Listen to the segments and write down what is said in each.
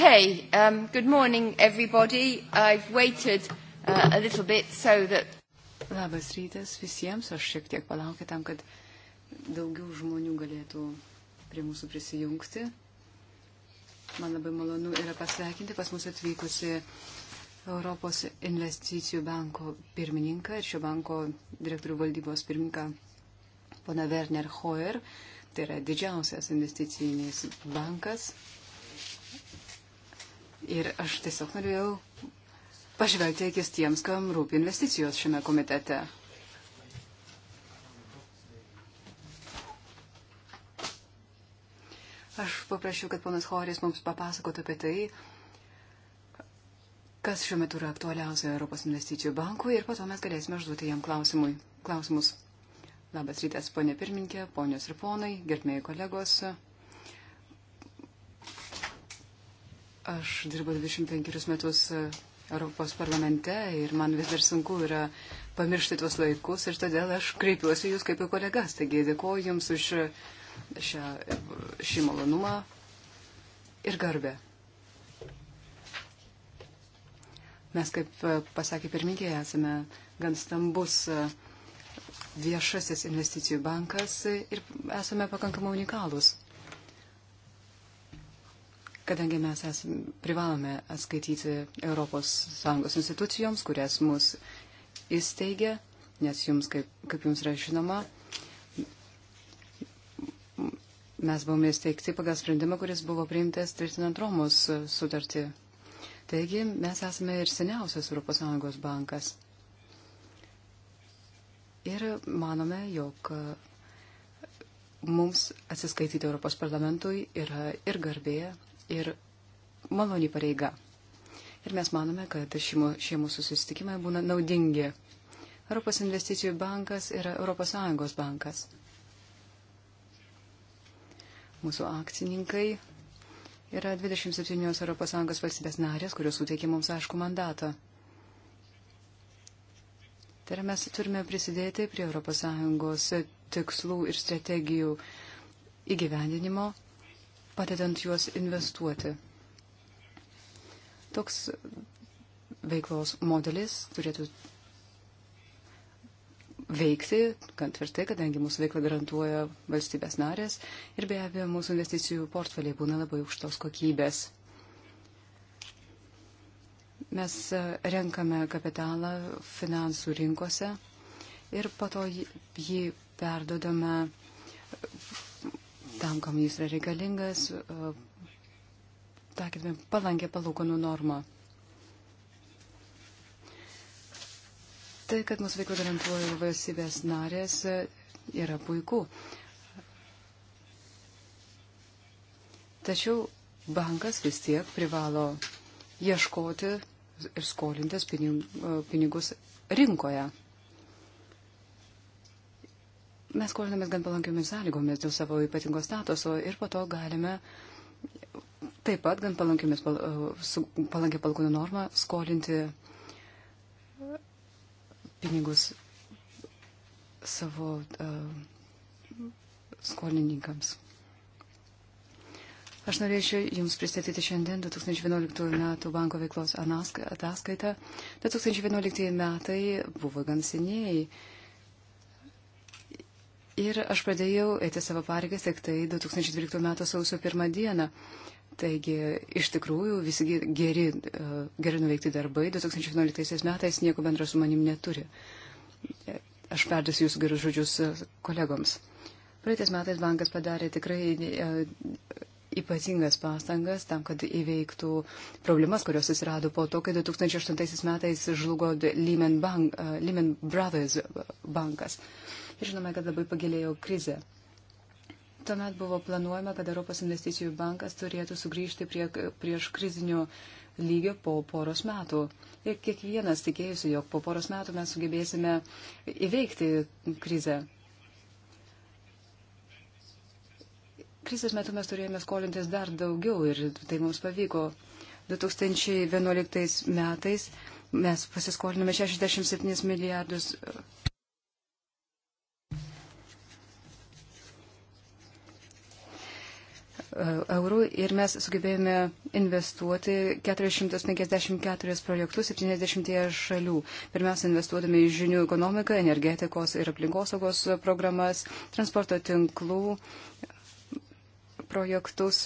Okay, um, good morning everybody. I've waited uh, a little bit so that. Labas rytas visiems, aš šiek tiek palaukiu tam, kad daugiau žmonių galėtų prie mūsų prisijungti. Man labai malonu yra pasveikinti pas mus atvykusi Europos investicijų banko pirmininką ir šio banko direktorių valdybos pirmininką pana Werner Hoer. Tai yra didžiausias investicinis bankas Ir aš tiesiog norėjau pažvelgti akis tiems, kam rūpi investicijos šiame komitete. Aš paprašiau, kad ponas Horis mums papasakotų apie tai, kas šiuo metu yra aktualiausia Europos investicijų bankui ir po to mes galėsime užduoti jam klausimui. klausimus. Labas rytas, ponė pirminkė, ponios ir ponai, gerbėjai kolegos. Aš dirbu 25 metus e, Europos parlamente ir man vis dar sunku yra pamiršti tuos laikus ir todėl aš kreipiuosi jūs kaip į kolegas. Taigi dėkoju jums už e, šią, e, šį malonumą ir garbę. Mes, kaip pasakė pirmininkė, esame gan stambus viešasis investicijų bankas ir esame pakankamai unikalus kadangi mes esame, privalome atskaityti ES institucijoms, kurias mus įsteigia, nes jums, kaip, kaip jums yra žinoma, mes buvome įsteigti pagal sprendimą, kuris buvo priimtas tvirtinant Romos sutartį. Taigi mes esame ir seniausias ES bankas. Ir manome, jog mums atsiskaityti Europos parlamentui yra ir garbė, ir maloni pareiga. Ir mes manome, kad šie mūsų susitikimai būna naudingi. Europos investicijų bankas yra ES bankas. Mūsų akcininkai yra 27 ES valstybės narės, kurios suteikia mums aišku mandatą. Tai yra mes turime prisidėti prie ES tikslų ir strategijų įgyvendinimo padedant juos investuoti. Toks veiklos modelis turėtų veikti, kad tvirtai, kadangi mūsų veiklą garantuoja valstybės narės ir be abejo mūsų investicijų portfeliai būna labai aukštos kokybės. Mes e, renkame kapitalą finansų rinkose ir po to jį perdodame tam, kam jis yra reikalingas, e, takėtume palankę palūkanų normą. Tai, kad mūsų veiklą garantuoja valstybės narės, yra puiku. Tačiau bankas vis tiek privalo ieškoti ir skolintis e, pinigus rinkoje mes skolinamės gan palankiomis sąlygomis dėl savo ypatingo statuso ir po to galime taip pat gan palankiomis e, palankia palūkanų norma skolinti pinigus savo uh, skolininkams. Aš norėčiau Jums pristatyti šiandien 2011 m. banko veiklos ataskaitą. 2011 metai buvo gan seniai. Uh, Ir aš pradėjau eiti savo pareigas tik tai 2012 m. sausio 1 dieną. Taigi, iš tikrųjų, visi geri, e, geri nuveikti darbai 2011 metais nieko bendro su manim neturi. Aš perdėsiu jūsų gerus žodžius e, kolegoms. Praeitais metais bankas padarė tikrai e, ypatingas pastangas tam, kad įveiktų problemas, kurios atsirado po to, kai 2008 metais žlugo Lehman, Bank, Lehman Brothers bankas. Uh, ir žinome, kad labai pagilėjo krizė. Tuomet buvo planuojama, kad Europos investicijų bankas turėtų sugrįžti prie prieš krizinio lygio po poros metų. Ir kiekvienas tikėjusi, jog po poros metų mes sugebėsime įveikti krizę. Krizės metu mes turėjome skolintis dar daugiau ir tai mums pavyko. 2011 metais mes pasiskolinome 67 milijardus eurų ir mes sugebėjome investuoti 454 projektus 70 šalių. Pirmiausia, investuodami į žinių ekonomiką, energetikos ir aplinkosaugos programas, transporto tinklų projektus.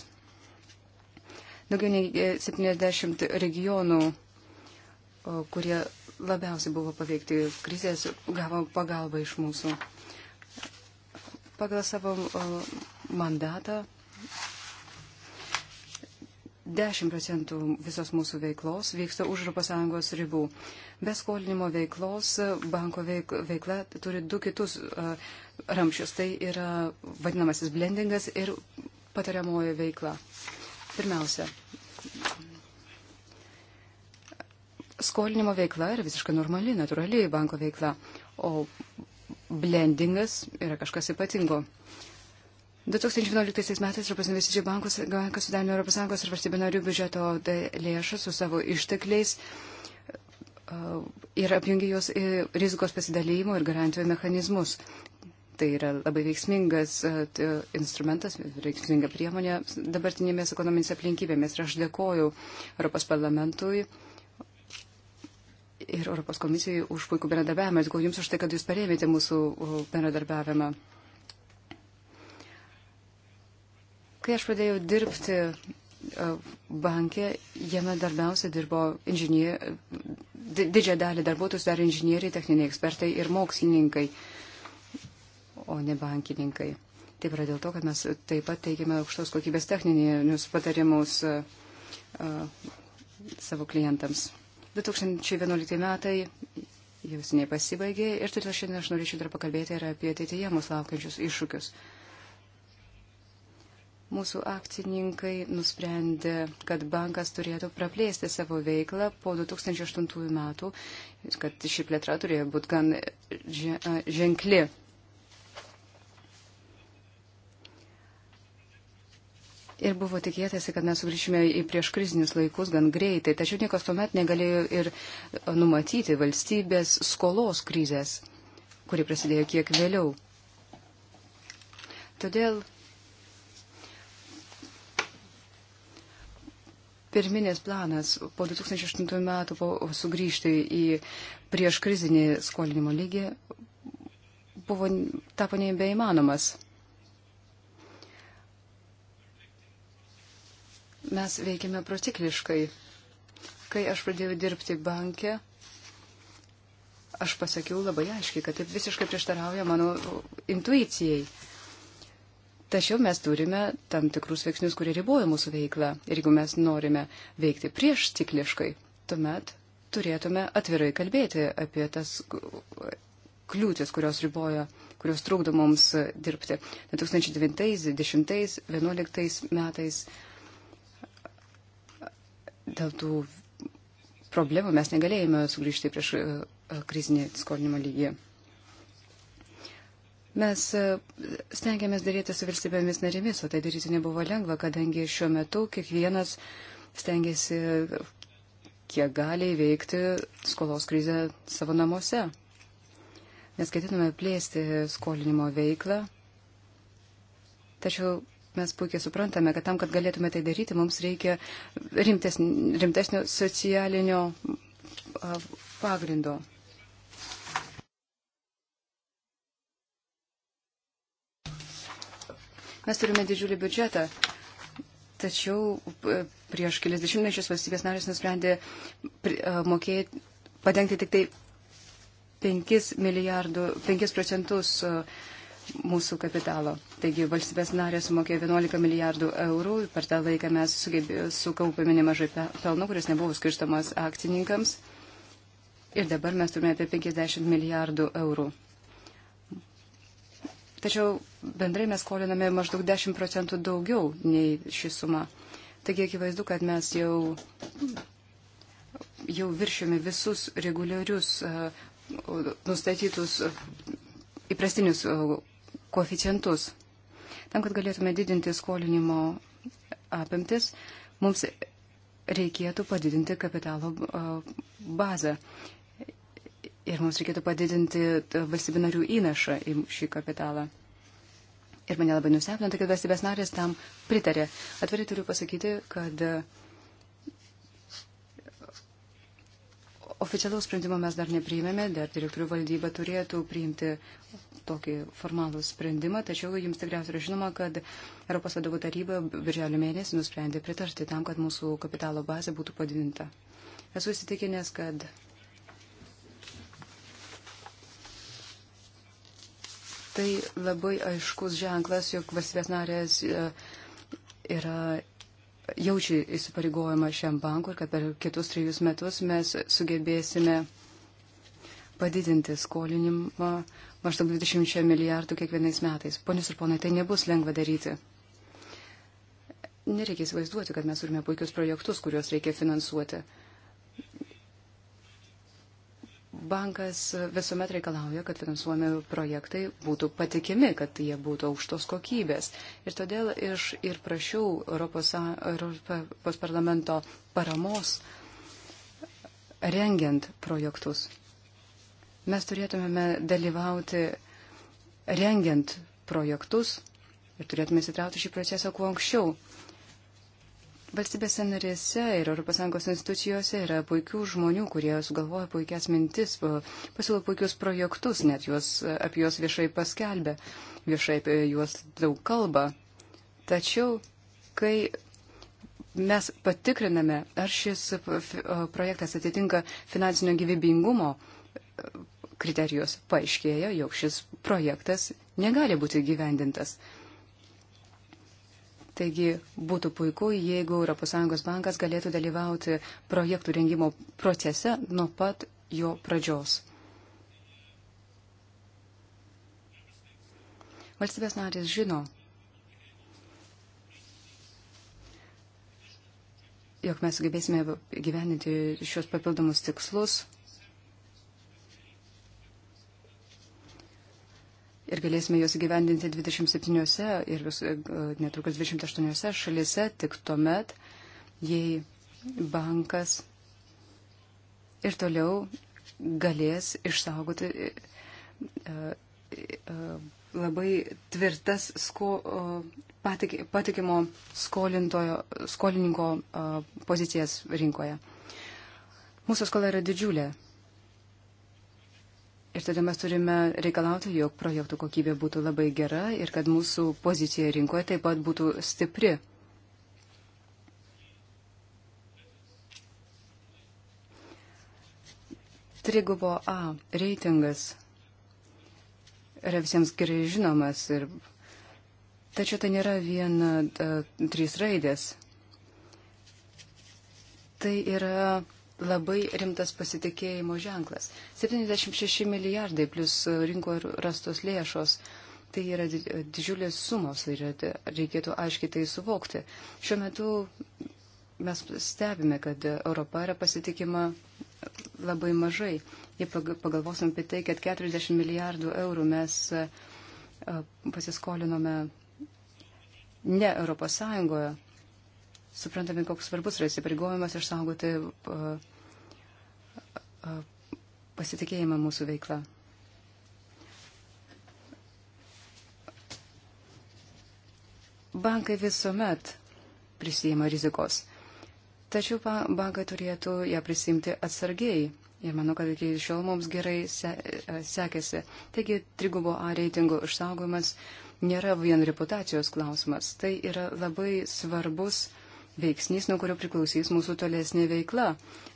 Daugiau nei 70 e, regionų, kurie labiausiai buvo paveikti krizės, gavo pagalbą iš mūsų. Pagal savo mandatą 10 procentų visos mūsų veiklos vyksta už ES ribų. Be skolinimo veiklos e, banko veik, veikla turi du kitus uh, e, ramšius. Tai yra vadinamasis blendingas ir patariamoji veikla. Pirmiausia, skolinimo veikla yra visiškai normali, natūrali banko veikla, o blendingas yra kažkas ypatingo. Uh, 2011 metais Europos investicijų bankas, bankas sudarė Europos Sąjungos ir valstybė narių biudžeto e, lėšą su savo ištekliais e, ir apjungi jos rizikos pasidalymo ir garantijų mechanizmus. Tai yra labai veiksmingas e, instrumentas, veiksminga priemonė dabartinėmis ekonominės aplinkybėmis. Ir aš dėkoju Europos parlamentui ir Europos komisijai už puikų bendradarbiavimą. Dėkoju Jums už tai, kad Jūs parėmėte mūsų bendradarbiavimą. Kai aš pradėjau dirbti e, bankė, jame darbiausia dirbo inžinieriai, didžiąją dalį darbuotojus dar inžinieriai, techniniai ekspertai ir mokslininkai, o ne bankininkai. Taip yra dėl to, kad mes taip pat teikiame aukštos kokybės techninius patarimus e, e, savo klientams. 2011 metai jau seniai pasibaigė ir todėl šiandien aš norėčiau dar pakalbėti ir apie ateityje mus laukiančius iššūkius mūsų akcininkai nusprendė, kad bankas turėtų praplėsti savo veiklą po 2008 metų, kad ši plėtra turėjo būti gan ženkli. Ir buvo tikėtasi, kad mes sugrįšime į prieškrizinius laikus gan greitai, tačiau niekas tuomet negalėjo ir numatyti valstybės skolos krizės, kuri prasidėjo kiek vėliau. Todėl pirminės planas po 2008 metų po sugrįžti į prieš krizinį skolinimo lygį buvo, tapo nebeįmanomas. Mes veikėme protikliškai. Kai aš pradėjau dirbti bankę, aš pasakiau labai aiškiai, kad taip visiškai prieštarauja mano intuicijai. Tačiau mes turime tam tikrus veiksnius, kurie riboja mūsų veiklą. Ir jeigu mes norime veikti prieš cikliškai, tuomet turėtume atvirai kalbėti apie tas kliūtis, kurios riboja, kurios trukdo mums dirbti. 2009, 2010, 2011 metais dėl tų problemų mes negalėjome sugrįžti prieš e, e, krizinį skolinimo lygį. Mes e, stengiamės daryti su valstybėmis narėmis, o tai daryti nebuvo lengva, kadangi šiuo metu kiekvienas stengiasi, kiek gali įveikti skolos krizę savo namuose. Mes ketiname plėsti skolinimo veiklą, tačiau mes puikiai suprantame, kad tam, kad galėtume tai daryti, mums reikia rimtesnio, rimtesnio socialinio pagrindo. Mes turime didžiulį biudžetą, tačiau e, prieš kelias dešimtmečius valstybės narės nusprendė e, mokėti, padengti tik tai 5, 5 procentus e, mūsų kapitalo. Taigi valstybės narės sumokėjo 11 milijardų eurų, per tą laiką mes sukaupėme nemažai pelno, kuris nebuvo skirstamas akcininkams. Ir dabar mes turime apie 50 milijardų eurų. Tačiau bendrai mes skoliname maždaug 10 procentų daugiau nei ši suma. Taigi akivaizdu, kad mes jau, jau viršėme visus reguliarius nustatytus įprastinius koeficientus. Tam, kad galėtume didinti skolinimo apimtis, mums reikėtų padidinti kapitalo bazę. Ir mums reikėtų padidinti valstybinarių įnašą į šį kapitalą. Ir mane labai nustebino, tai, kad valstybės narės tam pritarė. Atvirai turiu pasakyti, kad e, oficialaus sprendimo mes dar nepriėmėme, dar direktorių valdyba turėtų priimti tokį formalų sprendimą, tačiau jums tikriausiai yra žinoma, kad Europos vadovų taryba birželio mėnesį nusprendė pritarti tam, kad mūsų kapitalo bazė būtų padidinta. Esu įsitikinęs, kad tai labai aiškus ženklas, jog valstybės narės e, yra jaučia įsipareigojimą šiam bankui ir kad per kitus trejus metus mes sugebėsime padidinti skolinimą maždaug 20 milijardų kiekvienais metais. Ponius ir ponai, tai nebus lengva daryti. Nereikia įsivaizduoti, kad mes turime puikius projektus, kuriuos reikia finansuoti bankas visuomet reikalauja, kad finansuojami projektai būtų patikimi, kad jie būtų aukštos kokybės. Ir todėl iš ir prašiau Europos, Europos parlamento paramos rengiant projektus. Mes turėtumėme dalyvauti rengiant projektus ir turėtume įsitraukti šį procesą kuo anksčiau. Valstybėse narėse ir ES institucijose yra puikių žmonių, kurie sugalvoja puikias mintis, pasiūlo puikius projektus, net juos, apie juos viešai paskelbė, viešai apie juos daug kalba. Tačiau, kai mes patikriname, ar šis projektas atitinka finansinio gyvybingumo e, kriterijus, paaiškėjo, jog šis projektas negali būti gyvendintas. Taigi būtų puiku, jeigu ES bankas galėtų dalyvauti projektų rengimo procese nuo pat jo pradžios. Valstybės narės žino, jog mes sugebėsime gyveninti šios papildomus tikslus ir galėsime juos įgyvendinti 27 ir vis, e, netrukus 28 šalise tik tuomet, jei bankas ir toliau galės išsaugoti e, e, labai tvirtas sko, patikimo skolininko pozicijas rinkoje. Mūsų skola yra didžiulė Ir tada mes turime reikalauti, jog projektų kokybė būtų labai gera ir kad mūsų pozicija rinkoje taip pat būtų stipri. Trigubo A reitingas yra visiems gerai žinomas, ir... tačiau tai nėra viena, a, e, trys raidės. Tai yra labai rimtas pasitikėjimo ženklas. 76 milijardai plus rinkoje rastos lėšos. Tai yra didžiulės sumos ir reikėtų aiškiai tai suvokti. Šiuo metu mes stebime, kad Europa yra pasitikima labai mažai. Jei pagalvosim apie tai, kad 40 milijardų eurų mes pasiskolinome ne Europos Sąjungoje, suprantame, koks svarbus yra įsipareigojimas išsaugoti pasitikėjimą mūsų veiklą. Bankai visuomet prisijima rizikos, tačiau bankai turėtų ją prisimti atsargiai. Ir manau, kad iki šiol mums gerai se sekėsi. Taigi, trigubo A reitingo išsaugojimas nėra vien reputacijos klausimas. Tai yra labai svarbus uh, veiksnys, nuo kurio priklausys mūsų tolesnė veikla.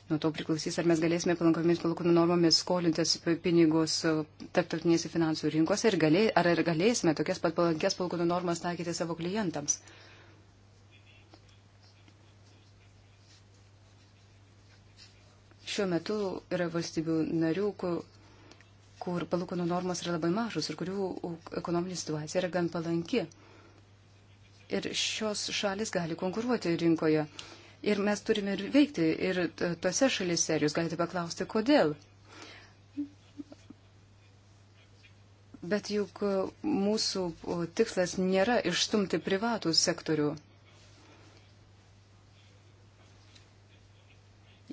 Nuo to priklausys, ar mes galėsime palankomis palūkanų normomis skolintas pinigus tarptautinėse finansų rinkose ir galė, ar ir galėsime tokias pat palankės palūkanų normas taikyti savo klientams. Šiuo metu yra valstybių narių, kur, kur palūkanų normos yra labai mažos ir kurių ekonominė situacija yra gan palanki ir šios šalis gali konkuruoti rinkoje. Ir mes turime ir veikti ir tose šalise. Ir jūs galite paklausti, kodėl. Bet juk e, mūsų tikslas nėra išstumti privatų sektorių.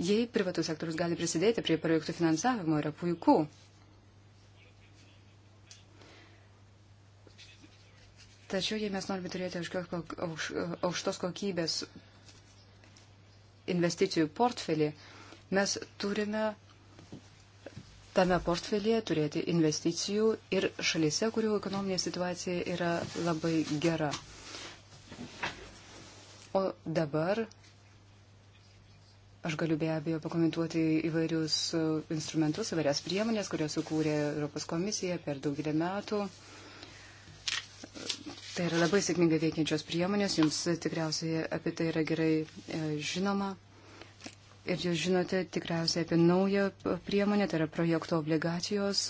Jei privatus sektorius gali prisidėti prie projektų finansavimo, yra puiku. Tačiau jei mes norime turėti aukštos kokybės investicijų portfelį, mes turime tame portfelėje turėti investicijų ir šalyse, kurių ekonominė situacija yra labai gera. O dabar aš galiu be abejo pakomentuoti įvairius e, instrumentus, įvairias priemonės, kurias sukūrė Europos komisija per daugelį metų. Tai yra labai sėkmingai veikiančios priemonės, jums tikriausiai apie tai yra gerai e, žinoma. Ir jūs žinote tikriausiai apie naują priemonę, tai yra projekto obligacijos.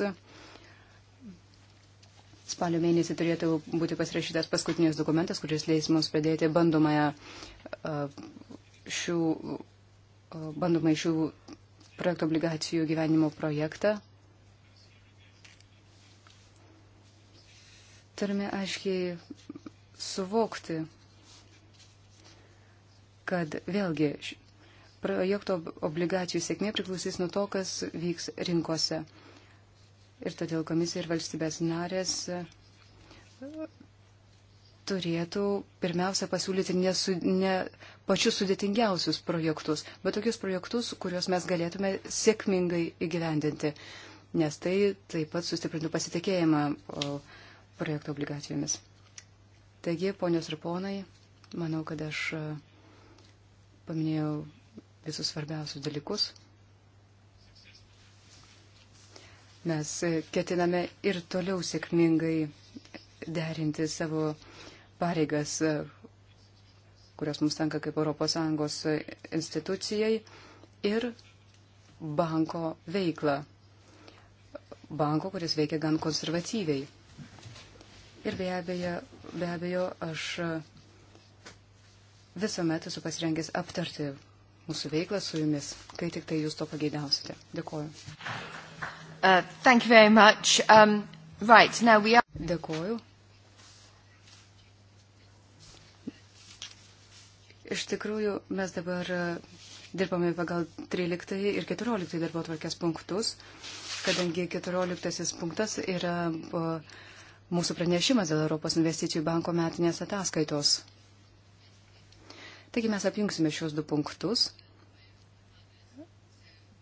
Spalio mėnesį turėtų būti pasirašytas paskutinis dokumentas, kuris leis mums pradėti bandomąją e, šių, e, bandomąją šių projekto obligacijų gyvenimo projektą. turime aiškiai suvokti, kad vėlgi projekto obligacijų sėkmė priklausys nuo to, kas vyks rinkose. Ir todėl komisija ir valstybės narės e, turėtų pirmiausia pasiūlyti ne, su, ne pačius sudėtingiausius projektus, bet tokius projektus, kuriuos mes galėtume sėkmingai įgyvendinti, nes tai taip pat sustiprintų pasitikėjimą. O, projekto obligacijomis. Taigi, ponios ir ponai, manau, kad aš e, paminėjau visus svarbiausius dalykus. Mes e, ketiname ir toliau sėkmingai derinti savo pareigas, e, kurios mums tenka kaip ES institucijai ir banko veiklą. Banko, kuris veikia gan konservatyviai. Ir be abejo, be abejo aš e, visuomet esu pasirengęs aptarti mūsų veiklą su jumis, kai tik tai jūs to pageidausite. Dėkuoju. Uh, um, right, are... Dėkuoju. Iš tikrųjų, mes dabar e, dirbame pagal 13 ir 14 darbo tvarkės punktus, kadangi 14 punktas yra. Uh, mūsų pranešimas dėl Europos investicijų banko metinės ataskaitos. Taigi mes apjungsime šios du punktus.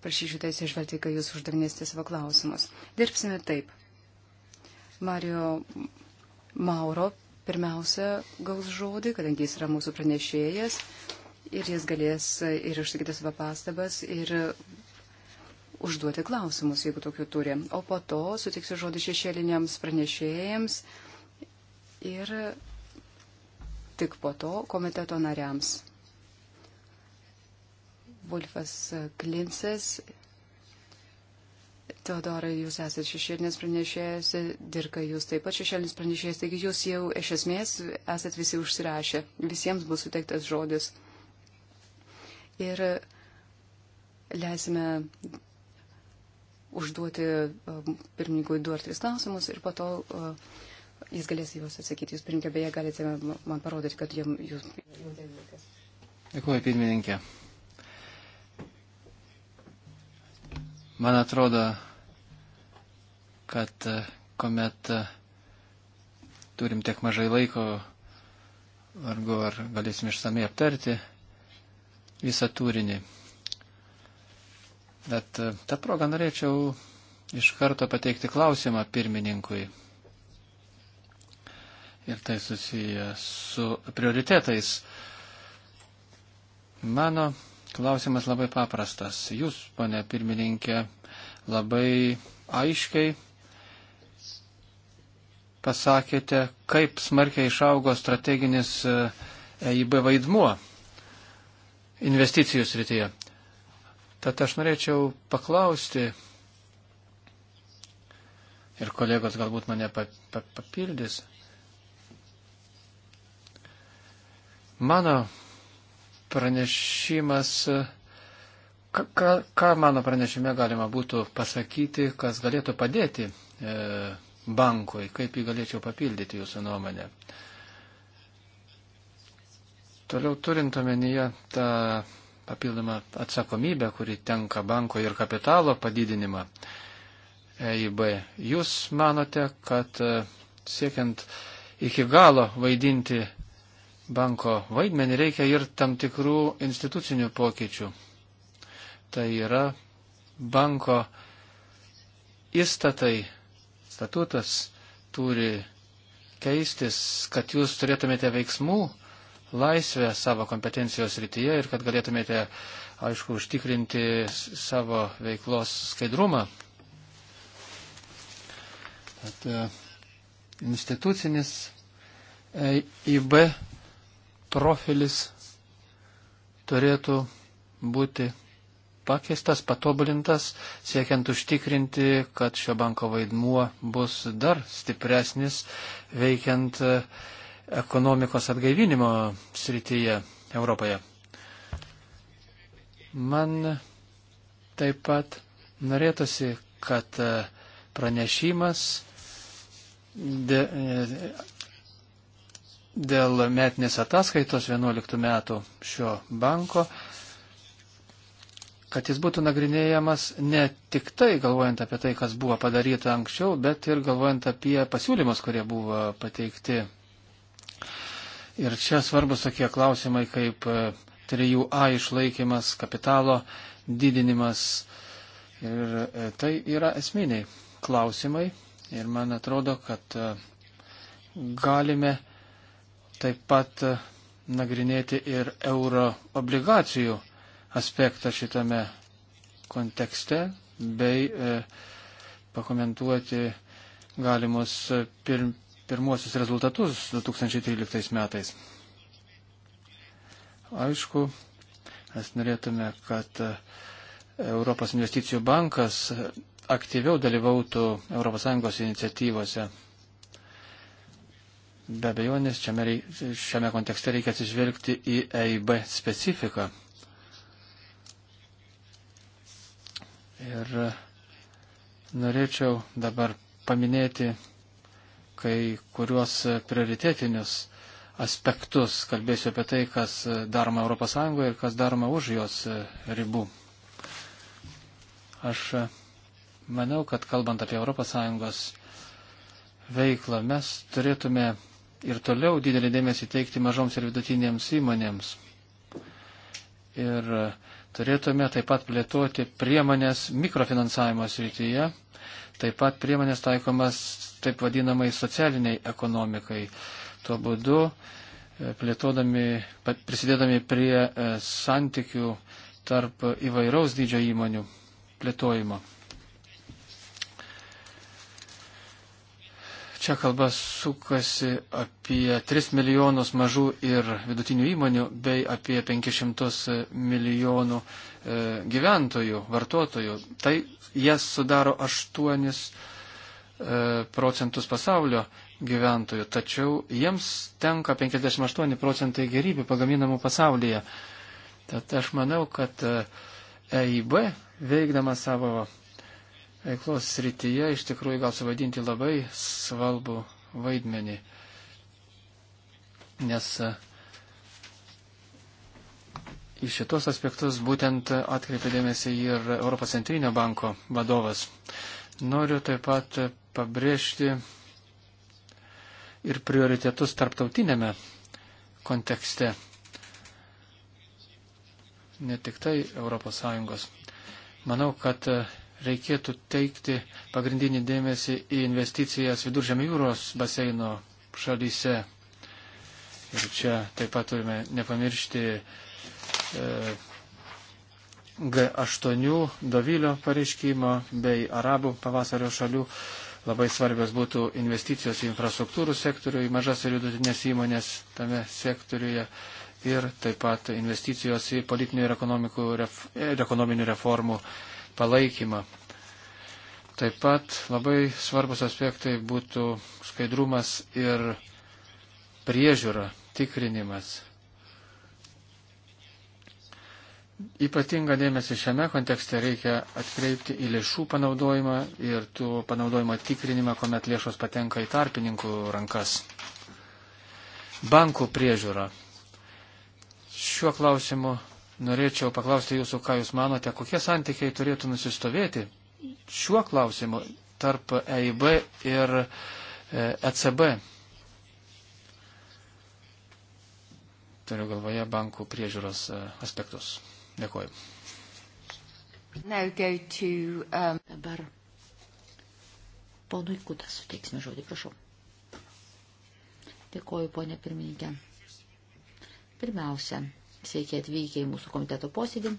Prašyčiau tai išvelgti, kai jūs uždavinėsite savo klausimus. Dirbsime taip. Mario Mauro pirmiausia gaus žodį, kadangi jis yra mūsų pranešėjas ir jis galės ir išsakyti savo pastabas ir užduoti klausimus, jeigu tokių turi. O po to sutiksiu žodį šešėliniams pranešėjams ir tik po to komiteto nariams. Vulfas Klinsas. Teodorai, jūs esate šešėlinis pranešėjas, Dirka, jūs taip pat šešėlinis pranešėjas, taigi jūs jau iš esmės esate visi užsirašę, visiems bus suteiktas žodis. Ir leisime užduoti um, pirmininkui du ar tris klausimus ir po to uh, jis galės juos atsakyti. Jūs pirmininkė beje galite man parodyti, kad jums jūs. Dėkuoju, pirmininkė. Man atrodo, kad uh, kuomet uh, turim tiek mažai laiko, vargu ar galėsim išsamei aptarti visą turinį. Bet e, tą progą norėčiau iš karto pateikti klausimą pirmininkui. Ir tai susiję su prioritetais. Mano klausimas labai paprastas. Jūs, ponė pirmininkė, labai aiškiai pasakėte, kaip smarkiai išaugo strateginis EIB e vaidmuo investicijų srityje. Tad aš norėčiau paklausti, ir kolegos galbūt mane papildys, mano pranešimas, ką, ką mano pranešime galima būtų pasakyti, kas galėtų padėti e, bankui, kaip jį galėčiau papildyti jūsų nuomonę. Toliau turint omenyje tą papildomą atsakomybę, kuri tenka banko ir kapitalo padidinimą EIB. Jūs manote, kad e, siekiant iki galo vaidinti banko vaidmenį reikia ir tam tikrų institucinių pokyčių. Tai yra banko įstatai, statutas turi keistis, kad jūs turėtumėte veiksmų laisvę savo kompetencijos rytyje ir kad galėtumėte, aišku, užtikrinti savo veiklos skaidrumą. At, e, institucinis e, IB profilis turėtų būti pakeistas, patobulintas, siekiant užtikrinti, kad šio banko vaidmuo bus dar stipresnis, veikiant e, ekonomikos atgaivinimo srityje Europoje. Man taip pat norėtųsi, kad e, pranešimas de, e, dėl metinės ataskaitos 11 metų šio banko, kad jis būtų nagrinėjamas ne tik tai galvojant apie tai, kas buvo padaryta anksčiau, bet ir galvojant apie pasiūlymus, kurie buvo pateikti Ir čia svarbus tokie klausimai kaip 3A e, išlaikymas, kapitalo didinimas. Ir e, tai yra esminiai klausimai. Ir man atrodo, kad e, galime taip pat nagrinėti ir euro obligacijų aspektą šitame kontekste bei e, pakomentuoti galimus pir, pirmuosius rezultatus 2013 metais. Aišku, mes norėtume, kad e, Europos investicijų bankas aktyviau dalyvautų ES iniciatyvose. Be abejonės, šiame, šiame kontekste reikia atsižvelgti į EIB specifiką. Ir e, norėčiau dabar paminėti kai kuriuos prioritetinius aspektus. Kalbėsiu apie tai, kas daroma ES ir kas daroma už jos ribų. Aš manau, kad kalbant apie ES veiklą, mes turėtume ir toliau didelį dėmesį teikti mažoms ir vidutinėms įmonėms. Ir turėtume taip pat plėtoti priemonės mikrofinansavimo srityje, taip pat priemonės taikomas taip vadinamai socialiniai ekonomikai. Tuo būdu e, plėtodami, prisidėdami prie e, santykių tarp įvairaus dydžio įmonių plėtojimo. Čia kalba sukasi apie 3 milijonus mažų ir vidutinių įmonių bei apie 500 milijonų e, gyventojų, vartotojų. Tai jas sudaro 8 E, procentus pasaulio gyventojų, tačiau jiems tenka 58 procentai gerybių pagaminamų pasaulyje. Tad aš manau, kad EIB e veikdama savo veiklos srityje iš tikrųjų gal suvadinti labai svalbų vaidmenį. Nes e, į šitos aspektus būtent atkreipė dėmesį ir Europos centrinio banko vadovas. Noriu taip pat pabrėžti ir prioritetus tarptautinėme kontekste, ne tik tai ES. Manau, kad reikėtų teikti pagrindinį dėmesį į investicijas viduržėmio jūros baseino šalyse. Ir čia taip pat turime nepamiršti e, G8 Dovilio pareiškimo bei Arabų pavasario šalių Labai svarbios būtų investicijos į infrastruktūrų sektorių, į mažas ir vidutinės įmonės tame sektoriuje ir taip pat investicijos į politinių ir, ref, ir ekonominių reformų palaikymą. Taip pat labai svarbus aspektai būtų skaidrumas ir priežiūra, tikrinimas. Ypatinga dėmesį šiame kontekste reikia atkreipti į lėšų panaudojimą ir tų panaudojimo tikrinimą, kuomet lėšos patenka į tarpininkų rankas. Bankų priežiūra. Šiuo klausimu norėčiau paklausti jūsų, ką jūs manote, kokie santykiai turėtų nusistovėti šiuo klausimu tarp EIB ir ECB. E Turiu galvoje bankų priežiūros e, aspektus. Dėkuoju. To, um... Dabar ponui Kutas suteiksime žodį, prašau. Dėkuoju, ponė pirmininkė. Pirmiausia, sveiki atvykę į mūsų komiteto posėdį.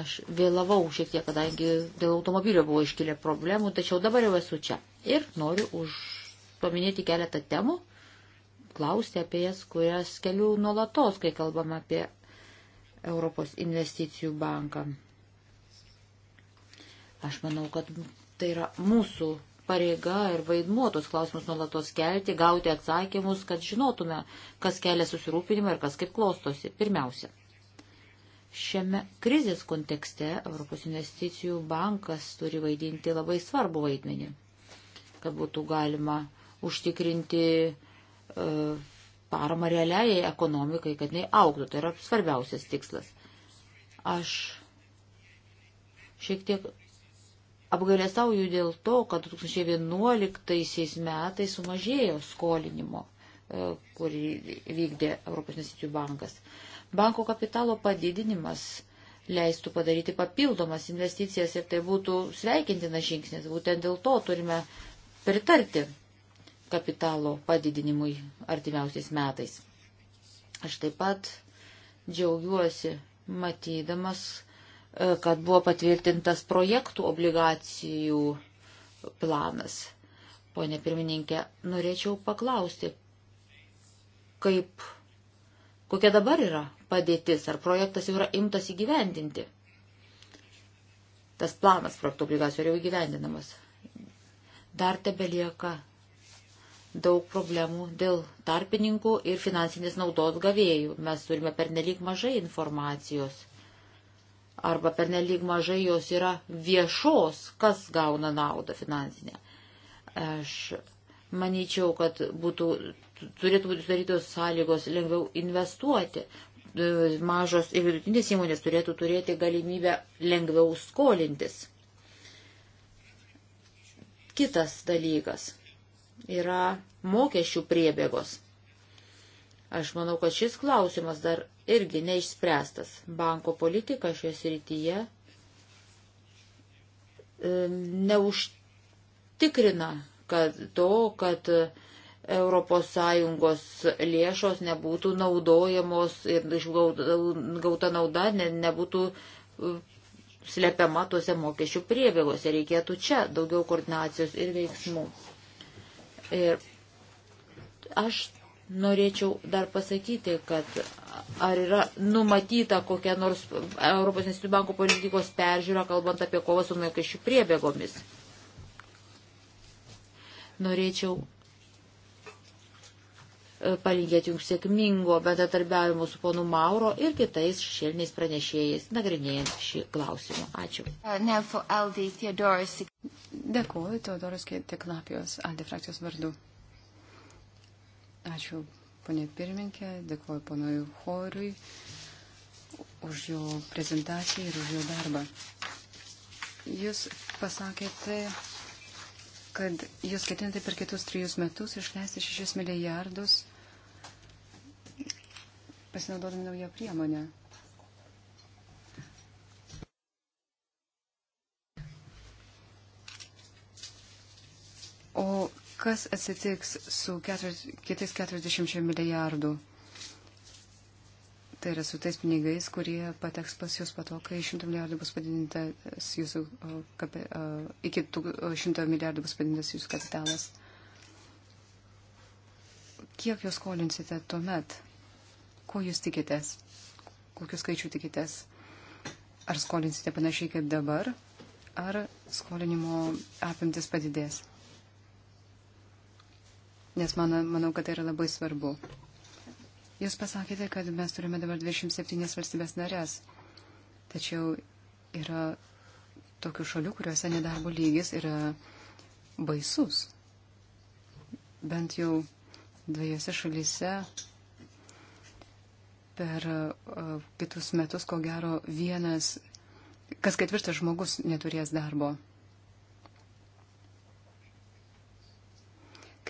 Aš vėlavau šiek tiek, kadangi dėl automobilio buvo iškilę problemų, tačiau dabar jau esu čia. Ir noriu už paminėti keletą temų, klausti apie jas, kurias keliu nuolatos, kai kalbam apie Europos investicijų banką. Aš manau, kad tai yra mūsų pareiga ir vaidmuo tos klausimus nuolatos kelti, gauti atsakymus, kad žinotume, kas kelia susirūpinimą ir kas kaip klostosi. Pirmiausia, šiame krizės kontekste Europos investicijų bankas turi vaidinti labai svarbu vaidmenį, kad būtų galima užtikrinti uh, paramą realiai ekonomikai, kad jinai augtų. Tai yra svarbiausias tikslas. Aš šiek tiek apgailestauju dėl to, kad 2011 metais sumažėjo skolinimo, e, kurį vykdė Europos investicijų bankas. Banko kapitalo padidinimas leistų padaryti papildomas investicijas ir tai būtų sveikintina žingsnis. Būtent dėl to turime pritarti kapitalo padidinimui artimiausiais metais. Aš taip pat džiaugiuosi matydamas, e, kad buvo patvirtintas projektų obligacijų planas. Pone pirmininkė, norėčiau paklausti, kaip, kokia dabar yra padėtis, ar projektas jau yra imtas įgyvendinti. Tas planas projektų obligacijų jau įgyvendinamas. Dar tebelieka daug problemų dėl tarpininkų ir finansinės naudos gavėjų. Mes turime pernelyg mažai informacijos arba pernelyg mažai jos yra viešos, kas gauna naudą finansinę. Aš manyčiau, kad būtų, turėtų būti sudarytos sąlygos lengviau investuoti. Mažos ir vidutinės įmonės turėtų turėti galimybę lengviau skolintis. Kitas dalykas yra mokesčių priebėgos. Aš manau, kad šis klausimas dar irgi neišspręstas. Banko politika šioje srityje e, neužtikrina, kad to, kad ES lėšos nebūtų naudojamos ir gauta nauda ne, nebūtų e, slepiama tuose mokesčių priebėgose. Reikėtų čia daugiau koordinacijos ir veiksmų. Ir aš norėčiau dar pasakyti, kad ar yra numatyta kokia nors Europos Nesinių bankų politikos peržiūra, kalbant apie kovą su mokesčių priebėgomis. Norėčiau palinkėti jums sėkmingo bendradarbiavimo su ponu Mauro ir kitais šešėliniais pranešėjais, nagrinėjant šį klausimą. Ačiū. Uh, dėkuoju, Teodoras Teklapijos, Aldi frakcijos vardu. Ačiū, ponė pirmininkė, dėkuoju ponui Horui už jo prezentaciją ir už jo darbą. Jūs pasakėte, kad jūs ketinate per kitus trijus metus išleisti 6 milijardus pasinaudodami naują priemonę. O kas atsitiks su keturis, kitais 40 milijardų? Tai yra su tais pinigais, kurie pateks pas jūs pato, kai 100 milijardų bus padidintas jūsų, kapi, iki 100 milijardų bus padidintas jūsų kapitalas. Kiek jūs skolinsite tuomet? Ko jūs tikitės? Kokius skaičių tikitės? Ar skolinsite panašiai kaip dabar, ar skolinimo apimtis padidės? Nes man, manau, kad tai yra labai svarbu. Jūs pasakėte, kad mes turime dabar 27 valstybės narės, tačiau yra tokių šalių, kuriuose nedarbo lygis yra baisus. Bent jau dviejose šalyse per kitus metus, ko gero, vienas, kas ketvirtas žmogus neturės darbo.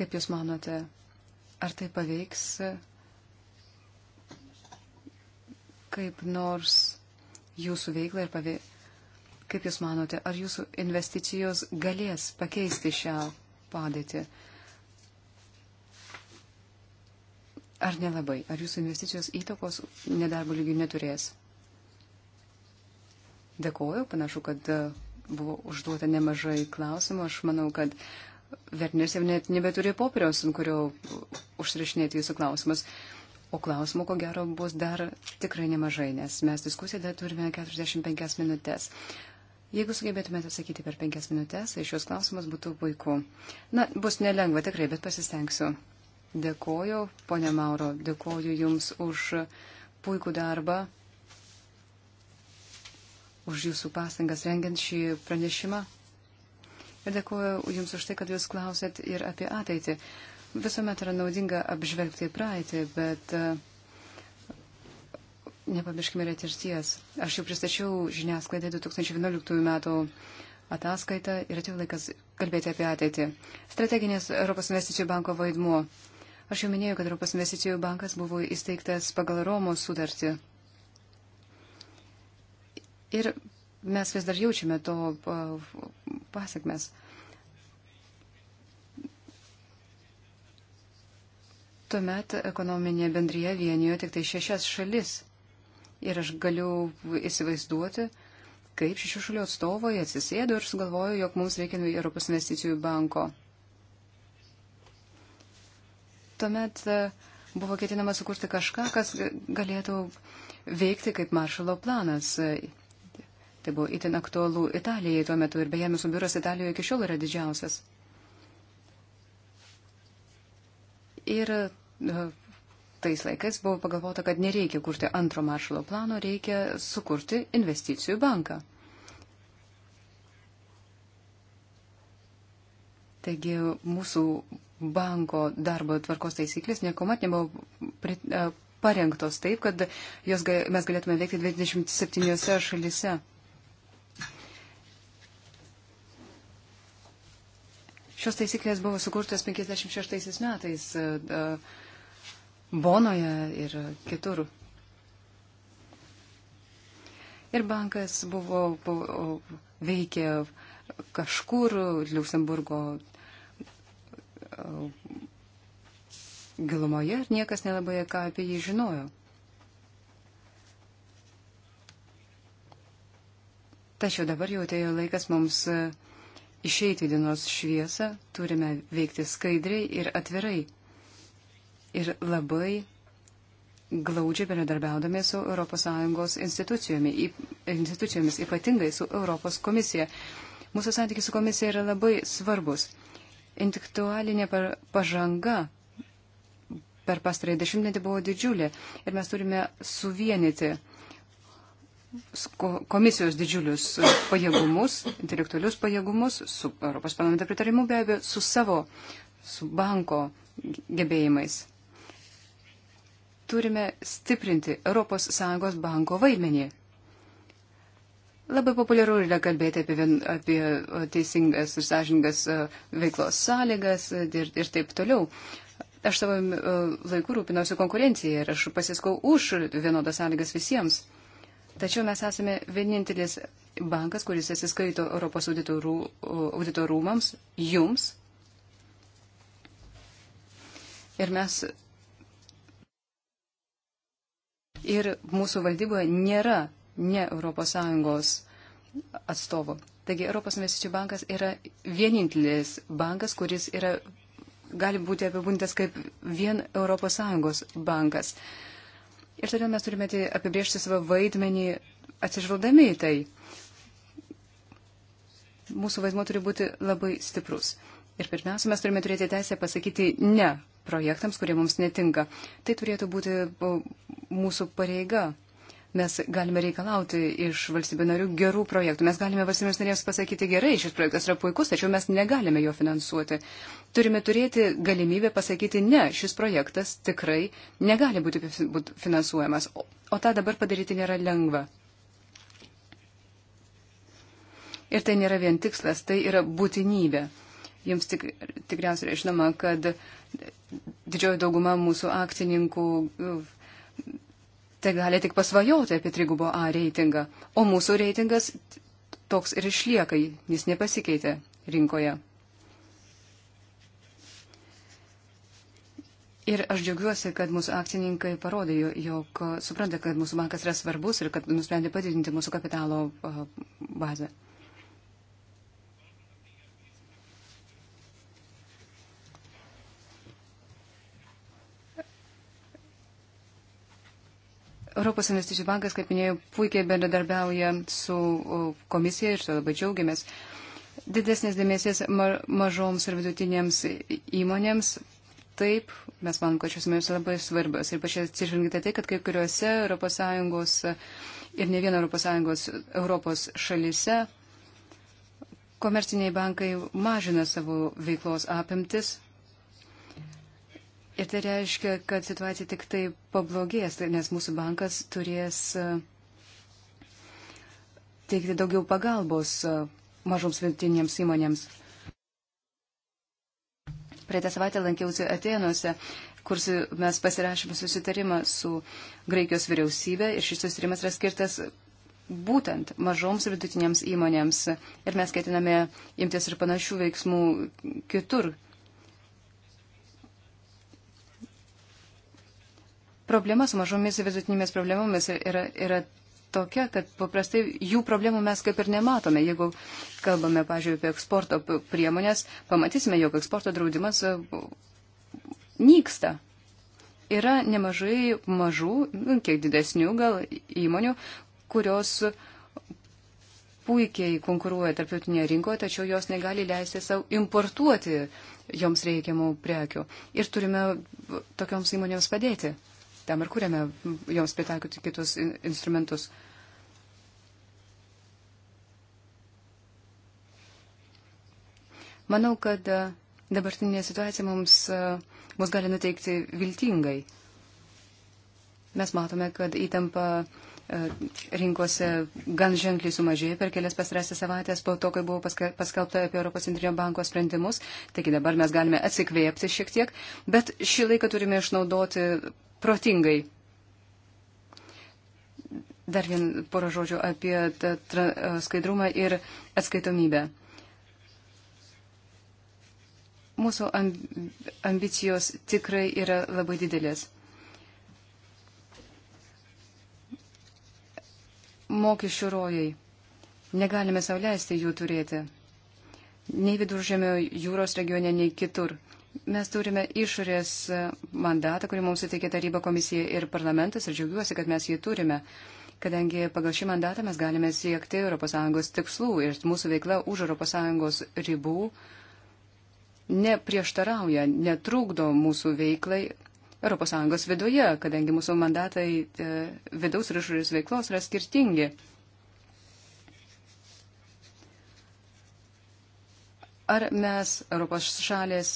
Kaip Jūs manote, ar tai paveiks kaip nors Jūsų veiklą ir paveiks? Kaip Jūs manote, ar Jūsų investicijos galės pakeisti šią padėtį? Ar nelabai? Ar jūsų investicijos įtakos nedarbo lygių neturės? Dėkoju, panašu, kad e, buvo užduota nemažai klausimų. Aš manau, kad Vertinės jau net nebeturi popieriaus, ant kurio užsirašinėti jūsų klausimus. O klausimų, ko gero, bus dar tikrai nemažai, nes mes diskusiją dar turime 45 minutės. Jeigu sugebėtumėte atsakyti per 5 minutės, iš tai šios klausimas būtų puiku. Na, bus nelengva tikrai, bet pasistengsiu. Dėkoju, ponė Mauro, dėkoju Jums už puikų darbą, už Jūsų pastangas rengiant šį pranešimą. Ir dėkoju Jums už tai, kad Jūs klausėt ir apie ateitį. Visuomet yra naudinga apžvelgti praeitį, bet e, nepamirškime retirties. Aš jau pristačiau žiniasklaidai 2011 metų ataskaitą ir atėjo laikas kalbėti apie ateitį. Strateginės Europos investicijų banko vaidmuo. Aš jau minėjau, kad Europos investicijų bankas buvo įsteigtas pagal Romos sutartį. Ir mes vis dar jaučiame to pasakmes. Tuomet ekonominė bendryje vienijo tik tai šešias šalis. Ir aš galiu įsivaizduoti, kaip šešių šalių atstovai atsisėdo ir sugalvojo, jog mums reikia Europos investicijų banko tuomet e, buvo ketinama sukurti kažką, kas galėtų veikti kaip maršalo planas. E, tai buvo itin aktualu Italijai tuo metu ir beje, mūsų biuras Italijoje iki šiol yra didžiausias. Ir e, tais laikais buvo pagalvota, kad nereikia kurti antro maršalo plano, reikia sukurti investicijų banką. Taigi mūsų banko darbo tvarkos taisyklės niekuomet nebuvo e, parengtos taip, kad jos, mes galėtume veikti 27 šalise. Šios taisyklės buvo sukurtas 56 metais e, e, Bonoje ir kitur. Ir bankas buvo, buvo veikė kažkur Liuksemburgo gilumoje ir niekas nelabai ką apie jį žinojo. Tačiau dabar jau atėjo laikas mums e, išeiti dienos šviesą, turime veikti skaidriai ir atvirai. Ir labai glaudžiai bendradarbiaudami su ES institucijomis, institucijomis, ypatingai su Europos komisija. Mūsų santykiai su komisija yra labai svarbus. Intelektualinė pažanga per pastarąjį dešimtmetį buvo didžiulė ir mes turime suvienyti komisijos didžiulius pajėgumus, intelektualius pajėgumus, su Europos parlamento pritarimu be abejo, su savo, su banko gebėjimais. Turime stiprinti ES banko vaidmenį Labai populiaru yra kalbėti apie, vien, apie teisingas ir sąžiningas veiklos sąlygas e, ir, ir taip toliau. Aš savo e, laiku rūpinausi konkurenciją ir aš pasiskau už vienodas sąlygas visiems. Tačiau mes esame vienintelis bankas, kuris atsiskaito Europos auditorų, auditorumams, jums. Ir mes ir mūsų valdyboje nėra ne ES atstovų. Taigi Europos investicijų bankas yra vienintelis bankas, kuris yra, gali būti apibūdintas kaip vien ES bankas. Ir todėl mes turime tai apibriežti savo vaidmenį atsižvaldami į tai. Mūsų vaidmo turi būti labai stiprus. Ir pirmiausia, mes turime turėti teisę pasakyti ne projektams, kurie mums netinka. Tai turėtų būti mūsų pareiga mes galime reikalauti iš valstybių narių gerų projektų. Mes galime valstybės narėms pasakyti, gerai, šis projektas yra puikus, tačiau mes negalime jo finansuoti. Turime turėti galimybę pasakyti, ne, šis projektas tikrai negali būti finansuojamas. O, o tą dabar padaryti nėra lengva. Ir tai nėra vien tikslas, tai yra būtinybė. Jums tik, tikriausiai yra žinoma, kad didžioji dauguma mūsų akcininkų tai gali tik pasvajoti apie trigubo A reitingą. O mūsų reitingas toks ir išlieka, jis nepasikeitė rinkoje. Ir aš džiaugiuosi, kad mūsų akcininkai parodė, jog supranta, kad mūsų bankas yra svarbus ir kad nusprendė padidinti mūsų kapitalo bazę. Europos investicijų bankas, kaip minėjau, puikiai bendradarbiauja su komisija ir to labai džiaugiamės. Didesnės dėmesys mažoms ir vidutinėms įmonėms. Taip, mes manom, kad šios įmonės labai svarbios. Ir pačia atsižvelgite tai, kad kai kuriuose ES ir ne vieno ES Europos šalise komerciniai bankai mažina savo veiklos apimtis Ir tai reiškia, kad situacija tik tai pablogės, nes mūsų bankas turės e, teikti daugiau pagalbos e, mažoms vidutinėms įmonėms. Praeitą savaitę lankiausi Atenuose, kur mes pasirašėme susitarimą su Graikijos vyriausybė ir šis susitarimas yra skirtas būtent mažoms ir vidutinėms įmonėms. Ir mes ketiname imtis ir panašių veiksmų kitur Problema su mažomis ir vidutinėmis problemomis yra, yra tokia, kad paprastai jų problemų mes kaip ir nematome. Jeigu kalbame, pažiūrėjau, apie eksporto priemonės, pamatysime, jog eksporto draudimas e, nyksta. Yra nemažai mažų, nu, kiek didesnių gal įmonių, kurios puikiai konkuruoja tarptautinėje rinkoje, tačiau jos negali leisti savo importuoti joms reikiamų prekių. Ir turime tokioms įmonėms padėti tam ir kūrėme joms pritaikyti kitus instrumentus. Manau, kad e, dabartinė situacija mums, e, mus gali nuteikti viltingai. Mes matome, kad įtampa e, rinkose gan ženkliai sumažėjo per kelias pastarąsias savaitės po to, kai buvo paskelbta apie Europos centrinio banko sprendimus. Taigi dabar mes galime atsikvėpti šiek tiek, bet šį laiką turime išnaudoti protingai. Dar vien porą žodžių apie skaidrumą ir atskaitomybę. Mūsų ambicijos tikrai yra labai didelės. Mokesčių rojai. Negalime sauliaisti jų turėti. Nei viduržėmio jūros regione, nei kitur. Mes turime išorės mandatą, kurį mums suteikė taryba komisija ir parlamentas ir džiaugiuosi, kad mes jį turime, kadangi pagal šį mandatą mes galime siekti ES tikslų ir mūsų veikla už ES ribų neprieštarauja, netrukdo mūsų veiklai ES viduje, kadangi mūsų mandatai e, vidaus ir išorės veiklos yra skirtingi. ar mes, Europos šalės,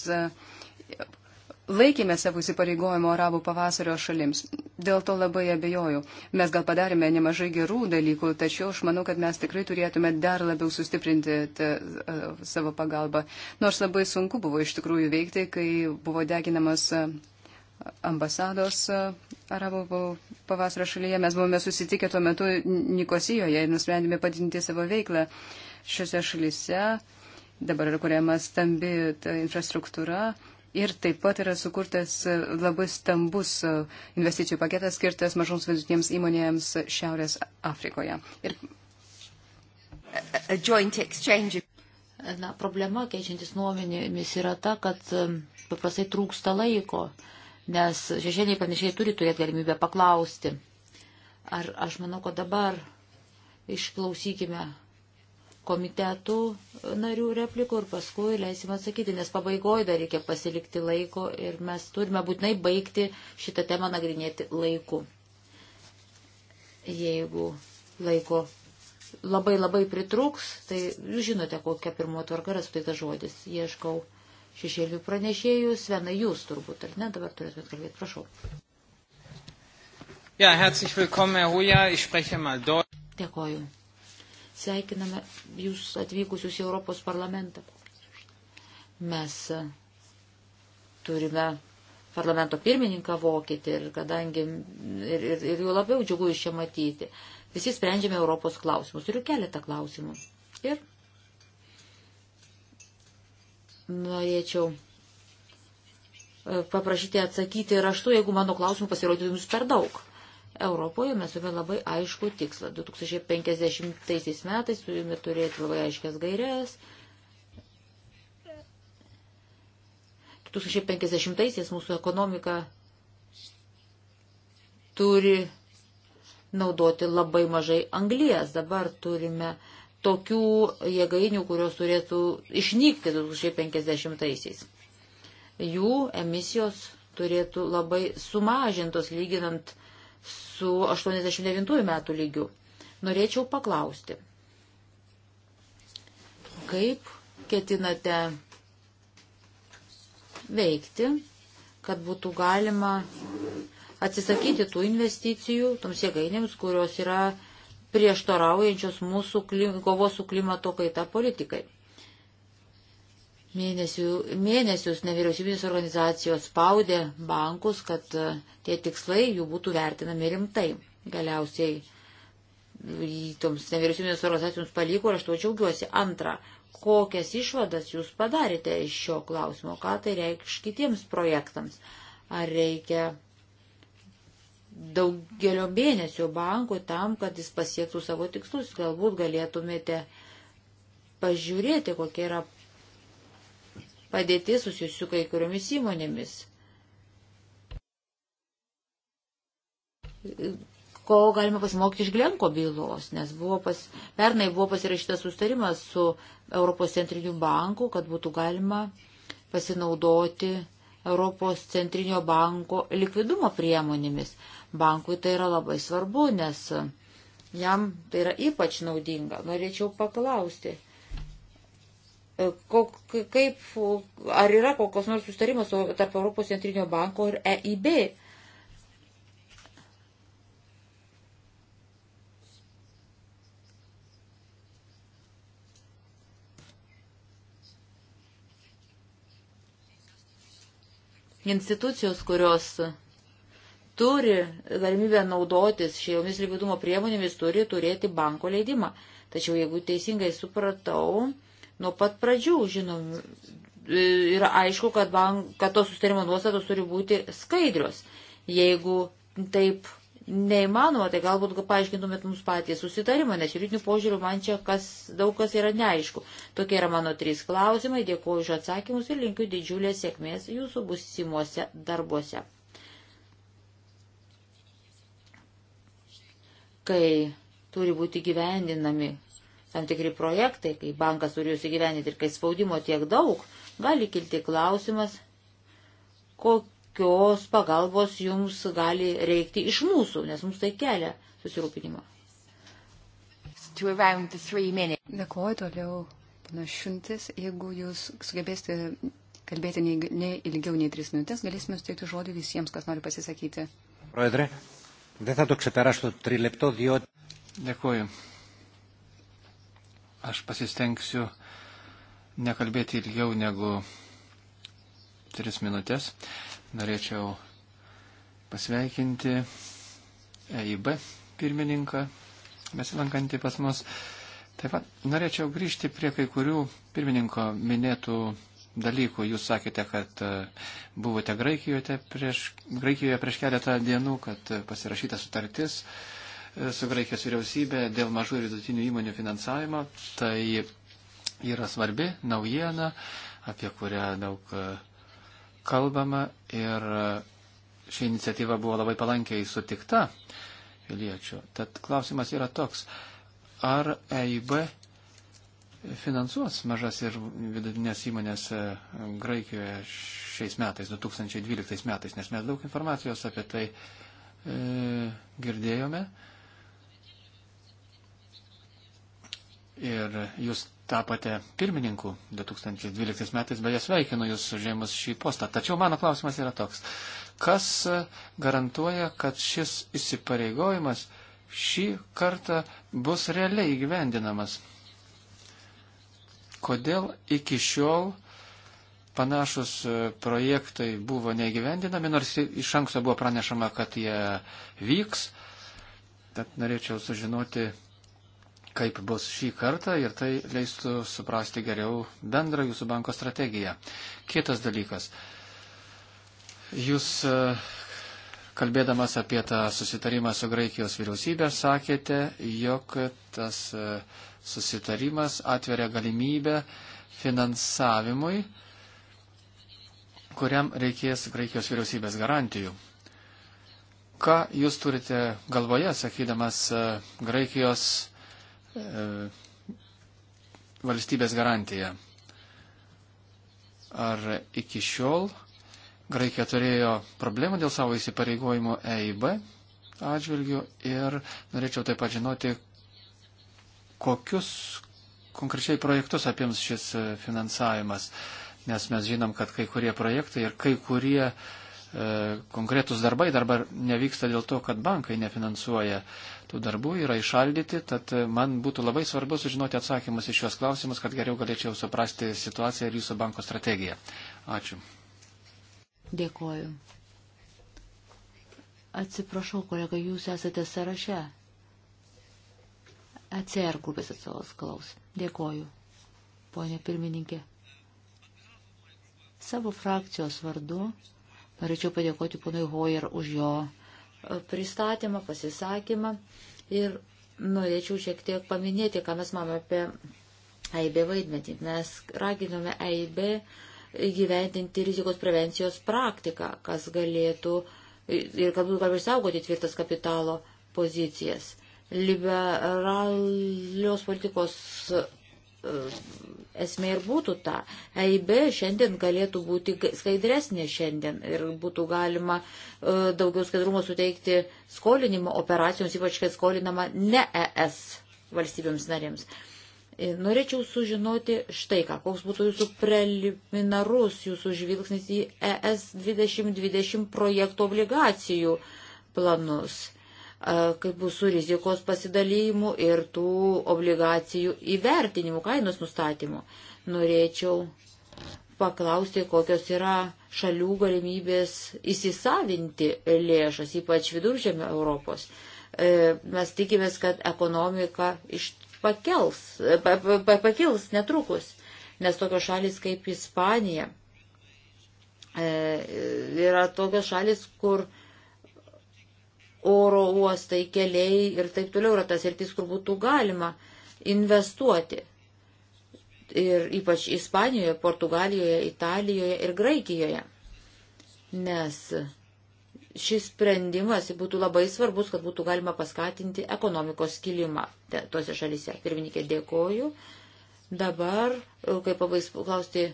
laikėme savo įsipareigojimo arabų pavasario šalims. Dėl to labai abejoju. Mes gal padarėme nemažai gerų dalykų, tačiau aš manau, kad mes tikrai turėtume dar labiau sustiprinti tą, uh, savo pagalbą. Nors labai sunku buvo iš tikrųjų veikti, kai buvo deginamas e, ambasados e, arabų pavasario šalyje. Mes buvome susitikę tuo metu Nikosijoje ir nusprendėme padinti savo veiklą šiuose šalyse. Uh, Dabar yra kuriama stambi infrastruktūra ir taip pat yra sukurtas e, labai stambus e, investicijų paketas skirtas mažoms vidutinėms įmonėms Šiaurės Afrikoje. Ir Na, problema keičiantis nuomenėmis yra ta, kad e, paprastai trūksta laiko, nes šešėliai panašiai turi turėti galimybę paklausti. Ar aš manau, kad dabar išklausykime komitetų narių replikų ir paskui leisim atsakyti, nes pabaigoje dar reikia pasilikti laiko ir mes turime būtinai baigti šitą temą nagrinėti laiku. Jeigu laiko labai labai pritruks, tai jūs žinote, kokia pirmo tvarka yra suteiktas žodis. Ieškau šešėlių pranešėjų, Svena, jūs turbūt, ar ne, dabar turėtumėt kalbėti, prašau. Ja, herzlich willkommen, Herr Huja, ich spreche mal Deutsch. Dėkoju. Sveikiname jūs atvykusius į Europos parlamentą. Mes e, turime parlamento pirmininką vokietį ir kadangi ir, ir, ir jau labiau džiugu iš čia matyti. Visi sprendžiame Europos klausimus. Turiu keletą klausimų. Ir norėčiau e, paprašyti atsakyti raštu, jeigu mano klausimų pasirodytų jums per daug. Europoje mes turime labai aišku tikslą. 2050 metais turime turėti labai aiškias gairias. 2050-aisiais mūsų ekonomika turi naudoti labai mažai anglijas. Dabar turime tokių jėgainių, kurios turėtų išnykti 2050-aisiais. Jų emisijos turėtų labai sumažintos lyginant su 89 metų lygiu. Norėčiau paklausti, kaip ketinate veikti, kad būtų galima atsisakyti tų investicijų toms jėgainėms, kurios yra prieštaraujančios mūsų kovos su klimato kaita politikai mėnesių, mėnesius nevyriausybinės organizacijos spaudė bankus, kad e, tie tikslai jų būtų vertinami rimtai. Galiausiai toms nevyriausybinės organizacijoms paliko ir aš to džiaugiuosi. Antra, kokias išvadas jūs padarėte iš šio klausimo, ką tai reikš kitiems projektams. Ar reikia daugelio mėnesių bankui tam, kad jis pasiektų savo tikslus, galbūt galėtumėte pažiūrėti, kokia yra padėtis susijusi su kai kuriomis įmonėmis. Ko galima pasimokti iš Glenko bylos, nes buvo pas, pernai buvo pasirašytas sustarimas su Europos centriniu banku, kad būtų galima pasinaudoti Europos centrinio banko likvidumo priemonėmis. Bankui tai yra labai svarbu, nes jam tai yra ypač naudinga. Norėčiau paklausti, kaip, ar yra kokios nors sustarimas tarp Europos centrinio banko ir EIB. Institucijos, kurios turi galimybę naudotis šiomis likvidumo priemonėmis, turi turėti banko leidimą. Tačiau, jeigu teisingai supratau, Nuo pat pradžių, žinom, e, yra aišku, kad, bank, kad tos sustarimo nuostatos turi būti skaidrios. Jeigu taip neįmanoma, tai galbūt paaiškintumėt mums patys susitarimą, nes juridinių požiūrių man čia kas, daug kas yra neaišku. Tokie yra mano trys klausimai, dėkuoju už atsakymus ir linkiu didžiulės sėkmės jūsų busimuose darbuose. Kai turi būti gyvendinami tam tikri projektai, kai bankas turi jūs įgyveninti ir kai spaudimo tiek daug, gali kilti klausimas, kokios pagalbos jums gali reikti iš mūsų, nes mums tai kelia susirūpinimą. Dėkuoju toliau, panašintis, jeigu jūs sugebėsite kalbėti ne, ne ilgiau nei tris minutės, galėsime suteikti žodį visiems, kas nori pasisakyti. Proedre, δεν θα το ξεπεράσω το τριλεπτό, διότι... Dėkuoju. Aš pasistengsiu nekalbėti ilgiau negu tris minutės. Norėčiau pasveikinti EIB pirmininką, besilankantį pas mus. Taip pat norėčiau grįžti prie kai kurių pirmininko minėtų dalykų. Jūs sakėte, kad e, buvote Graikijoje prieš, Graikijoje prieš keletą dienų, kad e, pasirašyta sutartis E, su Graikijos vyriausybė dėl mažų ir vidutinių įmonių finansavimo. Tai yra svarbi naujiena, apie kurią daug e, kalbama ir e, ši iniciatyva buvo labai palankiai sutikta piliečių. Tad klausimas yra toks, ar EIB finansuos mažas ir vidutinės įmonės Graikijoje šiais metais, 2012 metais, nes mes daug informacijos apie tai e, girdėjome. E, Ir jūs tapote pirmininku 2012 metais, beje, sveikinu jūs užėmus šį postą. Tačiau mano klausimas yra toks. Kas garantuoja, kad šis įsipareigojimas šį kartą bus realiai įgyvendinamas? Kodėl iki šiol panašus projektai buvo neįgyvendinami, nors iš anksto buvo pranešama, kad jie vyks. Tad norėčiau sužinoti kaip bus šį kartą ir tai leistų suprasti geriau bendrą jūsų banko strategiją. Kitas dalykas. Jūs e, kalbėdamas apie tą susitarimą su Graikijos vyriausybė sakėte, jog tas e, susitarimas atveria galimybę finansavimui, kuriam reikės Graikijos vyriausybės garantijų. Ką jūs turite galvoje, sakydamas e, Graikijos E, valstybės garantija. Ar iki šiol Graikija turėjo problemų dėl savo įsipareigojimo EIB atžvilgių ir norėčiau taip pat žinoti, kokius konkrečiai projektus apims šis finansavimas, nes mes žinom, kad kai kurie projektai ir kai kurie uh, E, konkretus darbai dabar nevyksta dėl to, kad bankai nefinansuoja tų darbų, yra išaldyti, tad e, man būtų labai svarbu sužinoti atsakymus į šios klausimus, kad geriau galėčiau suprasti situaciją ir jūsų banko strategiją. Ačiū. Dėkoju. Atsiprašau, kolega, jūs esate sąraše. ECR grupės atstovas klaus. Dėkoju, ponė pirmininkė. Savo frakcijos vardu Norėčiau padėkoti ponui Hoyer už jo e, pristatymą, pasisakymą ir norėčiau šiek tiek paminėti, ką mes manome apie AIB vaidmenį. Mes raginome AIB gyventinti rizikos prevencijos praktiką, kas galėtų ir kad būtų galima išsaugoti tvirtas kapitalo pozicijas. Liberalios politikos e, esmė ir būtų ta. EIB šiandien galėtų būti skaidresnė šiandien ir būtų galima e, daugiau skaidrumo suteikti skolinimo operacijoms, ypač kai skolinama ne ES valstybėms narėms. E, norėčiau sužinoti štai ką, koks būtų jūsų preliminarus jūsų žvilgsnis į ES 2020 projektų obligacijų planus kaip bus su rizikos pasidalymu ir tų obligacijų įvertinimu, kainos nustatymu. Norėčiau paklausti, kokios yra šalių galimybės įsisavinti lėšas, ypač viduržėmio Europos. E, mes tikimės, kad ekonomika iš pakels, pa, pa, pakils netrukus, nes tokios šalis kaip Ispanija e, yra tokios šalis, kur oro uostai, keliai ir taip toliau yra tas rytis, kur būtų galima investuoti. Ir ypač Ispanijoje, Portugalijoje, Italijoje ir Graikijoje. Nes šis sprendimas būtų labai svarbus, kad būtų galima paskatinti ekonomikos kilimą tose šalyse. Pirmininkė, dėkoju. Dabar, kaip pabaigsiu klausti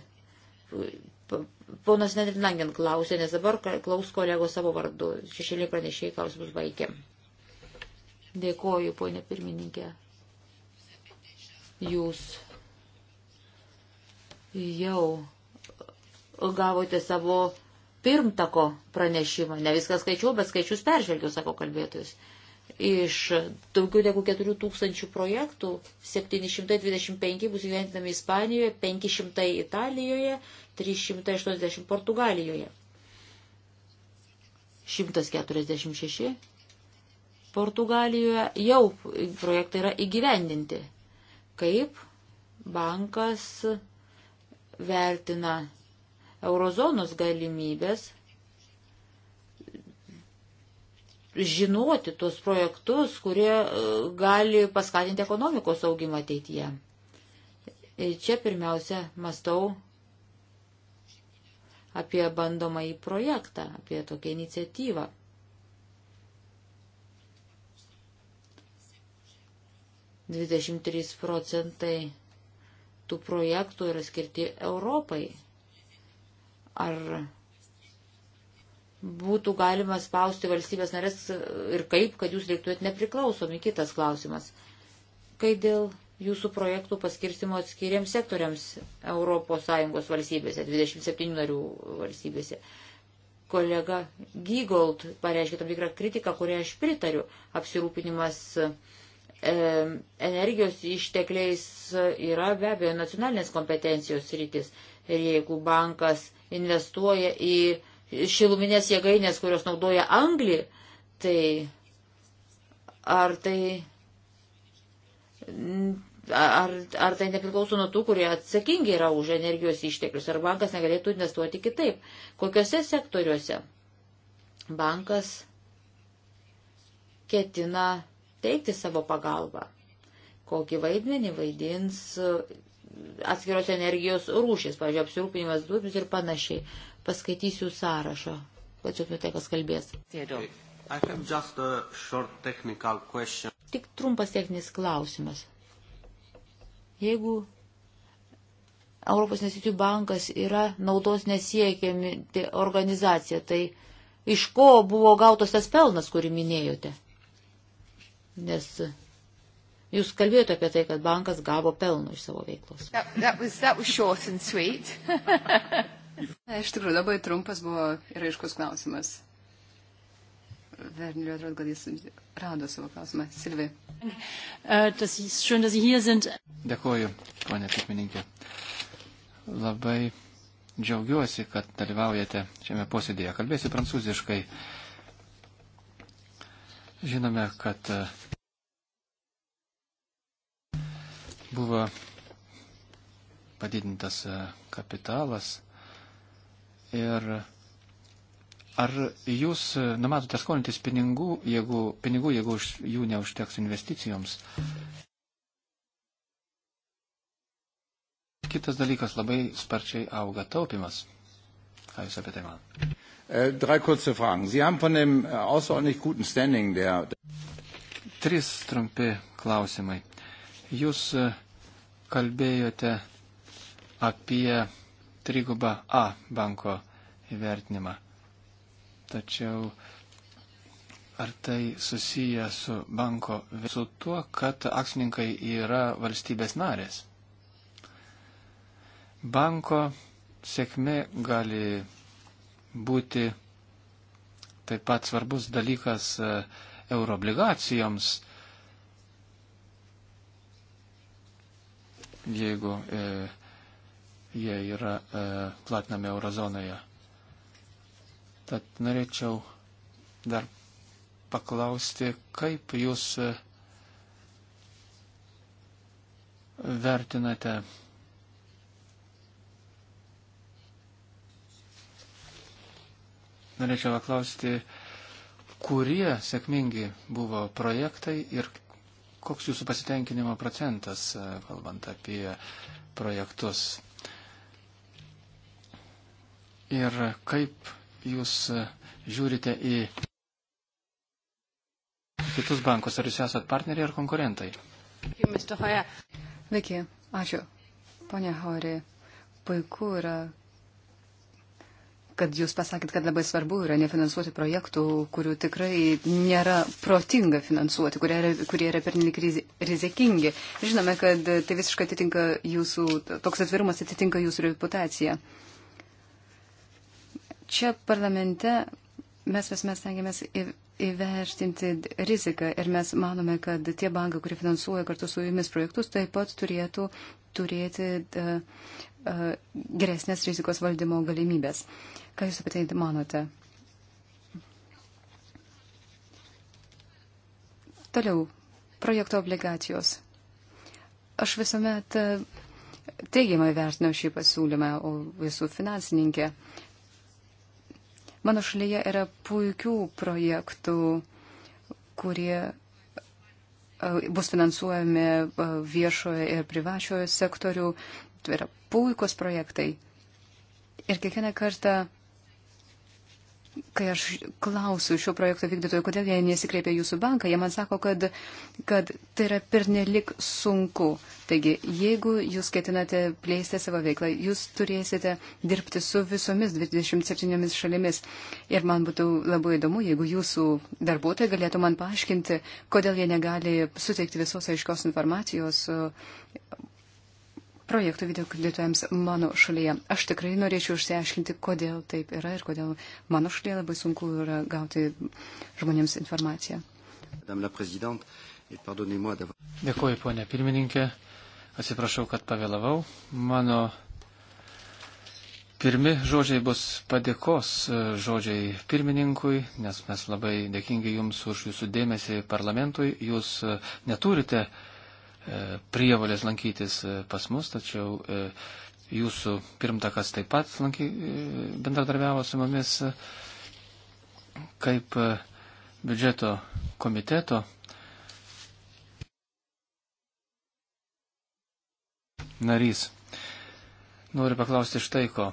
Ponas Nedrinangen klausė, nes dabar klaus kolego savo vardu. Šešėlė pranešėjai klausimus baigė. Dėkoju, ponė pirmininkė. Jūs jau gavote savo pirmtako pranešimą. Ne viską skaičiau, bet skaičius peržvelgiau, sako kalbėtojas. Iš daugiau negu 4 tūkstančių projektų 725 bus gyventinami Ispanijoje, 500 Italijoje, 380 Portugalijoje, 146 Portugalijoje jau projektai yra įgyvendinti. Kaip bankas vertina eurozonos galimybės žinoti tuos projektus, kurie e, gali paskatinti ekonomikos augimą ateityje. Ir čia pirmiausia, mastau apie bandomąjį projektą, apie tokią iniciatyvą. Dvidešimt trys procentai tų projektų yra skirti Europai. Ar būtų galima spausti valstybės narės ir kaip, kad jūs reiktumėt nepriklausomi, kitas klausimas. Kai dėl jūsų projektų paskirstimo atskiriams sektoriams ES valstybėse, 27 narių valstybėse. Kolega Gygold pareiškė tam tikrą kritiką, kurią aš pritariu. Apsirūpinimas e, energijos ištekliais yra be abejo nacionalinės kompetencijos rytis. Ir jeigu bankas investuoja į šiluminės jėgainės, kurios naudoja anglį, tai ar tai ar, ar tai nepriklauso nuo tų, kurie atsakingi yra už energijos išteklius, ar bankas negalėtų investuoti kitaip. Kokiuose sektoriuose bankas ketina teikti savo pagalbą, kokį vaidmenį vaidins atskiros energijos rūšis, pavyzdžiui, apsirūpinimas duomis ir panašiai. Paskaitysiu sąrašą, kad žiūrėtumėte, tai, kas kalbės. Tik trumpas techninis klausimas. Jeigu Europos investicijų bankas yra naudos nesiekiami tai organizacija, tai iš ko buvo gautas tas pelnas, kurį minėjote? Nes jūs kalbėjote apie tai, kad bankas gavo pelno iš savo veiklos. That, that was, that was iš tikrųjų, labai trumpas buvo ir aiškus klausimas. Verniu, atrodo, kad jis rado savo klausimą. Silvi. Äh, Dėkuoju, ponė pirmininkė. Labai džiaugiuosi, kad dalyvaujate šiame posėdėje. Kalbėsiu prancūziškai. Žinome, kad e, buvo padidintas e, kapitalas ir Ar jūs numatote skolintis pinigų, jeigu, pinigų, jeigu jų neužteks investicijoms? Kitas dalykas labai sparčiai auga taupimas. Ką Jūs apie tai man? Äh, drei kurze Fragen. Sie haben von dem äh, außerordentlich guten Standing der. Trys trumpi klausimai. Jūs äh, kalbėjote apie trigubą A banko įvertinimą. Tačiau ar tai susiję su banko, su tuo, kad akcininkai yra valstybės narės? Banko sėkmė gali būti taip pat svarbus dalykas e, euroobligacijoms, jeigu e, jie yra e, platinami eurozonoje. Tad norėčiau dar paklausti, kaip jūs e, vertinate Norėčiau paklausti, kurie sėkmingi buvo projektai ir koks jūsų pasitenkinimo procentas, e, kalbant apie projektus. Ir kaip jūs e, žiūrite į kitus bankus? Ar jūs esat partneriai ar konkurentai? Dėkui. Ačiū. Pone Hori, puiku yra, kad jūs pasakėt, kad labai svarbu yra nefinansuoti projektų, kurių tikrai nėra protinga finansuoti, kurie yra, kurie yra pernelik rizikingi. Žinome, kad tai visiškai atitinka jūsų, toks atvirumas atitinka jūsų reputaciją. Uh, Čia parlamente mes visame stengiamės įvertinti riziką ir mes manome, kad tie bankai, kurie finansuoja kartu su jumis projektus, taip pat turėtų turėti uh, uh, geresnės rizikos valdymo galimybės. Ką Jūs apie tai manote? Toliau, projekto obligacijos. Aš visuomet e, teigiamai vertinau šį pasiūlymą, o visų finansininkė. Uh, Mano šalyje yra puikių projektų, kurie e, bus finansuojami e, viešojo ir privačiojo sektorių. Tai yra puikus projektai. Ir kiekvieną kartą kai aš klausiu šio projekto vykdytojų, kodėl jie nesikreipia jūsų banką, jie man sako, kad, kad tai yra pernelik sunku. Taigi, jeigu jūs ketinate plėsti savo veiklą, jūs turėsite dirbti su visomis 27 šalimis. Ir man būtų labai įdomu, jeigu jūsų darbuotojai galėtų man paaiškinti, kodėl jie negali suteikti visos aiškios informacijos projektų videokredituojams mano šalyje. Aš tikrai norėčiau išsiaiškinti, kodėl taip yra ir kodėl mano šalyje labai sunku yra gauti žmonėms informaciją. Dėkuoju, ponė pirmininkė. Atsiprašau, kad pavėlavau. Mano pirmi žodžiai bus padėkos e, žodžiai pirmininkui, nes mes labai dėkingi Jums už Jūsų dėmesį parlamentui. Jūs e, neturite uh, E, prievalės lankytis e, pas mus, tačiau e, jūsų pirmtakas taip pat lanky, bendradarbiavo su mumis kaip biudžeto komiteto narys. Noriu paklausti štai ko.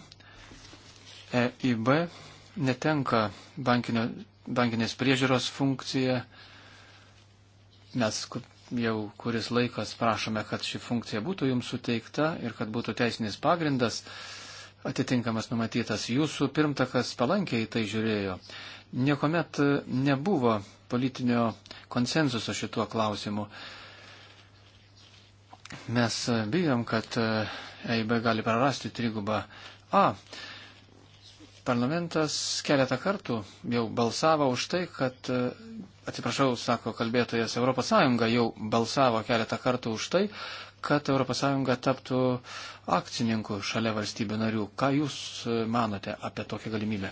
EIB netenka bankinio, bankinės priežiūros funkciją. Mes jau kuris laikas prašome, kad ši funkcija būtų jums suteikta ir kad būtų teisinis pagrindas atitinkamas numatytas. Jūsų pirmtakas palankiai tai žiūrėjo. Niekuomet nebuvo politinio konsensuso šituo klausimu. Mes bijom, kad EIB gali prarasti trigubą A Parlamentas keletą kartų jau balsavo už tai, kad, atsiprašau, sako kalbėtojas, ES jau balsavo keletą kartų už tai, kad ES taptų akcininku šalia valstybių narių. Ką Jūs manote apie tokią galimybę?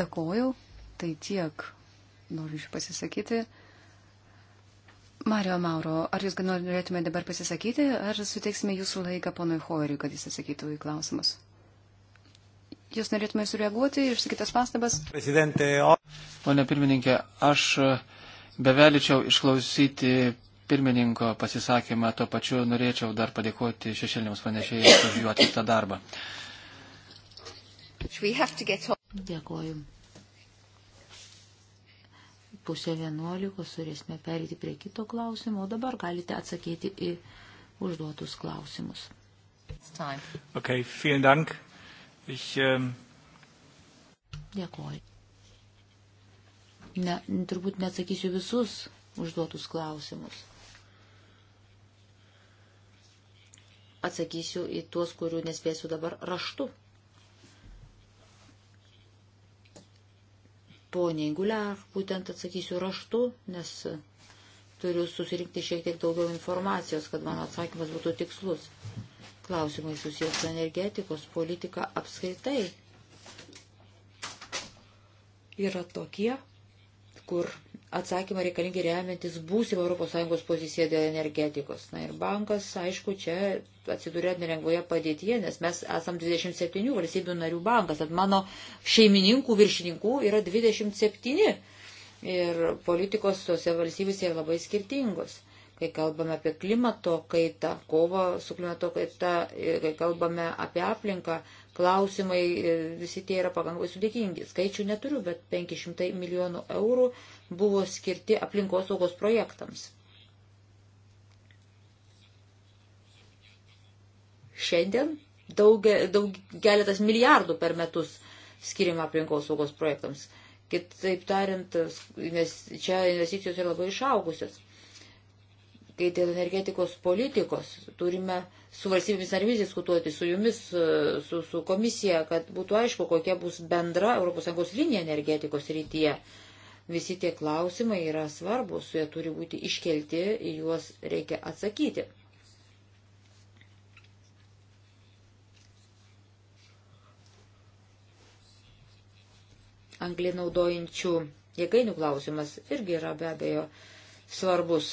Dėkoju. Tai tiek norinčių pasisakyti. Mario Mauro, ar jūs norėtume dabar pasisakyti, ar suteiksime jūsų laiką ponui Hoeriui, kad jis atsakytų į klausimus? Jūs norėtume sureaguoti, išsakytas pastabas? Prezidentė, o. Pone pirmininkė, aš beveličiau išklausyti pirmininko pasisakymą, tuo pačiu norėčiau dar padėkoti šešėlėms panešėjams už jų atliktą darbą. Dėkuoju pusę vienuolikos turėsime perėti prie kito klausimo, o dabar galite atsakyti į užduotus klausimus. Okay, vielen Dank. Ich, ähm... Dėkuoju. Ne, turbūt neatsakysiu visus užduotus klausimus. Atsakysiu į tuos, kurių nespėsiu dabar raštu. poniai Guliar būtent atsakysiu raštu, nes turiu susirinkti šiek tiek daugiau informacijos, kad mano atsakymas būtų tikslus. Klausimai susijęs su energetikos politika apskritai yra tokie, kur atsakymą reikalingi remiantis būsimą ES poziciją dėl energetikos. Na ir bankas, aišku, čia atsidūrė nelengvoje padėtyje, nes mes esam 27 valstybių narių bankas, tad mano šeimininkų, viršininkų yra 27 ir politikos tose valstybėse yra labai skirtingos. Kai kalbame apie klimato kaitą, kovą su klimato kaita, kai kalbame apie aplinką, klausimai e, visi tie yra pakankamai sudėtingi. Skaičių neturiu, bet 500 milijonų eurų buvo skirti aplinkosaugos projektams. Šiandien daug, daug keletas milijardų per metus skiriama aplinkosaugos projektams. Kitaip tariant, nes čia investicijos yra labai išaugusios. Kai dėl energetikos politikos turime su valstybėmis narėmis diskutuoti, su jumis, su, su komisija, kad būtų aišku, kokia bus bendra ES linija energetikos rytyje. Visi tie klausimai yra svarbus, su jie turi būti iškelti, į juos reikia atsakyti. Anglį naudojančių jėgainių klausimas irgi yra be abejo svarbus.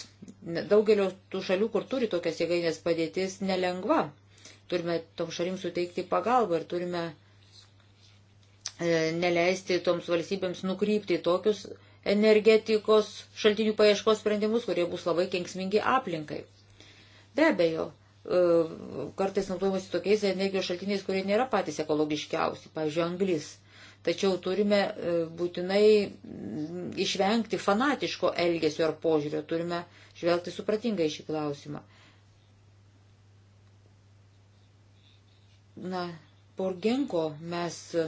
Daugelio tų šalių, kur turi tokias jėgainės padėtis, nelengva. Turime tom šalim suteikti pagalbą ir turime e, neleisti toms valstybėms nukrypti į tokius energetikos šaltinių paieškos sprendimus, kurie bus labai kenksmingi aplinkai. Be abejo, e, kartais naudojamasi tokiais energijos šaltiniais, kurie nėra patys ekologiškiausi, pavyzdžiui, anglis. Tačiau turime e, būtinai išvengti fanatiško elgesio ar požiūrio, turime žvelgti supratingai šį klausimą. Na, Porgenko mes, e,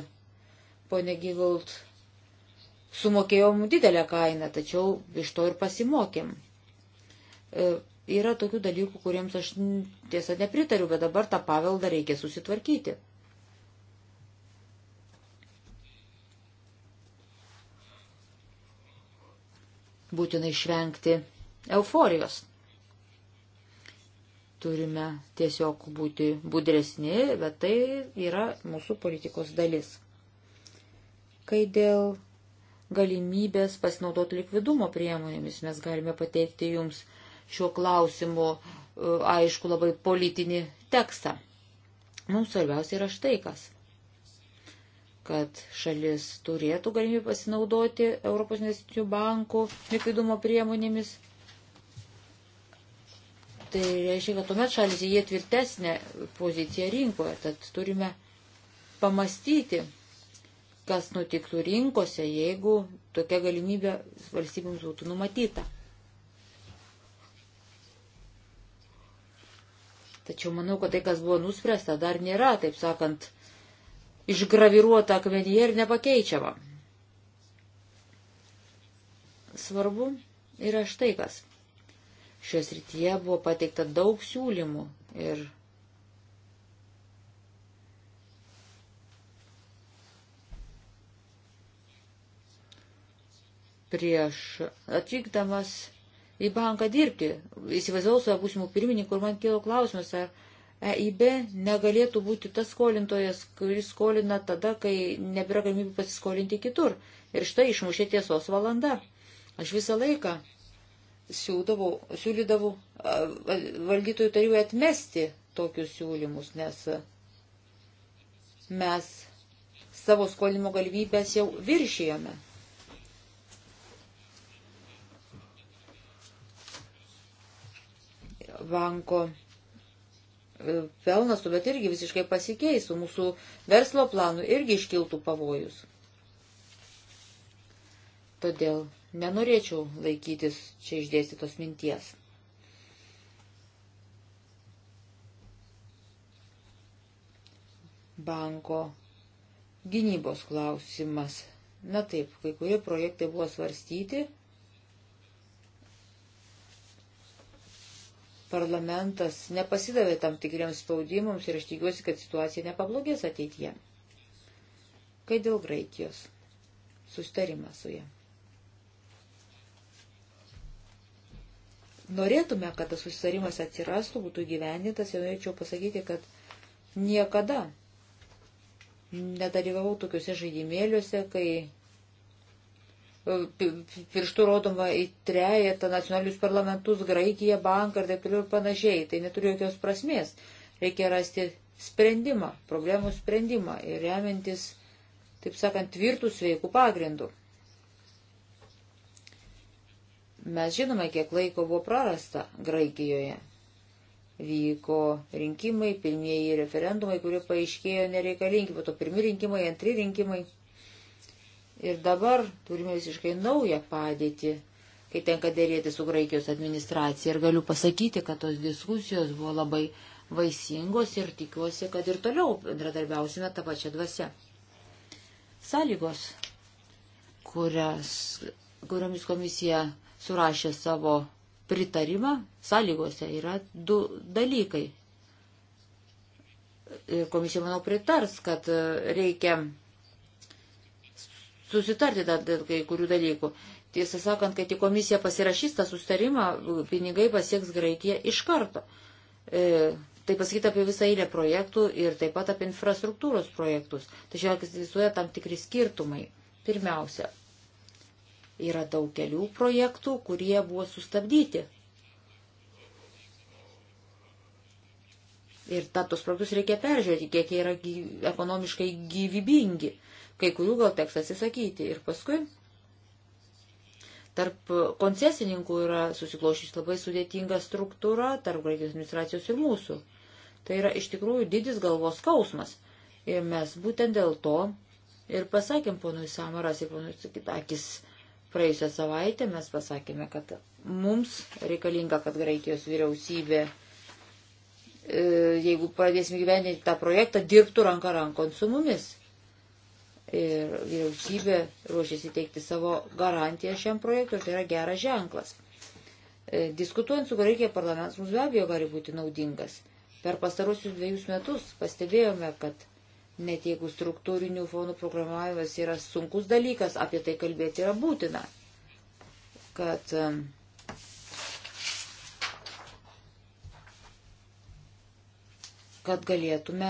ponė Gigold, sumokėjom didelę kainą, tačiau iš to ir pasimokėm. E, yra tokių dalykų, kuriems aš tiesa nepritariu, bet dabar tą paveldą reikia susitvarkyti. Būtina išvengti euforijos. Turime tiesiog būti budresni, bet tai yra mūsų politikos dalis. Kai dėl galimybės pasinaudoti likvidumo priemonėmis. Mes galime pateikti jums šiuo klausimu e, aišku labai politinį tekstą. Mums svarbiausia yra štai kas kad šalis turėtų galimybę pasinaudoti Europos investicijų bankų likvidumo priemonėmis. Tai reiškia, kad tuomet šalis įje tvirtesnė pozicija rinkoje, tad turime pamastyti kas nutiktų rinkose, jeigu tokia galimybė valstybėms būtų numatyta. Tačiau manau, kad tai, kas buvo nuspręsta, dar nėra, taip sakant, išgraviruota akmenyje ir nepakeičiama. Svarbu yra štai kas. Šios rytyje buvo pateikta daug siūlymų ir prieš atvykdamas į banką dirbti. Įsivaizdavau savo būsimų pirmininkų ir man kilo klausimas, ar EIB negalėtų būti tas skolintojas, kuris skolina tada, kai nebėra galimybių pasiskolinti kitur. Ir štai išmušė tiesos valanda. Aš visą laiką siūdavau, siūlydavau valdytojų tarybai atmesti tokius siūlymus, nes mes savo skolinimo galimybės jau viršijame. banko e, pelnas, bet irgi visiškai pasikeisų, mūsų verslo planų irgi iškiltų pavojus. Todėl nenorėčiau laikytis čia išdėstytos minties. Banko gynybos klausimas. Na taip, kai kurie projektai buvo svarstyti parlamentas nepasidavė tam tikriams spaudimams ir aš tikiuosi, kad situacija nepablogės ateityje. Kai dėl Graikijos. Sustarima su ja. Norėtume, kad tas susitarimas atsirastų, būtų gyvendintas ir norėčiau pasakyti, kad niekada nedalyvavau tokiuose žaidimėliuose, kai E, pirštų rodoma į trejetą nacionalius parlamentus, Graikiją, banką ir taip toliau ir panašiai. Tai neturi jokios prasmės. Reikia rasti sprendimą, problemų sprendimą ir remiantis, taip sakant, tvirtų sveikų pagrindų. Mes žinome, kiek laiko buvo prarasta Graikijoje. Vyko rinkimai, pirmieji referendumai, kurie paaiškėjo nereikalingi, po to pirmi rinkimai, antri rinkimai. Ir dabar turime visiškai naują padėtį, kai tenka dėrėti su Graikijos administracija. Ir galiu pasakyti, kad tos diskusijos buvo labai vaisingos ir tikiuosi, kad ir toliau bendradarbiausime tą pačią dvasę. Sąlygos, kurias, kuriomis komisija surašė savo pritarimą, sąlygose yra du dalykai. Ir komisija, manau, pritars, kad reikia susitarti dėl kai kurių dalykų. Tiesą sakant, kai tik komisija pasirašys tą sustarimą, pinigai pasieks Graikiją iš karto. E, tai pasakyta apie visą eilę projektų ir taip pat apie infrastruktūros projektus. Tačiau egzistuoja tam tikri skirtumai. Pirmiausia, yra daug kelių projektų, kurie buvo sustabdyti Ir ta, tos projektus reikia peržiūrėti, kiek jie yra gyv, ekonomiškai gyvybingi, kai kurių gal teks atsisakyti. Ir paskui tarp koncesininkų yra susiklošys labai sudėtinga struktūra tarp Graikijos administracijos ir mūsų. Tai yra iš tikrųjų didis galvos skausmas. Ir mes būtent dėl to ir pasakėm ponui Samaras ir ponui Kitakis praėjusią savaitę, mes pasakėme, kad mums reikalinga, kad Graikijos vyriausybė E, jeigu pradėsime gyveninti tą projektą, dirbtų ranką rankon su mumis. Ir vyriausybė ruošiasi teikti savo garantiją šiam projektui, ir tai yra geras ženklas. E, diskutuojant su Graikija parlamentas mums be abejo gali būti naudingas. Per pastarosius dviejus metus pastebėjome, kad net jeigu struktūrinių fondų programavimas yra sunkus dalykas, apie tai kalbėti yra būtina. Kad um, kad galėtume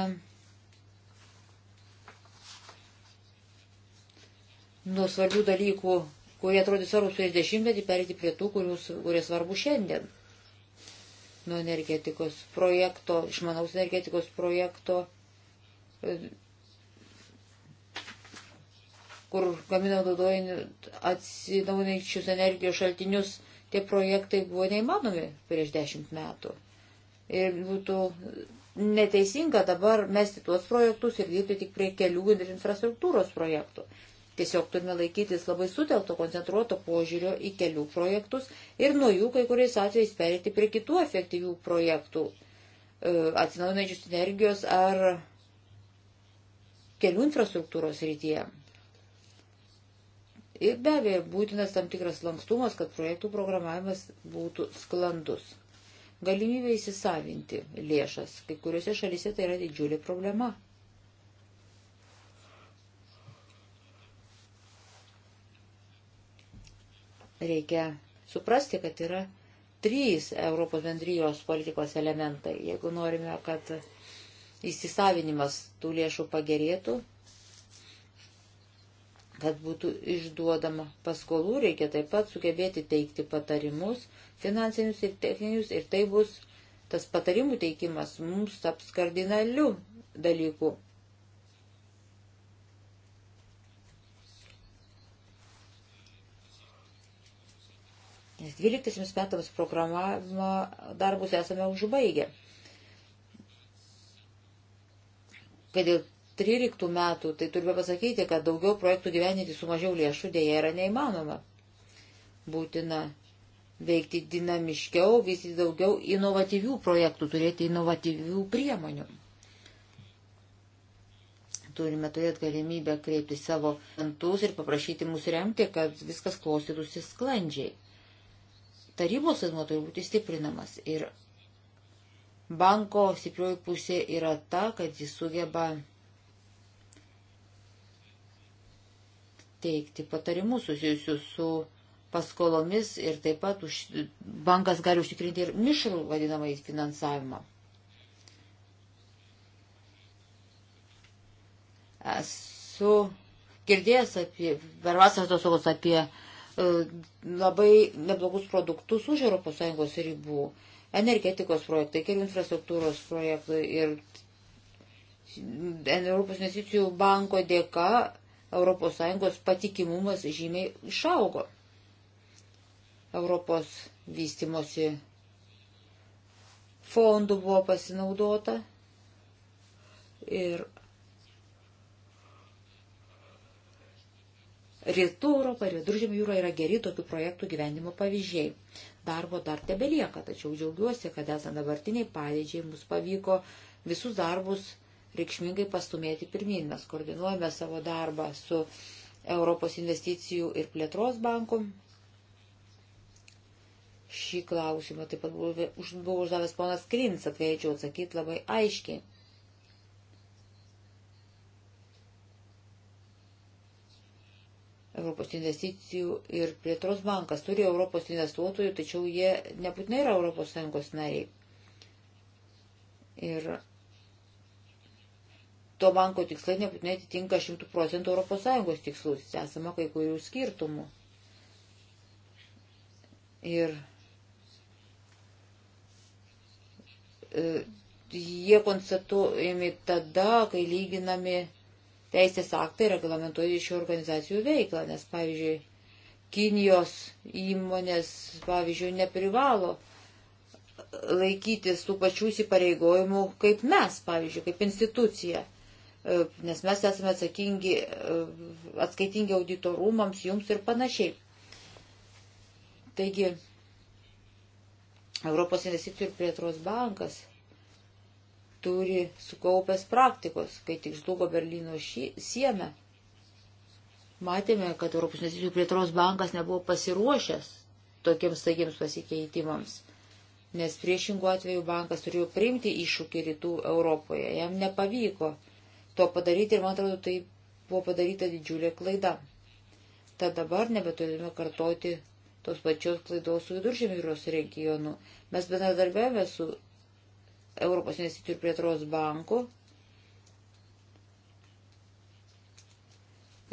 nuo svarbių dalykų, kurie atrodė svarbus prieš dešimtmetį, perėti prie tų, kurius, kurie svarbu šiandien. Nuo energetikos projekto, išmanaus energetikos projekto, e, kur gaminau naudojant atsinaujinančius energijos šaltinius, tie projektai buvo neįmanomi prieš dešimt metų. Ir būtų neteisinga dabar mesti tuos projektus ir dirbti tik prie kelių ir infrastruktūros projektų. Tiesiog turime laikytis labai sutelto, koncentruoto požiūrio į kelių projektus ir nuo jų kai kuriais atvejais perėti prie kitų efektyvių projektų, e, atsinaujinančius energijos ar kelių infrastruktūros rytyje. Ir be abejo, būtinas tam tikras lankstumas, kad projektų programavimas būtų sklandus. Galimybė įsisavinti lėšas, kai kuriuose šalise tai yra didžiulė problema. Reikia suprasti, kad yra trys Europos bendrijos politikos elementai. Jeigu norime, kad įsisavinimas tų lėšų pagerėtų, kad būtų išduodama paskolų, reikia taip pat sugebėti teikti patarimus, finansinius ir techninius, ir tai bus tas patarimų teikimas mums taps kardinaliu dalyku. Nes 12 metams programavimo darbus esame užbaigę. Kad dėl 13 metų, tai turime pasakyti, kad daugiau projektų gyveninti su mažiau lėšų dėja yra neįmanoma. Būtina veikti dinamiškiau, vystyti daugiau inovatyvių projektų, turėti inovatyvių priemonių. Turime turėti galimybę kreipti savo antus ir paprašyti mus remti, kad viskas klostytųsi sklandžiai. Tarybos vaidmo turi būti stiprinamas ir banko stiprioji pusė yra ta, kad jis sugeba teikti patarimus susijusius su paskolomis ir taip pat už, bankas gali užtikrinti ir mišrų vadinamai finansavimą. Esu girdėjęs apie, per vasaros atostogos apie e, labai neblogus produktus už ES ribų, energetikos projektai, kelių infrastruktūros projektai ir Europos investicijų banko dėka ES patikimumas žymiai išaugo. Europos vystimosi fondų buvo pasinaudota ir Rytų Europa ir Viduržėmio jūra yra geri tokių projektų gyvenimo pavyzdžiai. Darbo dar tebelieka, tačiau džiaugiuosi, kad esant dabartiniai padėčiai mus pavyko visus darbus reikšmingai pastumėti pirmin. Mes koordinuojame savo darbą su Europos investicijų ir plėtros bankom, Šį klausimą taip pat buvo, buvo uždavęs ponas Krins, atvečiau atsakyti labai aiškiai. Europos investicijų ir plėtros bankas turi Europos investuotojų, tačiau jie nebūtinai yra Europos Sąjungos nariai. Ir to banko tikslai nebūtinai atitinka 100 procentų ES tikslus, esama kai kurių skirtumų. Ir E, jie konstatuojami tada, kai lyginami teisės aktai reglamentuoja šių organizacijų veiklą, nes, pavyzdžiui, Kinijos įmonės, pavyzdžiui, neprivalo laikytis tų pačių įsipareigojimų kaip mes, pavyzdžiui, kaip institucija, e, nes mes esame atsakingi, e, atskaitingi auditorumams, jums ir panašiai. Taigi, Europos investicijų ir plėtros bankas turi sukaupęs praktikos, kai tik žlugo Berlyno šį, siemę. Matėme, kad Europos investicijų plėtros bankas nebuvo pasiruošęs tokiems taigiems pasikeitimams, nes priešingų atveju bankas turėjo priimti iššūkį rytų Europoje. Jam nepavyko to padaryti ir, man atrodo, tai buvo padaryta didžiulė klaida. Tad dabar nebeturime kartoti tos pačios klaidos su viduržėmio jūros regionu. Mes bendradarbiavę su Europos investicijų ir plėtros banku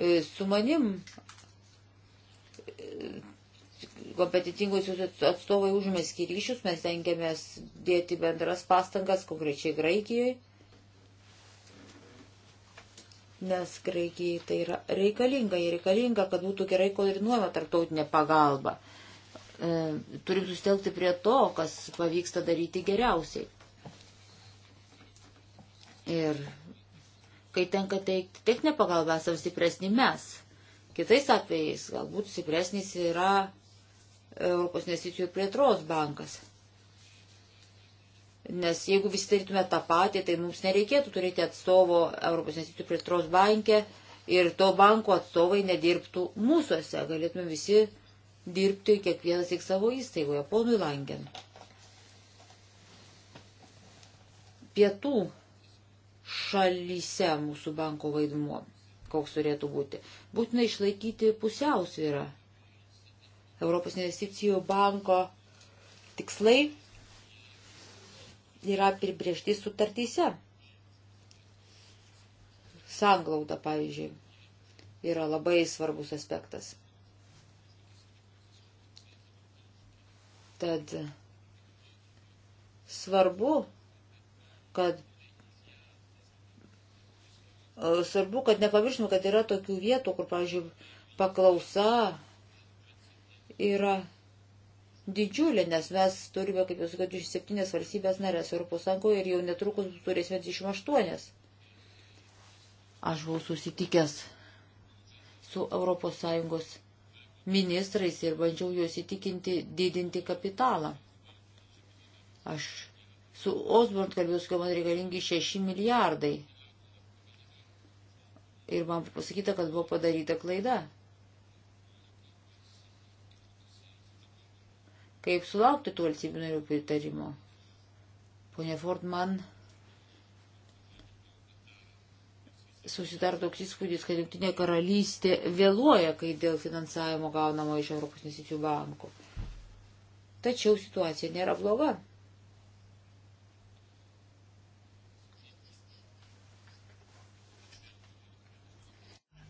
e, su manim e, kompetitingus atstovai užmės ryšius, mes tengiamės dėti bendras pastangas, konkrečiai Graikijoje nes Graikijai tai yra reikalinga, jie reikalinga, kad būtų gerai koordinuojama tarptautinė pagalba. E, turim sustelkti prie to, kas pavyksta daryti geriausiai. Ir kai tenka teikti techninę pagalbą, esam stipresni mes. Kitais atvejais galbūt stipresnis yra Europos investicijų plėtros bankas. Nes jeigu visi darytume tą patį, tai mums nereikėtų turėti atstovo Europos institucijų plėtros banke ir to banko atstovai nedirbtų mūsųse. Galėtume visi dirbti kiekvienas tik savo įstaigoje. Ponui Langen. Pietų šalyse mūsų banko vaidmuo, koks turėtų būti. Būtina išlaikyti pusiausvyrą. Europos investicijų banko tikslai yra pribriežti sutartyse. Sanglauda, pavyzdžiui, yra labai svarbus aspektas. Tad svarbu, kad svarbu, kad nepamirštume, kad yra tokių vietų, kur, pavyzdžiui, paklausa yra didžiulė, nes mes turime, kaip jau sakiau, 27 valstybės narės Europos Sąjungoje ir jau netrukus turėsime 28. Aš buvau susitikęs su Europos Sąjungos ministrais ir bandžiau juos įtikinti didinti kapitalą. Aš su Osborne kalbėjau, kad man reikalingi 6 milijardai. Ir man pasakyta, kad buvo padaryta klaida. kaip sulaukti tų valstybių narių pritarimo. Pone Ford, man susidaro toks įspūdis, kad Junktinė karalystė vėluoja, kai dėl finansavimo gaunamo iš Europos investicijų banko. Tačiau situacija nėra bloga.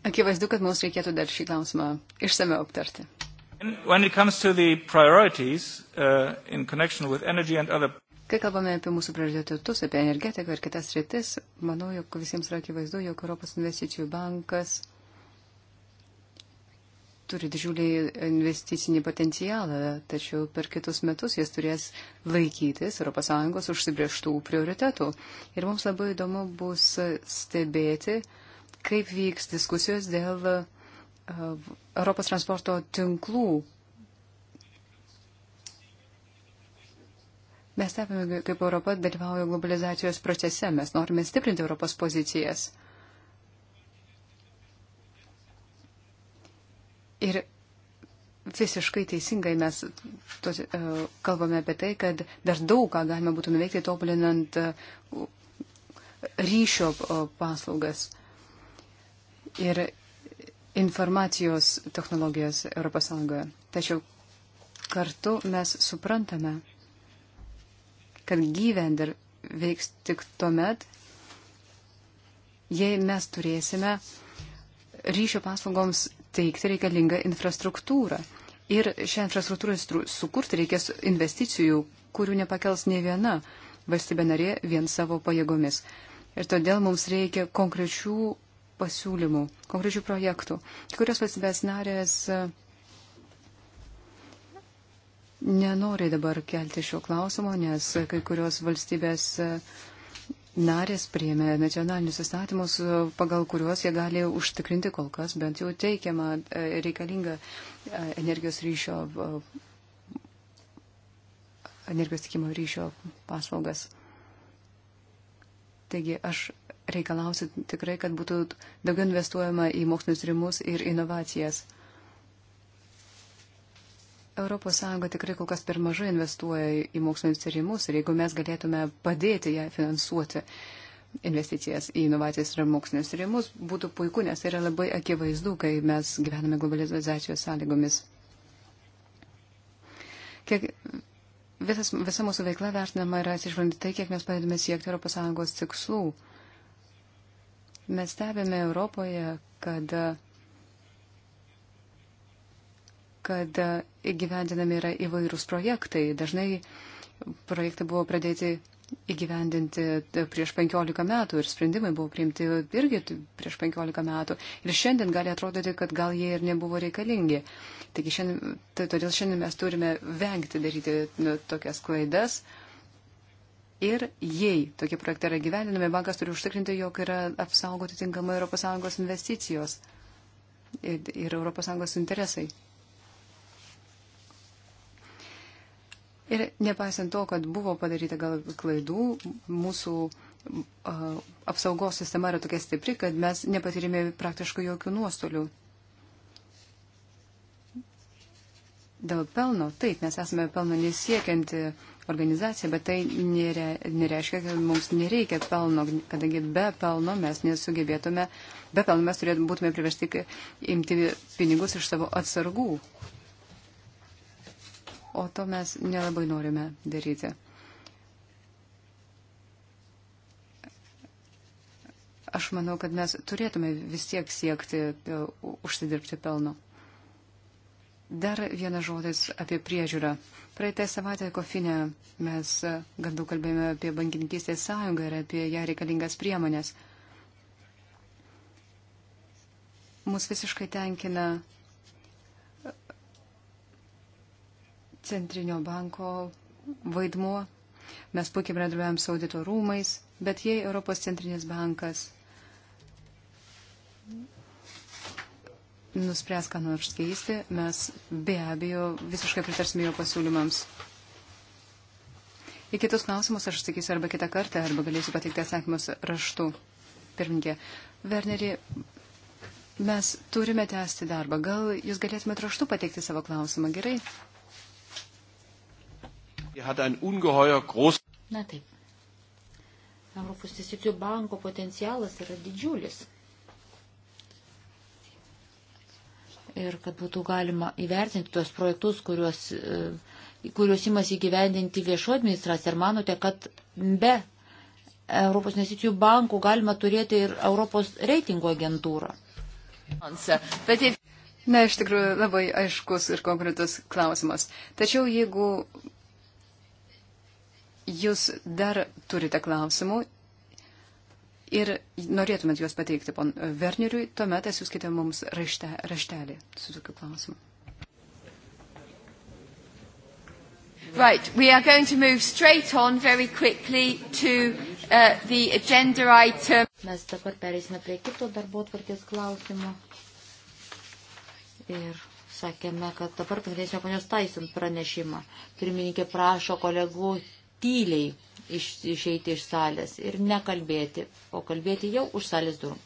Akivaizdu, kad mums reikėtų dar šį klausimą išsameu aptarti. Uh, other... Kai kalbame apie mūsų prioritetus, apie energetiką ir kitas rytis, manau, jog visiems yra akivaizdu, jog Europos investicijų bankas turi didžiulį investicinį potencialą, tačiau per kitus metus jis turės laikytis ES užsibrieštų prioritetų. Ir mums labai įdomu bus stebėti, kaip vyks diskusijos dėl Uh, Europos transporto tinklų. Mes stebime, kaip Europa dalyvauja globalizacijos procese, mes norime stiprinti Europos pozicijas. Ir visiškai teisingai mes to, uh, kalbame apie tai, kad dar daug ką galime būtų nuveikti tobulinant uh, ryšio paslaugas. Ir informacijos technologijas ES. Tačiau kartu mes suprantame, kad gyvender veiks tik tuomet, jei mes turėsime ryšio paslaugoms teikti reikalingą infrastruktūrą. Ir šią infrastruktūrą sukurti reikės investicijų, kurių nepakels ne viena valstybė narė vien savo pajėgomis. Ir todėl mums reikia konkrečių pasiūlymų, konkrečių projektų. Kurios valstybės narės e, nenori dabar kelti šio klausimo, nes kai kurios valstybės e, narės priėmė nacionalinius įstatymus, e, pagal kuriuos jie gali užtikrinti kol kas bent jau teikiamą reikalingą energijos ryšio energijos tikimo ryšio paslaugas. Taigi aš reikalausi tikrai, kad būtų daugiau investuojama į mokslinius rimus ir inovacijas. ES tikrai kol kas per mažai investuoja į mokslinius tyrimus ir jeigu mes galėtume padėti ją finansuoti investicijas į inovacijas ir mokslinius tyrimus, būtų puiku, nes tai yra labai akivaizdu, kai mes gyvename globalizacijos sąlygomis. Kiek visas, visa mūsų veikla vertinama yra atsižvelgiant tai, kiek mes padedame siekti ES tikslų. Mes stebime Europoje, kad, kad įgyvendinami yra įvairūs projektai. Dažnai projektai buvo pradėti įgyvendinti prieš 15 metų ir sprendimai buvo priimti irgi prieš 15 metų. Ir šiandien gali atrodyti, kad gal jie ir nebuvo reikalingi. Taigi šiandien, tai todėl šiandien mes turime vengti daryti nu, tokias klaidas Ir jei tokie projektai yra gyvendinami, bankas turi užtikrinti, jog yra apsaugoti tinkamai ES investicijos ir, ir ES interesai. Ir nepaisant to, kad buvo padaryta gal klaidų, mūsų uh, apsaugos sistema yra tokia stipri, kad mes nepatyrėme praktiškai jokių nuostolių. Dėl pelno, taip, mes esame pelno nesiekianti uh, organizacija, bet tai nere, nereiškia, kad mums nereikia pelno, kadangi be pelno mes nesugebėtume, be pelno mes turėtume būtume priversti imti pinigus iš savo atsargų. O to mes nelabai norime daryti. Aš manau, kad mes turėtume vis tiek siekti e, užsidirbti pelno. Dar vienas žodis apie priežiūrą. Praeitą savaitę Kofinė mes e, gan daug kalbėjome apie bankininkystės sąjungą ir apie ją reikalingas priemonės. Mus visiškai tenkina e, centrinio banko vaidmuo. Mes puikiai bendradarbiavame su audito rūmais, bet jei Europos centrinis bankas nuspręs, ką nors keisti, mes be abejo visiškai pritarsime jo pasiūlymams. Į kitus klausimus aš atsakysiu arba kitą kartą, arba galėsiu pateikti atsakymus raštu. Pirmininkė, Werneri, mes turime tęsti darbą. Gal jūs galėtumėte raštu pateikti savo klausimą, gerai? Na taip. Europos investicijų banko potencialas yra didžiulis. ir kad būtų galima įvertinti tuos projektus, kuriuos, e, kuriuos įmas įgyvendinti viešo administracija. Ar manote, kad be Europos investicijų bankų galima turėti ir Europos reitingo agentūrą? Na, iš tikrųjų, labai aiškus ir konkretus klausimas. Tačiau jeigu jūs dar turite klausimų ir norėtumėt juos pateikti pon Werneriui, tuomet atsiųskite mums rašte, raštelį su tokiu klausimu. Right, we are going to move straight on very quickly to uh, the agenda item. Mes dabar pereisime prie kito darbo tvarkės klausimo. Ir sakėme, kad dabar pradėsime ponios Taisin pranešimą. Pirmininkė prašo kolegų tyliai iš, išeiti iš salės ir nekalbėti, o kalbėti jau už salės durų.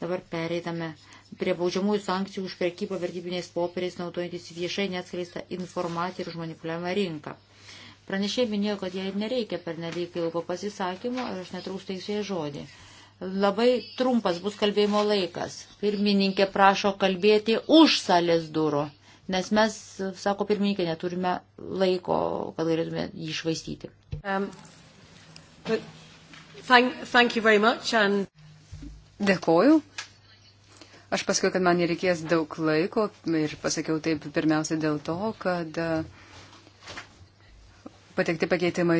Dabar pereitame prie baudžiamųjų sankcijų už prekybą vertybiniais popieriais naudojantis viešai neatskleista informacija ir už manipuliavimą rinką. Pranešė minėjo, kad jai nereikia per nelik ilgo pasisakymo ir aš netrūkstaisiu jai žodį. Labai trumpas bus kalbėjimo laikas. Pirmininkė prašo kalbėti už salės durų, nes mes, sako pirmininkė, neturime laiko, kad galėtume jį išvaistyti. Um, Thank, thank you very much. And... Dėkoju. Aš pasakiau, kad man nereikės daug laiko ir pasakiau taip pirmiausia dėl to, kad e, patekti pakeitimai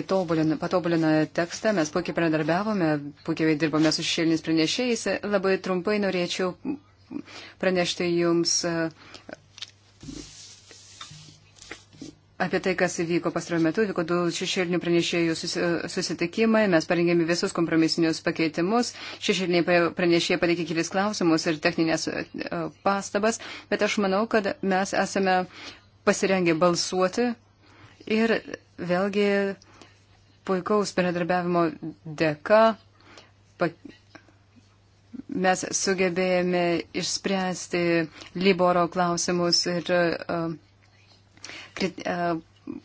patobulina tekstą, mes puikiai pradarbiavome, puikiai dirbome su šešėlinis pranešėjais. Labai trumpai norėčiau pranešti jums e, apie tai, kas įvyko pastaruoju metu. Vyko du šešėlinių pranešėjų susitikimai, mes parengėme visus kompromisinius pakeitimus, šešėliniai pranešėjai pateikė kelis klausimus ir techninės e, pastabas, bet aš manau, kad mes esame pasirengę balsuoti ir vėlgi puikaus bendradarbiavimo dėka mes sugebėjome išspręsti Liboro klausimus ir uh, krit, e,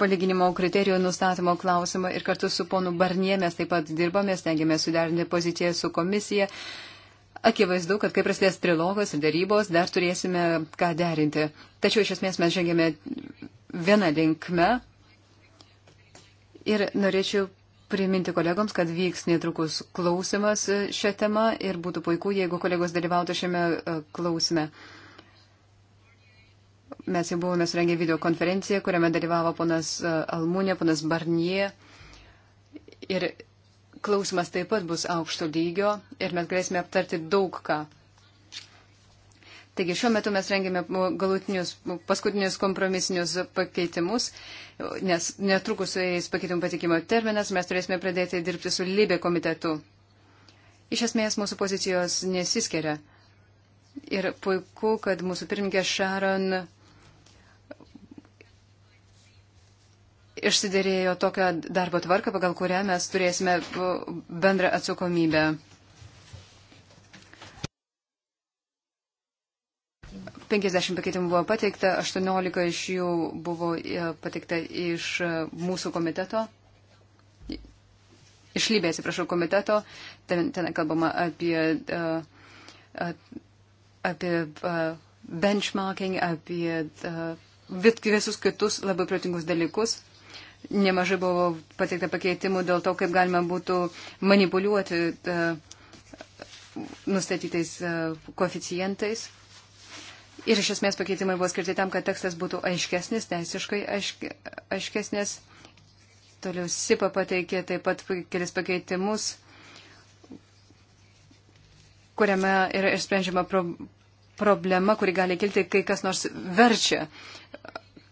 palyginimo kriterijų nustatymo klausimą ir kartu su ponu Barnie mes taip pat dirbame, stengiamės suderinti poziciją su komisija. Akivaizdu, kad kai prasidės trilogas ir darybos, dar turėsime ką derinti. Tačiau iš esmės mes žengėme vieną linkmę ir norėčiau priminti kolegoms, kad vyks netrukus klausimas šią temą ir būtų puiku, jeigu kolegos dalyvautų šiame e, klausime. Mes jau buvome surengę video konferenciją, kuriame dalyvavo ponas e, Almūnė, ponas Barnie. Ir klausimas taip pat bus aukšto lygio ir mes galėsime aptarti daug ką. Taigi šiuo metu mes rengėme galutinius, paskutinius kompromisinius pakeitimus, nes netrukus su jais pakeitimų patikimo terminas mes turėsime pradėti dirbti su Libė komitetu. Iš esmės mūsų pozicijos nesiskeria. Ir puiku, kad mūsų pirmininkė Šaron išsiderėjo tokią darbo tvarką, pagal kurią mes turėsime bendrą atsakomybę. Penkiasdešimt pakeitimų buvo pateikta, aštuoniolika iš jų buvo e, pateikta iš e, mūsų komiteto, iš Lybės, atsiprašau, komiteto. Ten, ten kalbama apie, e, apie benchmarking, apie visus kitus labai protingus dalykus. Nemažai buvo pateikta pakeitimų dėl to, kaip galima būtų manipuliuoti e, nustatytais e, koeficientais. Ir iš esmės pakeitimai buvo skirti tam, kad tekstas būtų aiškesnis, teisiškai aišk, aiškesnis. Toliau SIPA pateikė taip pat kelis pakeitimus, kuriame yra išsprendžiama pro, problema, kuri gali kilti, kai kas nors verčia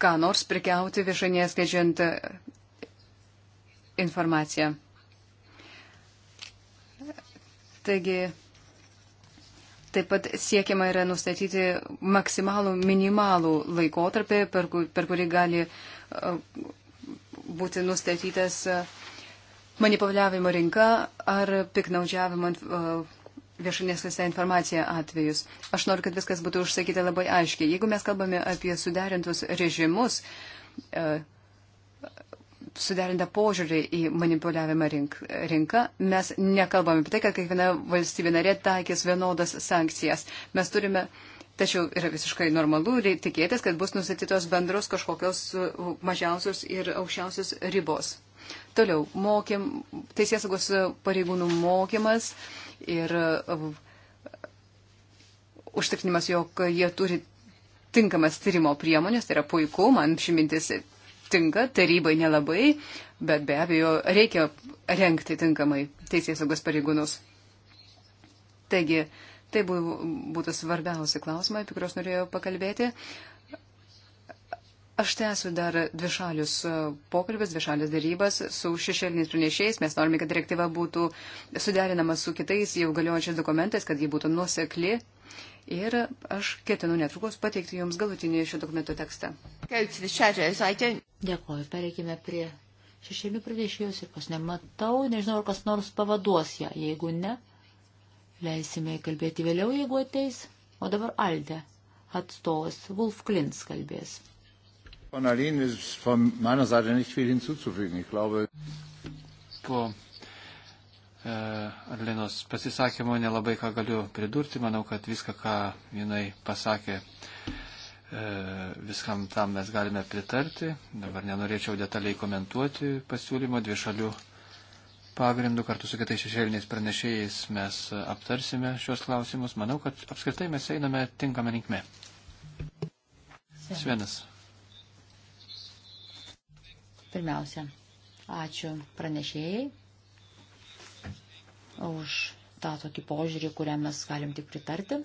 ką nors prikiauti viešai neskleidžiant e, informaciją. Taigi, Taip pat siekiama yra nustatyti maksimalų minimalų laikotarpį, per, kur, per kurį gali e, būti nustatytas e, manipuliavimo rinka ar piknaudžiavimo viešinėsose informacija atvejus. Aš noriu, kad viskas būtų užsakyta labai aiškiai. Jeigu mes kalbame apie suderintus režimus, e, suderintą požiūrį į manipuliavimą rink, rinką, mes nekalbame apie tai, kad kiekviena valstybė narė taikys vienodas sankcijas. Mes turime, tačiau yra visiškai normalu tikėtis, kad bus nusatytos bendros kažkokios e, mažiausios ir aukščiausios ribos. Toliau, mokym, teisėsaugos pareigūnų mokymas. Uh, ir e, užtikrinimas, jog jie turi tinkamas tyrimo priemonės, tai yra puiku, man ši mintis tinka, tarybai nelabai, bet be abejo reikia renkti tinkamai teisės saugos pareigūnus. Taigi, tai būtų svarbiausi klausimai, apie kuriuos norėjau pakalbėti. Uh, Aš tęsiu dar dvišalius e, pokalbės, dvišalės darybas su šešėliniais pranešėjais. Mes norime, kad direktyva būtų suderinama su kitais jau galiojančiais dokumentais, kad ji būtų nuosekli. Ir aš ketinu netrukus pateikti Jums galutinį šio dokumento tekstą. Dėkuoju, pereikime prie šešėlių pranešėjus ir kas nematau, nežinau, ar kas nors pavaduos ją. Jeigu ne, leisime įkalbėti vėliau, jeigu ateis. O dabar Alde atstovas Wolf Klins kalbės. Po e, Arlinos pasisakymo nelabai ką galiu pridurti, manau, kad viską, ką jinai pasakė, e, viskam tam mes galime pritarti. Dabar nenorėčiau detaliai komentuoti pasiūlymo dvišalių pagrindu kartu su kitais šešėliniais pranešėjais mes aptarsime šios klausimus. Manau, kad apskritai mes einame tinkamą linkme. Svenas. Pirmiausia, ačiū pranešėjai už tą tokį požiūrį, kuriam mes galim tik pritarti.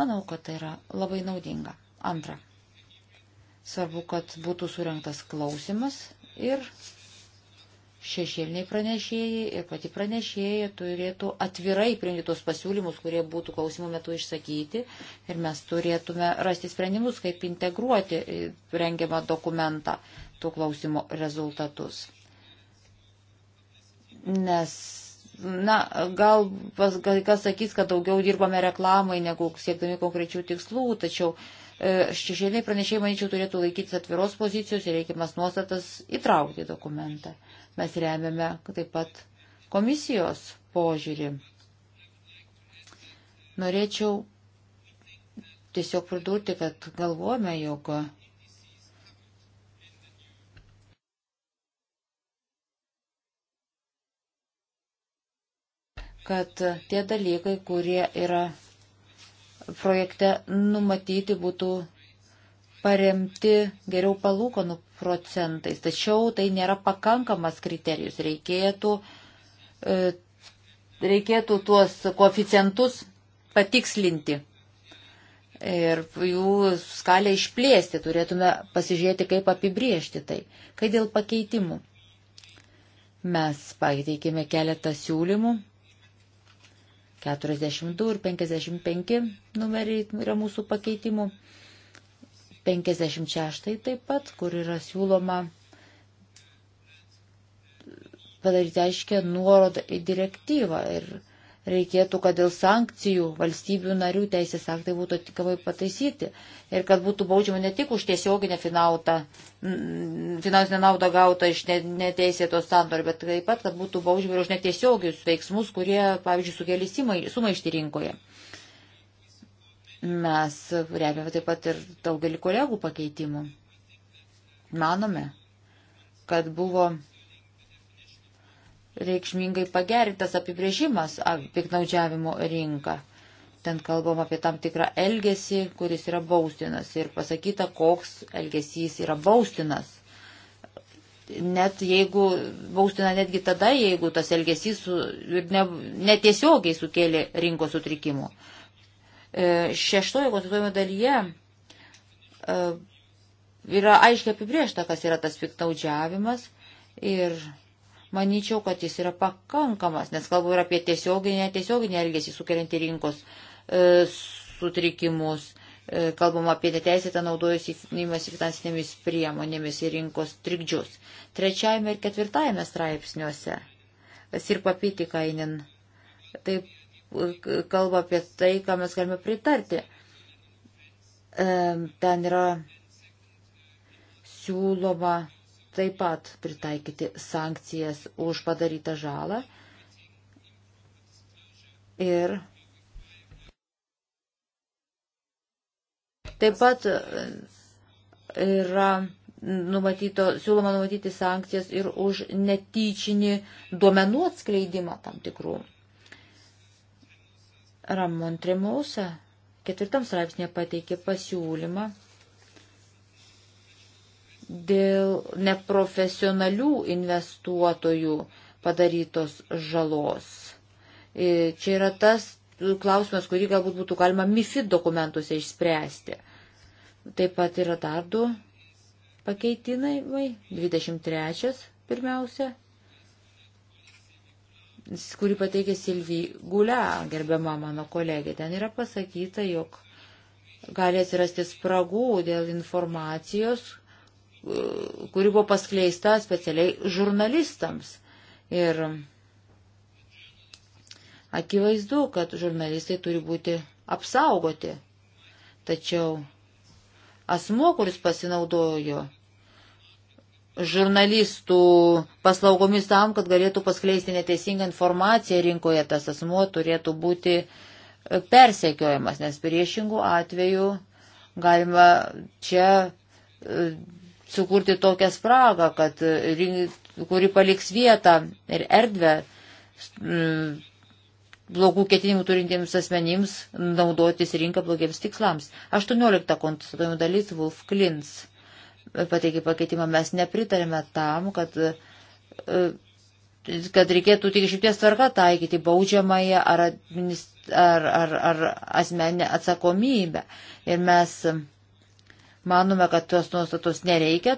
Manau, kad tai yra labai naudinga. Antra, svarbu, kad būtų surinktas klausimas ir šešėliniai pranešėjai ir pati pranešėja turėtų atvirai priimti tos pasiūlymus, kurie būtų klausimų metu išsakyti ir mes turėtume rasti sprendimus, kaip integruoti rengiamą dokumentą tų klausimų rezultatus. Nes, na, gal kas sakys, kad daugiau dirbame reklamai negu siekdami konkrečių tikslų, tačiau e, šešėliai pranešėjai, manyčiau, turėtų laikytis atviros pozicijos ir reikiamas nuostatas įtraukti į dokumentą. Mes remiame taip pat komisijos požiūrį. Norėčiau tiesiog pridurti, kad galvojame, jog kad tie dalykai, kurie yra projekte numatyti, būtų paremti geriau palūkonų procentais. Tačiau tai nėra pakankamas kriterijus. Reikėtų, e, reikėtų tuos koeficientus patikslinti ir jų skalę išplėsti. Turėtume pasižiūrėti, kaip apibriežti tai. Kai dėl pakeitimų. Mes pateikėme keletą siūlymų 42 ir 55 numeriai yra mūsų pakeitimų. 56 taip pat, kur yra siūloma padaryti aiškę nuorodą į direktyvą ir reikėtų, kad dėl sankcijų valstybių narių teisės aktai būtų atitinkamai pataisyti ir kad būtų baudžiama ne tik už tiesioginę finautą, finansinę naudą gautą iš neteisėtos sandorių, bet taip pat, kad būtų baudžiama ir už netiesiogius veiksmus, kurie, pavyzdžiui, sukėlė sumaištį rinkoje. Mes remiame taip pat ir daugelį kolegų pakeitimų. Manome, kad buvo reikšmingai pagerintas apibrėžimas piknaudžiavimo rinką. Ten kalbam apie tam tikrą elgesį, kuris yra baustinas ir pasakyta, koks elgesys yra baustinas. Net jeigu baustina netgi tada, jeigu tas elgesys su, ne, netiesiogiai sukėlė rinkos sutrikimų. E, šeštojo konstituojimo dalyje e, yra aiškiai apibriešta, kas yra tas piknaudžiavimas ir manyčiau, kad jis yra pakankamas, nes kalbu ir apie tiesioginį, netiesioginį elgesį sukeliantį rinkos e, sutrikimus, e, kalbam apie neteisėtą naudojimąsi finansinėmis priemonėmis ir rinkos trikdžius. Trečiajame ir ketvirtajame straipsniuose Sirpapyti Kainin taip kalba apie tai, ką mes galime pritarti. E, ten yra siūloma taip pat pritaikyti sankcijas už padarytą žalą ir taip pat e, yra numatyto, siūloma numatyti sankcijas ir už netyčinį duomenų atskleidimą tam tikrų. Ramon Tremousa ketvirtam straipsnė pateikė pasiūlymą dėl neprofesionalių investuotojų padarytos žalos. E, čia yra tas klausimas, kurį galbūt būtų galima MIFID dokumentuose išspręsti. Taip pat yra dar du pakeitinai, 23 pirmiausia, kurį pateikė Silvija Gulia, gerbiama mano kolegė. Ten yra pasakyta, jog gali atsirasti spragų dėl informacijos, kuri buvo paskleista specialiai žurnalistams. Ir akivaizdu, kad žurnalistai turi būti apsaugoti. Tačiau asmo, kuris pasinaudojo žurnalistų paslaugomis tam, kad galėtų paskleisti neteisingą informaciją rinkoje, tas asmo turėtų būti e, persekiojamas, nes priešingų atveju galima čia e, sukurti tokią spragą, kad, kuri paliks vietą ir erdvę mm, blogų ketinimų turintiems asmenims naudotis rinką blogiems tikslams. 18 konstatuojimų dalis Wolf Klins e, pateikė pakeitimą. Mes nepritarėme tam, kad, e, kad reikėtų tik išimties tvarka taikyti baudžiamąją ar, administ... ar, ar, ar asmenę atsakomybę. Ir mes Manome, kad tos nuostatos nereikia.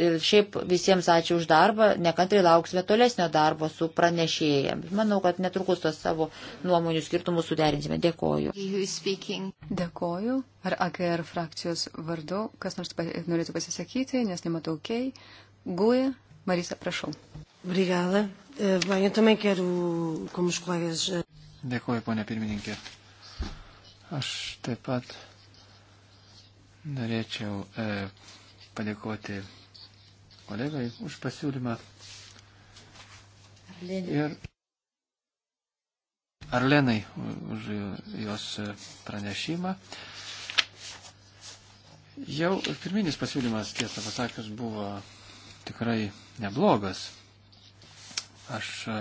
Ir šiaip visiems ačiū už darbą. Nekantrai lauksime tolesnio darbo su pranešėja. Manau, kad netrukus tos savo nuomonių skirtumus suderinsime. Dėkoju. Dėkoju. Ar AKR frakcijos vardu kas nors norėtų pasisakyti, nes nematau kei. Guja, Marisa, prašau. Brigada. Eh, eh, Dėkoju, ponė pirmininkė. Aš taip pat Norėčiau e, padėkoti kolegai už pasiūlymą. Ir Arlenai už jos pranešimą. Jau pirminis pasiūlymas, tiesą pasakius, buvo tikrai neblogas. Aš e,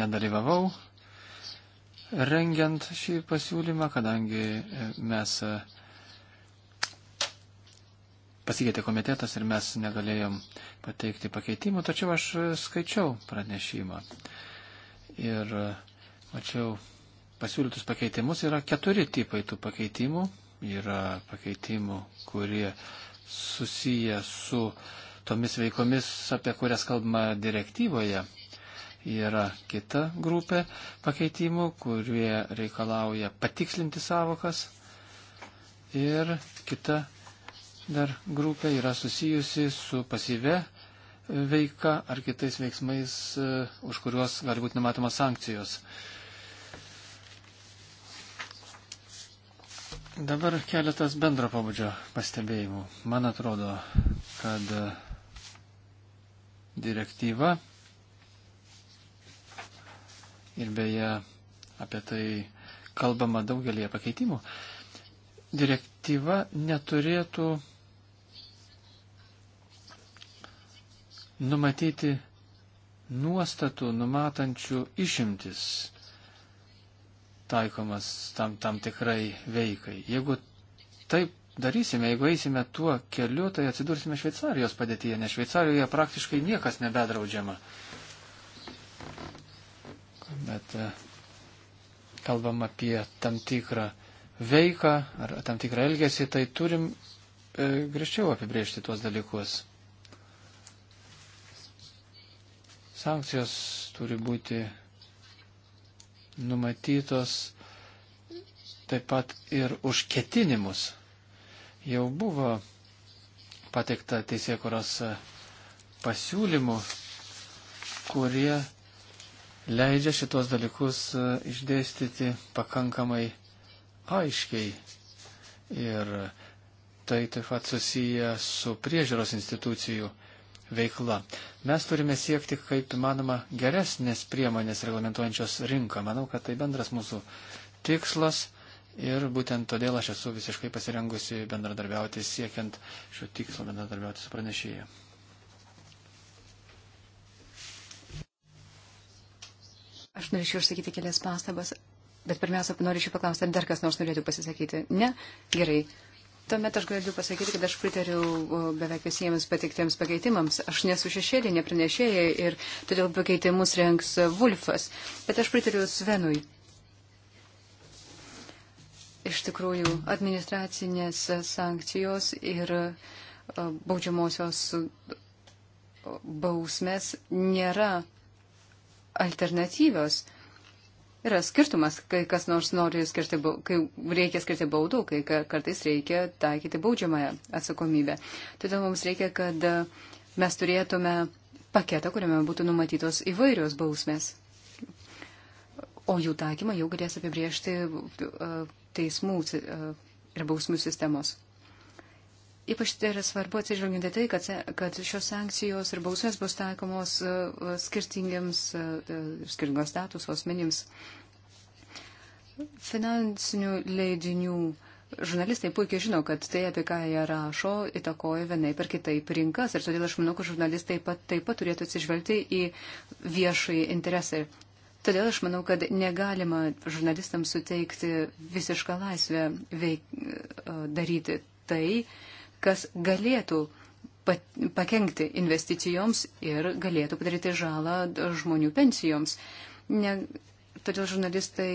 nedalyvavau rengiant šį pasiūlymą, kadangi e, mes e, pasikeitė komitetas ir mes negalėjom pateikti pakeitimų, tačiau aš skaičiau pranešimą ir e, mačiau pasiūlytus pakeitimus. Yra keturi tipai tų pakeitimų. Yra pakeitimų, kurie susiję su tomis veikomis, apie kurias kalbama direktyvoje. Yra kita grupė pakeitimų, kurie reikalauja patikslinti savokas. Ir kita dar grupė yra susijusi su pasyve veika ar kitais veiksmais, e, už kuriuos gali būti numatomos sankcijos. Dabar keletas bendro pabudžio pastebėjimų. Man atrodo, kad e, direktyva ir beje apie tai kalbama daugelie pakeitimų. Direktyva neturėtų numatyti nuostatų numatančių išimtis taikomas tam, tam tikrai veikai. Jeigu taip darysime, jeigu eisime tuo keliu, tai atsidursime Šveicarijos padėtyje, nes Šveicarijoje praktiškai niekas nebedraudžiama. Bet e, kalbam apie tam tikrą veiką ar tam tikrą elgesį, tai turim e, grįžčiau apibriežti tuos dalykus. Sankcijos turi būti numatytos taip pat ir už ketinimus. Jau buvo pateikta teisėkuros pasiūlymų, kurie leidžia šitos dalykus e, išdėstyti pakankamai aiškiai. Ir tai taip pat susiję su priežiūros institucijų veikla. Mes turime siekti kaip įmanoma geresnės priemonės reglamentuojančios rinką. Manau, kad tai bendras mūsų tikslas ir būtent todėl aš esu visiškai pasirengusi bendradarbiauti siekiant šio tikslo bendradarbiauti su pranešėju. Aš norėčiau išsakyti kelias pastabas, bet pirmiausia, norėčiau paklausti, ar dar kas nors norėtų pasisakyti. Ne? Gerai. Tuomet aš galiu pasakyti, kad aš pritariu beveik visiems pateiktiems pakeitimams. Aš nesu šešėlinė pranešėja ir todėl pakeitimus renks Vulfas. Bet aš pritariu Svenui. Iš tikrųjų, administracinės sankcijos ir baudžiamosios bausmės nėra alternatyvios. Yra skirtumas, kai kas nors nori skirti, kai reikia skirti baudų, kai kartais reikia taikyti baudžiamąją atsakomybę. Todėl mums reikia, kad e, mes turėtume paketą, kuriame būtų numatytos įvairios bausmės. O jų taikymą jau galės apibriežti e, teismų e, ir bausmų sistemos. Ypač tai yra svarbu atsižvelgiant į tai, kad, kad šios sankcijos ir bausmės bus taikomos e, e, skirtingiams, e, skirtingos statuso asmenims. Finansinių leidinių žurnalistai puikiai žino, kad tai, apie ką jie rašo, įtakoja vienai per kitaip rinkas ir todėl aš manau, kad žurnalistai pat, taip pat turėtų atsižvelgti į viešai interesą. Todėl aš manau, kad negalima žurnalistams suteikti visišką laisvę veik, daryti tai, kas galėtų pakengti investicijoms ir galėtų padaryti žalą žmonių pensijoms. Ne, todėl žurnalistai,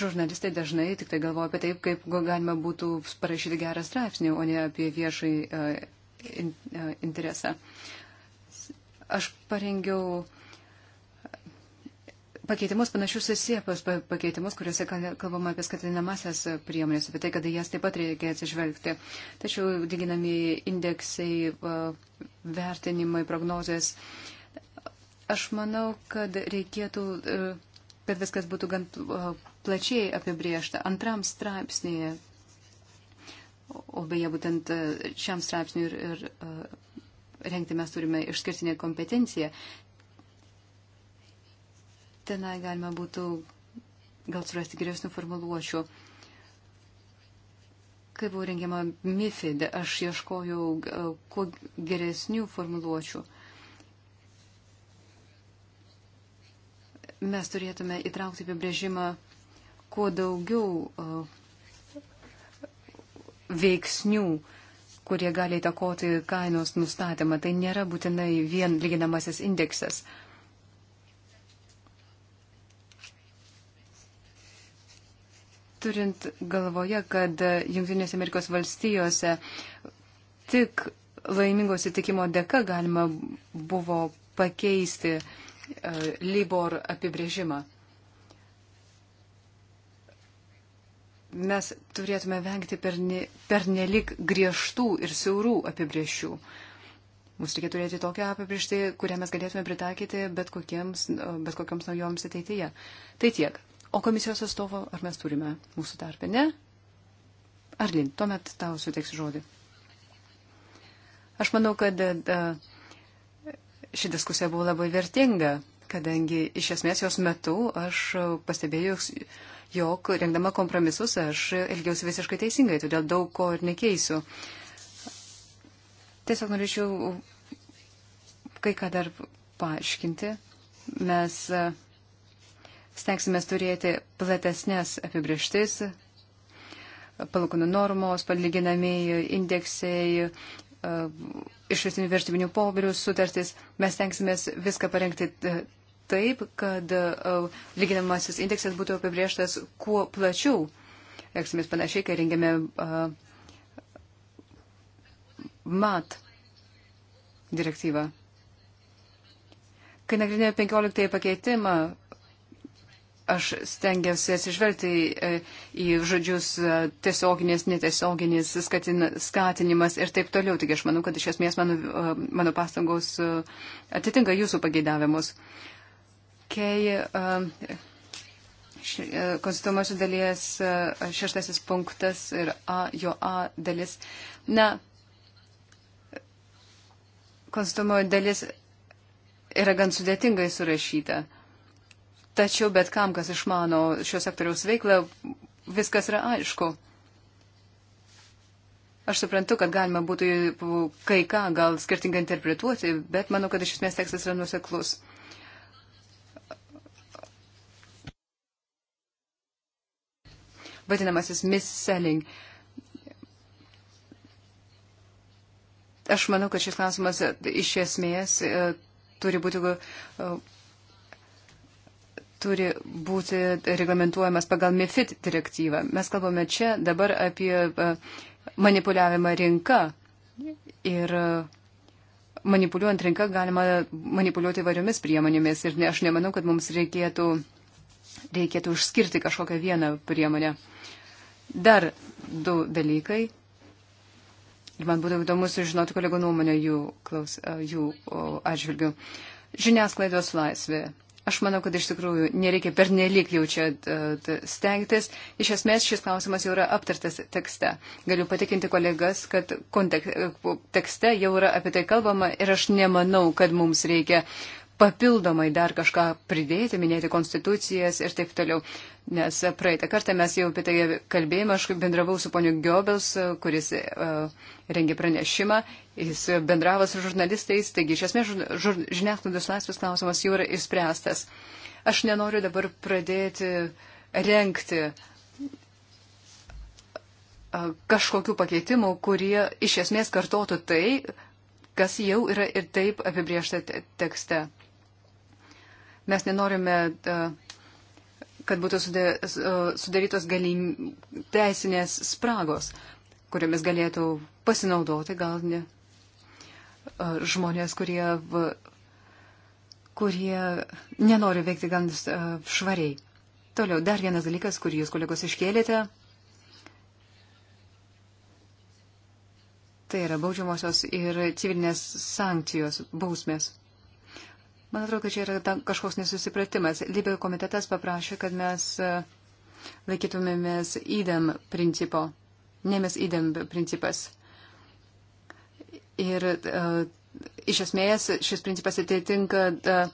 žurnalistai dažnai tik tai galvoja apie taip, kaip galima būtų parašyti gerą straipsnį, o ne apie viešai uh, e, in, uh, interesą. Aš parengiau pakeitimus panašius į siepos pakeitimus, kuriuose kalbama apie skatinamasias priemonės, apie tai, kad jas taip pat reikia atsižvelgti. Tačiau diginami indeksai, vertinimai, prognozės. Aš manau, kad reikėtų, e, kad viskas būtų gan e, plačiai apibriešta. Antram straipsnėje, o beje, būtent e, šiam straipsniui ir, ir rengti mes turime išskirtinę kompetenciją, tenai galima būtų gal surasti geresnių formuluočių. Kai buvo rengiama MIFID, aš ieškojau e, kuo geresnių formuluočių. Mes turėtume įtraukti apibrėžimą kuo daugiau e, veiksnių, kurie gali įtakoti kainos nustatymą. Tai nėra būtinai vien lyginamasis indeksas. Uh, turint galvoje, kad Junktinėse Amerikos valstijose tik laimingo sitikimo dėka galima buvo pakeisti e, Libor apibrėžimą. Mes turėtume vengti pernelik per griežtų ir siaurų apibrėžčių. Mums reikia turėti tokią apibrėžtį, kurią mes galėtume pritaikyti bet, kokiems, bet kokioms naujoms ateityje. Tai tiek. O komisijos atstovo, ar mes turime mūsų tarpę? Ne? Arlin, tuomet tau suteiksiu žodį. Aš manau, kad e, e, ši diskusija buvo labai vertinga, kadangi iš esmės jos metu aš pastebėjau, jog rengdama kompromisus aš elgiausi visiškai teisingai, todėl daug ko ir nekeisiu. Tiesiog norėčiau kai ką dar paaiškinti. Mes uh, Stengsime turėti platesnės apibrieštis, palūkanų normos, padlyginamieji indeksai, e, išvestinių vertybinių pobirių sutartys. Mes stengsime viską parengti e, taip, kad e, lyginamasis indeksas būtų apibrieštas kuo plačiau. Elgsimės panašiai, kai rengiame MAT direktyvą. Kai nagrinėjau 15 pakeitimą, aš stengiausi atsižvelgti e, į žodžius e, tiesioginės, netiesioginės skatin, skatinimas ir taip toliau. Taigi aš manau, kad iš esmės mano, e, mano pastangos atitinka jūsų pageidavimus. Kai konstitucijos dalies šeštasis punktas ir A, jo A dalis. Na, konstitucijos dalis yra gan sudėtingai surašyta. Tačiau bet kam, kas išmano šio sektoriaus veiklą, viskas yra aišku. Aš suprantu, kad galima būtų kai ką gal skirtingai interpretuoti, bet manau, kad iš esmės tekstas yra nuseklus. Vadinamasis mis-selling. Aš manau, kad šis klausimas iš esmės e, turi būti e, turi būti reglamentuojamas pagal MIFID direktyvą. Mes kalbame čia dabar apie e, manipuliavimą rinka ir e, manipuliuojant rinką galima manipuliuoti įvairiomis priemonėmis ir ne, aš nemanau, kad mums reikėtų, reikėtų išskirti kažkokią vieną priemonę. Dar du dalykai. Ir man būtų įdomu sužinoti kolegų nuomonę jų, klaus, e, jų atžvilgių. Žiniasklaidos laisvė. Aš manau, kad iš tikrųjų nereikia pernelik jau čia stengtis. Iš esmės šis klausimas jau yra aptartas tekste. Galiu patikinti kolegas, kad kontek, tekste jau yra apie tai kalbama ir aš nemanau, kad mums reikia papildomai dar kažką pridėti, minėti konstitucijas ir taip toliau. Nes praeitą kartą mes jau apie tai kalbėjome, aš bendravau su poniu Giobels, kuris uh, rengė pranešimą, jis bendravo su žurnalistais, taigi iš esmės žiniasklaidos laisvės klausimas jau yra išspręstas. Aš nenoriu dabar pradėti renkti uh, e, kažkokių pakeitimų, kurie iš esmės kartotų tai, kas jau yra ir taip apibriešta tekste. Mes nenorime, e, kad būtų sudarytos galim, teisinės spragos, kuriomis galėtų pasinaudoti gal ne e, žmonės, kurie, kurie nenori veikti gan e, švariai. Toliau, dar vienas dalykas, kurį jūs kolegos iškėlėte. Tai yra baudžiamosios ir civilinės sankcijos, bausmės. Man atrodo, kad čia yra kažkoks nesusipratimas. Libijų komitetas paprašė, kad mes e, laikytumėmės įdėm principo. Nemės įdėm principas. Ir uh, iš esmės šis principas atitinka uh,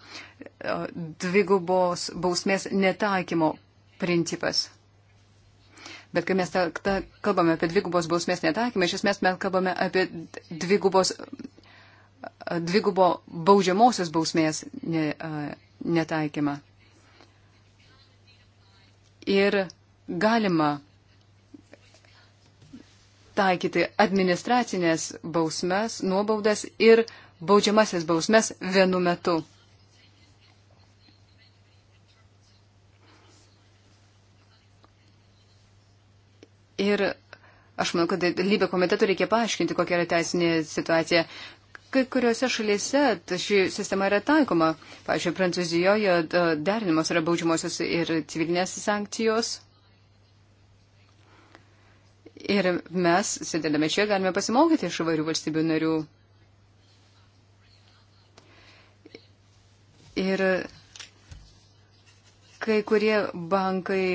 dvigubos bausmės netaikymo principas. Bet kai mes ta, ta, kalbame apie dvigubos bausmės netaikymą, iš esmės mes kalbame apie dvigubos dvigubo baudžiamosios bausmės netaikymą. Ir galima taikyti administracinės bausmes, nuobaudas ir baudžiamasias bausmes vienu metu. Ir aš manau, kad lybė komitetų reikia paaiškinti, kokia yra teisinė situacija kai kuriuose šalyse ši sistema yra taikoma. Pavyzdžiui, Prancūzijoje derinimas yra baudžiamosios ir civilinės sankcijos. Ir mes, sėdėdami čia, galime pasimokyti iš įvairių valstybių narių. Ir kai kurie bankai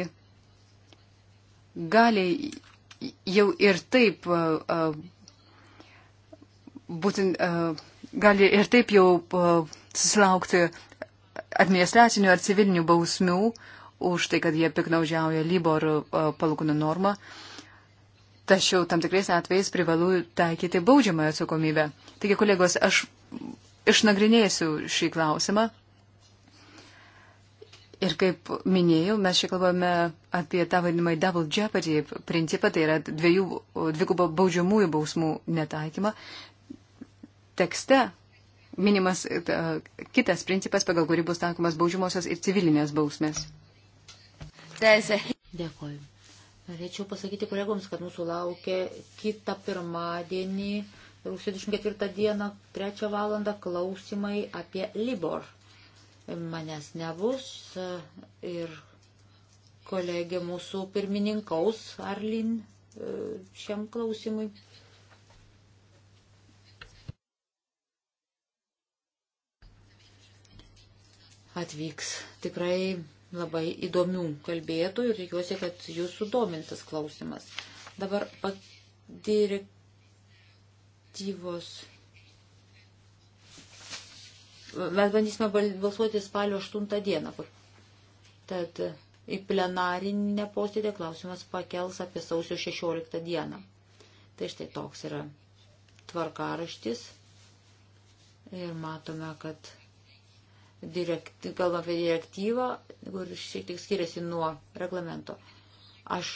gali jau ir taip būtent e, gali ir taip jau e, susilaukti administracinių ar civilinių bausmių už tai, kad jie piknaudžiauja Libor e, palūkanų normą. Tačiau tam tikrais atvejais privalu taikyti baudžiamąją atsakomybę. Taigi, kolegos, aš išnagrinėsiu šį klausimą. Ir kaip minėjau, mes čia kalbame apie tą vadinamą double jeopardy principą, tai yra dviejų, dvigubo baudžiamųjų bausmų netaikymą tekste minimas e, kitas principas, pagal kurį bus tankomas baudžiamosios ir civilinės bausmės. Dėkoju. Norėčiau pasakyti kolegoms, kad mūsų laukia kitą pirmadienį, rugsėjo 24 dieną, 3 valandą klausimai apie Libor. Manęs nebus e, ir kolegė mūsų pirmininkaus Arlin e, šiam klausimui. atvyks tikrai labai įdomių kalbėtojų ir tikiuosi, kad jūs sudomintas klausimas. Dabar direktyvos. Mes bandysime balsuoti spalio 8 dieną. Tad į plenarinę posėdę klausimas pakels apie sausio 16 dieną. Tai štai toks yra tvarkaraštis. Ir matome, kad direkt, kalbam apie direktyvą, kur šiek tiek skiriasi nuo reglamento. Aš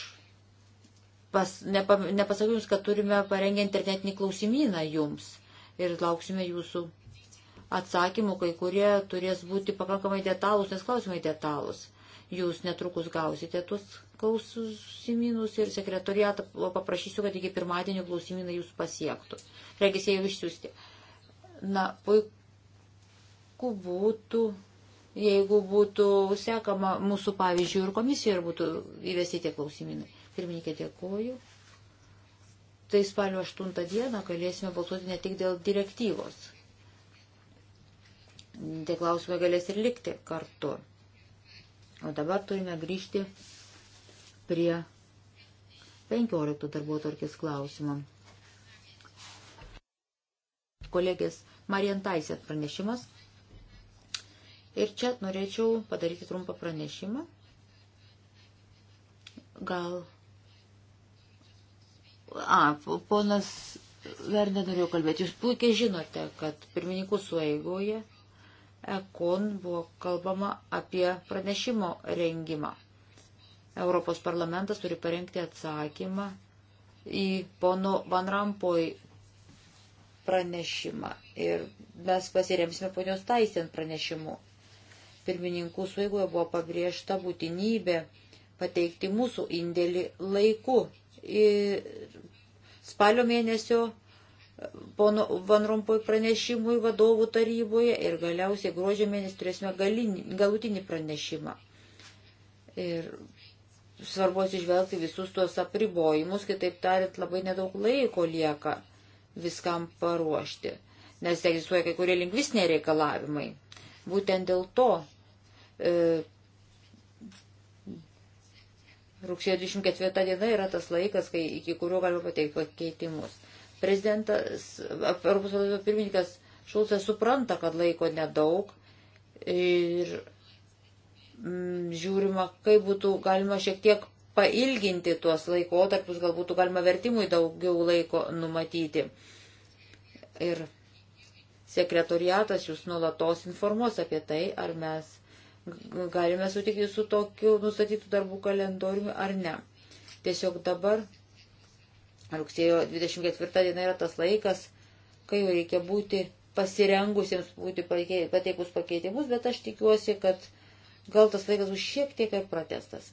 pas, nepa, nepasakiau Jums, kad turime parengę internetinį klausimyną Jums ir lauksime Jūsų atsakymų, kai kurie turės būti pakankamai detalūs, nes klausimai detalūs. Jūs netrukus gausite tuos klausimynus ir sekretoriatą paprašysiu, kad iki pirmadienio klausimynai jūs pasiektų. Regis jie jau išsiųsti. Na, puiku puiku būtų, jeigu būtų sekama mūsų pavyzdžių ir komisija ir būtų įvesti tie klausimynai. Pirmininkė, dėkoju. Tai spalio 8 dieną galėsime balsuoti ne tik dėl direktyvos. Tie klausimai galės ir likti kartu. O dabar turime grįžti prie 15 darbo tvarkės klausimą. Kolegės Marijantaisės pranešimas Ir čia norėčiau padaryti trumpą pranešimą. Gal. A, ponas Vernė norėjau kalbėti. Jūs puikiai žinote, kad pirmininkų sueigoje Ekon buvo kalbama apie pranešimo rengimą. Europos parlamentas turi parengti atsakymą į pono Van Rampoj pranešimą. Ir mes pasiremsime ponios Taisen pranešimu pirmininkų suigoje buvo pabrėžta būtinybė pateikti mūsų indėlį laiku. Ir spalio mėnesio e, pono Van Rompoj pranešimui vadovų taryboje ir galiausiai gruodžio mėnesį turėsime galinį, galutinį pranešimą. Ir svarbu atsižvelgti visus tuos apribojimus, kitaip tariant, labai nedaug laiko lieka viskam paruošti, nes egzistuoja kai kurie lingvistiniai reikalavimai Būtent dėl to e, rugsėjo 24 diena yra tas laikas, kai, iki kurio galima pateikti pakeitimus. Prezidentas, Europos vadovybės pirmininkas Šulcas supranta, kad laiko nedaug ir mm, žiūrima, kaip būtų galima šiek tiek pailginti tuos laikotarpius, galbūt galima vertimui daugiau laiko numatyti. Ir Sekretoriatas jūs nulatos informuos apie tai, ar mes galime sutikti su tokiu nustatytų darbų kalendoriumi ar ne. Tiesiog dabar rugsėjo 24 diena yra tas laikas, kai jau reikia būti pasirengusiems būti pateikus pakeitimus, bet aš tikiuosi, kad gal tas laikas bus šiek tiek ir pratestas.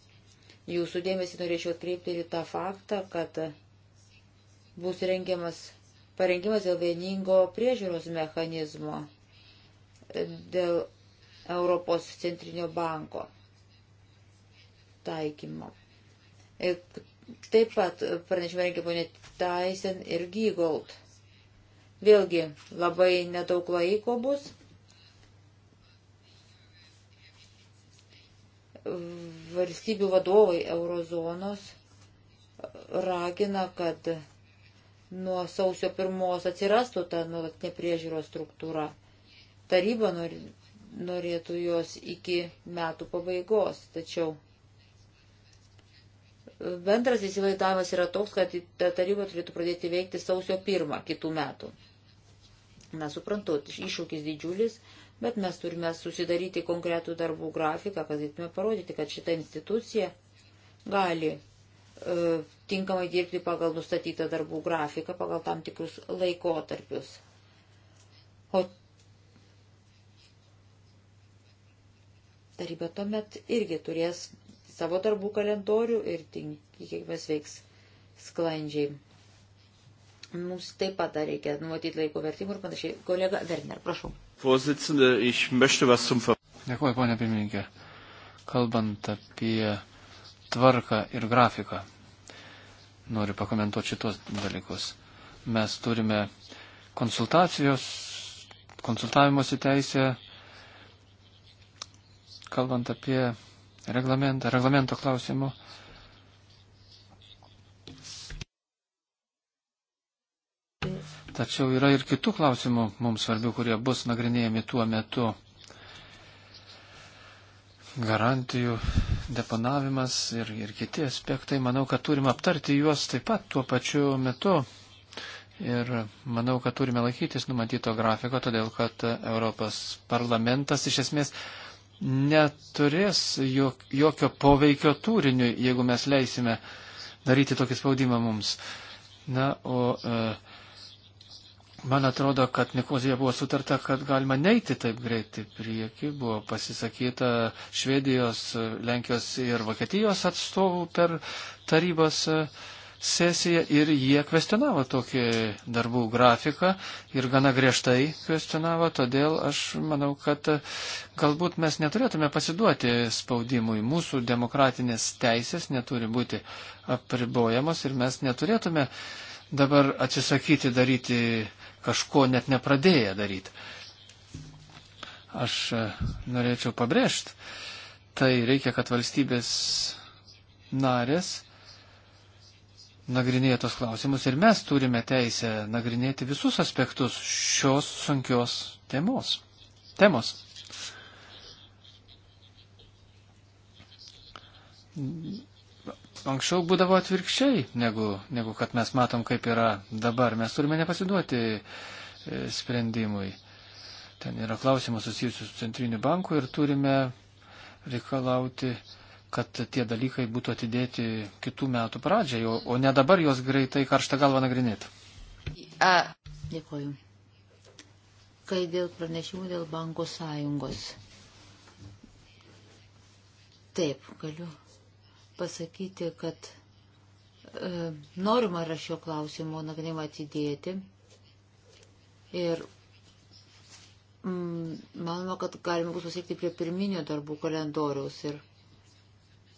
Jūsų dėmesį norėčiau atkreipti ir tą faktą, kad bus rengiamas parengimas dėl vieningo priežiūros mechanizmo, dėl Europos centrinio banko taikymo. Ir taip pat pranešimą rengė ponė Tyson ir Gygold. Vėlgi, labai nedaug laiko bus. Valstybių vadovai eurozonos ragina, kad nuo sausio pirmos atsirastų ta nuolatinė priežiūros struktūra. Taryba norėtų jos iki metų pabaigos, tačiau bendras įsivaizdavimas yra toks, kad ta taryba turėtų pradėti veikti sausio pirmą kitų metų. Na, suprantu, iššūkis didžiulis, bet mes turime susidaryti konkretų darbų grafiką, kad galėtume parodyti, kad šita institucija gali e, tinkamai dirbti pagal nustatytą darbų grafiką, pagal tam tikrus laikotarpius. O taryba tuomet irgi turės savo darbų kalendorių ir tikėkime veiks sklandžiai. Mums taip pat dar reikia numatyti laiko vertimų ir panašiai. Kolega Werner, prašau. Dėkuoju, ponia pirmininkė. Kalbant apie tvarką ir grafiką, noriu pakomentuoti šitos dalykus. Mes turime konsultacijos, konsultavimosi teisę, kalbant apie reglamentą, reglamento klausimų. Tačiau yra ir kitų klausimų mums svarbių, kurie bus nagrinėjami tuo metu garantijų deponavimas ir, ir kiti aspektai, manau, kad turim aptarti juos taip pat tuo pačiu metu. Ir manau, kad turime laikytis numatyto grafiko, todėl kad Europos parlamentas iš esmės neturės jokio poveikio turiniui, jeigu mes leisime daryti tokį spaudimą mums. Na, o e, Man atrodo, kad Nikozija buvo sutarta, kad galima neiti taip greitai prieki. Buvo pasisakyta Švedijos, Lenkijos ir Vokietijos atstovų per tarybos sesiją ir jie kvestionavo tokį darbų grafiką ir gana griežtai kvestionavo, todėl aš manau, kad galbūt mes neturėtume pasiduoti spaudimui. Mūsų demokratinės teisės neturi būti apribojamos ir mes neturėtume dabar atsisakyti daryti kažko net nepradėję daryti. Aš e, norėčiau pabrėžti, tai reikia, kad valstybės narės nagrinėja tos klausimus ir mes turime teisę nagrinėti visus aspektus šios sunkios temos. temos anksčiau būdavo atvirkščiai, negu, negu kad mes matom, kaip yra dabar. Mes turime nepasiduoti e, sprendimui. Ten yra klausimas susijusius su centriniu banku ir turime reikalauti, kad tie dalykai būtų atidėti kitų metų pradžiai, o, o ne dabar juos greitai karštą galvą nagrinėti. A, dėkoju. Kai dėl pranešimų dėl bankų sąjungos. Taip, galiu pasakyti, kad e, norima yra šio klausimo nagrinimą atidėti. Ir mm, manoma, kad galima bus pasiekti prie pirminio darbų kalendoriaus. Ir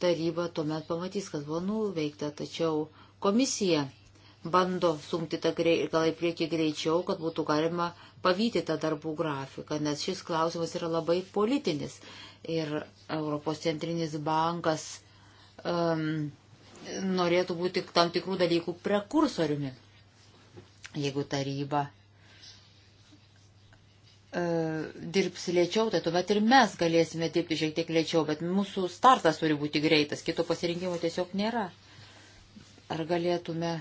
taryba tuomet pamatys, kas buvo nuveikta. Tačiau komisija bando sumti tą galai priekį greičiau, kad būtų galima pavyti tą darbų grafiką, nes šis klausimas yra labai politinis. Ir Europos centrinis bankas um, norėtų būti tam tikrų dalykų prekursoriumi. Jeigu taryba uh, dirbs lėčiau, tai tuomet ir mes galėsime dirbti šiek tiek lėčiau, bet mūsų startas turi būti greitas, kito pasirinkimo tiesiog nėra. Ar galėtume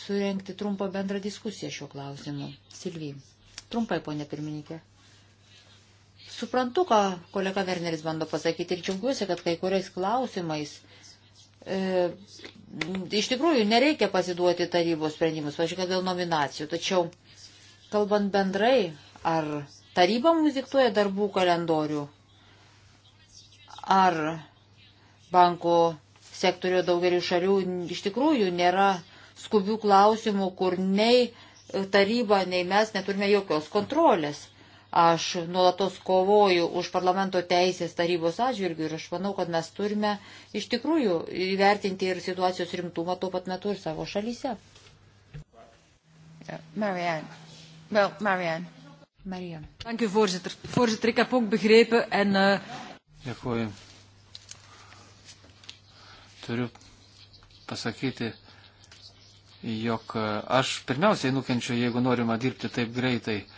surenkti trumpą bendrą diskusiją šiuo klausimu? Silvijai. Trumpai, ponė pirmininkė. Suprantu, ką kolega Werneris bando pasakyti ir džiaugiuosi, kad kai kuriais klausimais e, iš tikrųjų nereikia pasiduoti tarybos sprendimus, važiuoju, dėl nominacijų. Tačiau, kalbant bendrai, ar taryba mums diktuoja darbų kalendorių, ar banko sektorio daugeliu šalių iš tikrųjų nėra skubių klausimų, kur nei taryba, nei mes neturime jokios kontrolės. Aš nuolatos kovoju už parlamento teisės tarybos atžvilgių ir aš manau, kad mes turime iš tikrųjų įvertinti ir situacijos rimtumą tuo pat metu ir savo šalyse. Marianne. Well, Marianne. Marianne. Dank u, voorzitter. Voorzitter, ik heb ook begrepen en... Uh... Eh, Dėkuoju. Turiu pasakyti, jog eh, aš pirmiausiai nukenčiu, jeigu norima dirbti taip greitai. Uh,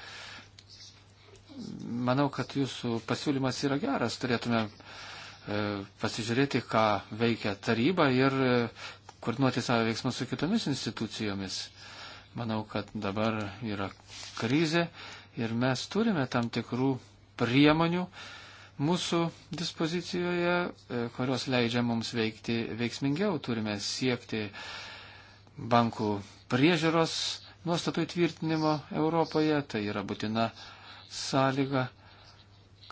manau, kad jūsų pasiūlymas yra geras. Turėtume e, pasižiūrėti, ką veikia taryba ir e, koordinuoti savo veiksmus su kitomis institucijomis. Manau, kad dabar yra krizė ir mes turime tam tikrų priemonių mūsų dispozicijoje, e, kurios leidžia mums veikti veiksmingiau. Turime siekti bankų priežiūros nuostatų įtvirtinimo Europoje, tai yra būtina sąlyga,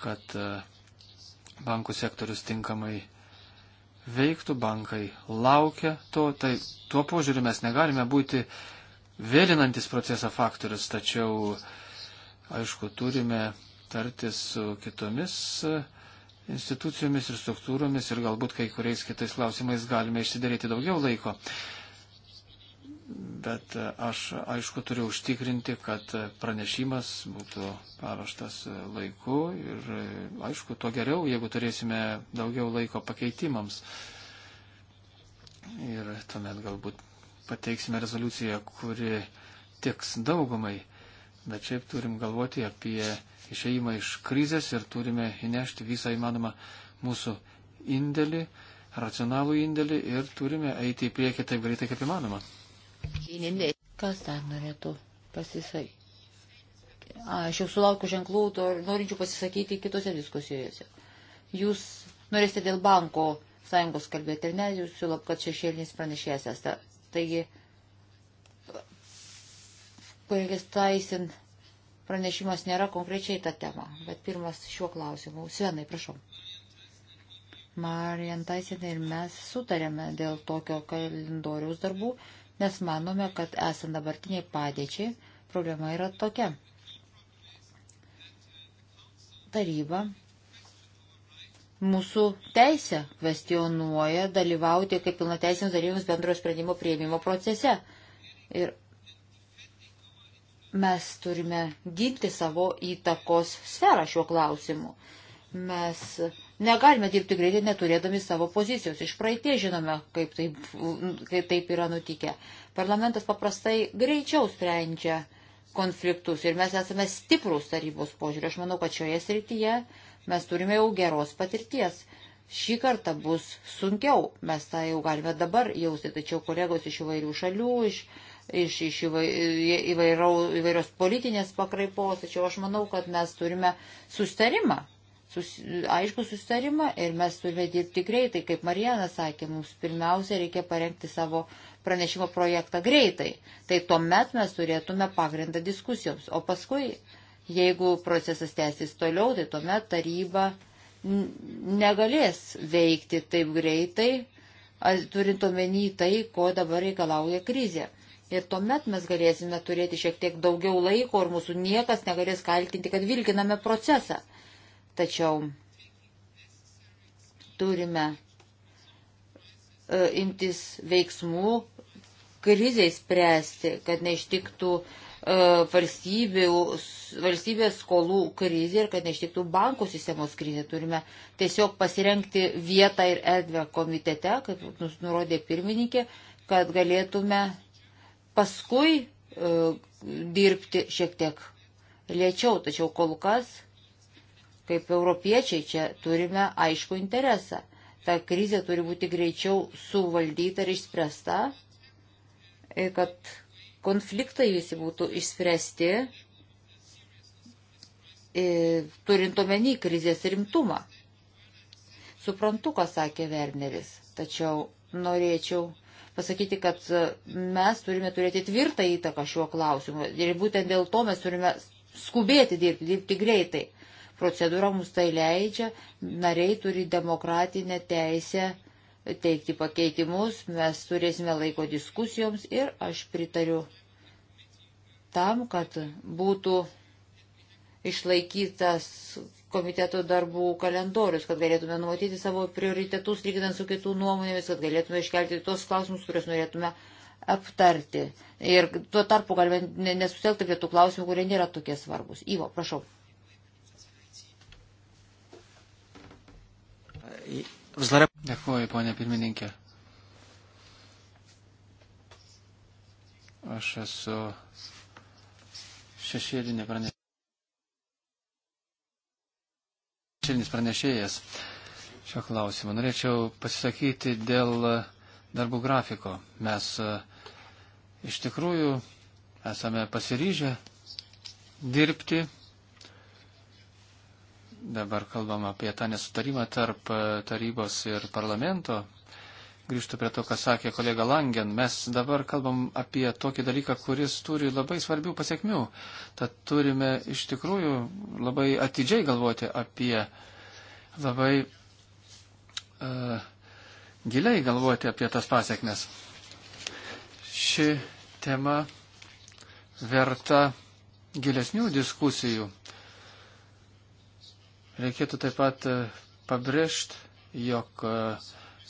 kad e, bankų sektorius tinkamai veiktų, bankai laukia to, tai tuo požiūriu mes negalime būti vėlinantis procesą faktorius, tačiau, aišku, turime tartis su kitomis e, institucijomis ir struktūromis ir galbūt kai kuriais kitais klausimais galime išsidaryti daugiau laiko bet e, aš aišku turiu užtikrinti, kad pranešimas būtų paraštas e, laiku ir e, aišku, to geriau, jeigu turėsime daugiau laiko pakeitimams. Ir tuomet galbūt pateiksime rezoliuciją, kuri tiks daugumai, bet šiaip turim galvoti apie išeimą iš krizės ir turime įnešti visą įmanomą mūsų indėlį, racionalų indėlį ir turime eiti į priekį taip greitai kaip įmanoma. Kas dar norėtų pasisakyti? Aš jau sulaukiu ženklų, norinčių pasisakyti kitose diskusijose. Jūs norėsite dėl banko sąjungos kalbėti ir ne, jūs siūlop, kad šešėlinis pranešėjas esate. Taigi, kolegės Taisin pranešimas nėra konkrečiai ta tema, bet pirmas šiuo klausimu. Svenai, prašau. Marijan Taisin ir mes sutarėme dėl tokio kalendoriaus darbų nes manome, kad esant dabartiniai padėčiai problema yra tokia. Taryba mūsų teisę kvestionuoja dalyvauti kaip pilnateisėms dalyviams bendro sprendimo prieimimo procese. Ir mes turime ginti savo įtakos sferą šiuo klausimu. Mes uh, Negalime dirbti greitai, neturėdami savo pozicijos. Iš praeitie žinome, kaip taip, kaip taip yra nutikę. Parlamentas paprastai greičiau sprendžia konfliktus ir mes esame stiprus tarybos požiūrė. Aš manau, kad šioje srityje mes turime jau geros patirties. Šį kartą bus sunkiau, mes tą jau galime dabar jausti, tačiau kolegos iš įvairių šalių, iš, iš, iš įvairau, įvairios politinės pakraipos, tačiau aš manau, kad mes turime sustarimą sus, aišku susitarimą ir mes turime dirbti greitai. Kaip Marijana sakė, mums pirmiausia reikia parengti savo pranešimo projektą greitai. Tai tuomet mes turėtume pagrindą diskusijoms. O paskui, jeigu procesas tęsis toliau, tai tuomet taryba negalės veikti taip greitai, turint omeny tai, ko dabar reikalauja krizė. Ir tuomet mes galėsime turėti šiek tiek daugiau laiko ir mūsų niekas negalės kaltinti, kad vilkiname procesą. Tačiau turime e, imtis veiksmų kriziai spręsti, kad neištiktų e, valstybės skolų krizė ir kad neištiktų bankų sistemos krizė. Turime tiesiog pasirenkti vietą ir erdvę komitete, kaip nurodė pirmininkė, kad galėtume paskui e, dirbti šiek tiek lėčiau, tačiau kol kas Kaip europiečiai čia turime aišku interesą. Ta krizė turi būti greičiau suvaldyta ir išspręsta, e, kad konfliktai visi būtų išspręsti, e, turint omeny krizės rimtumą. Suprantu, ką sakė Werneris, tačiau norėčiau pasakyti, kad mes turime turėti tvirtą įtaką šiuo klausimu ir būtent dėl to mes turime skubėti dirbti, dirbti greitai procedūra mums tai leidžia, nariai turi demokratinę teisę teikti pakeitimus, mes turėsime laiko diskusijoms ir aš pritariu tam, kad būtų išlaikytas komiteto darbų kalendorius, kad galėtume numatyti savo prioritetus, lyginant su kitų nuomonėmis, kad galėtume iškelti tos klausimus, kuriuos norėtume aptarti. Ir tuo tarpu galime nesusitelkti prie tų klausimų, kurie nėra tokie svarbus. Ivo, prašau. vzhledem... Dėkuoju, ponė pirmininkė. Aš esu šešėlinė pranešėja. Šešėlinis pranešėjas šio klausimo. Norėčiau pasisakyti dėl darbų grafiko. Mes e, iš tikrųjų esame pasiryžę dirbti dabar kalbam apie tą nesutarimą tarp e, tarybos ir parlamento. Grįžtu prie to, ką sakė kolega Langen. Mes dabar kalbam apie tokį dalyką, kuris turi labai svarbių pasiekmių. Tad turime iš tikrųjų labai atidžiai galvoti apie labai uh, giliai galvoti apie tas pasiekmes. Ši tema verta gilesnių diskusijų Reikėtų taip pat e, pabrėžti, jog e,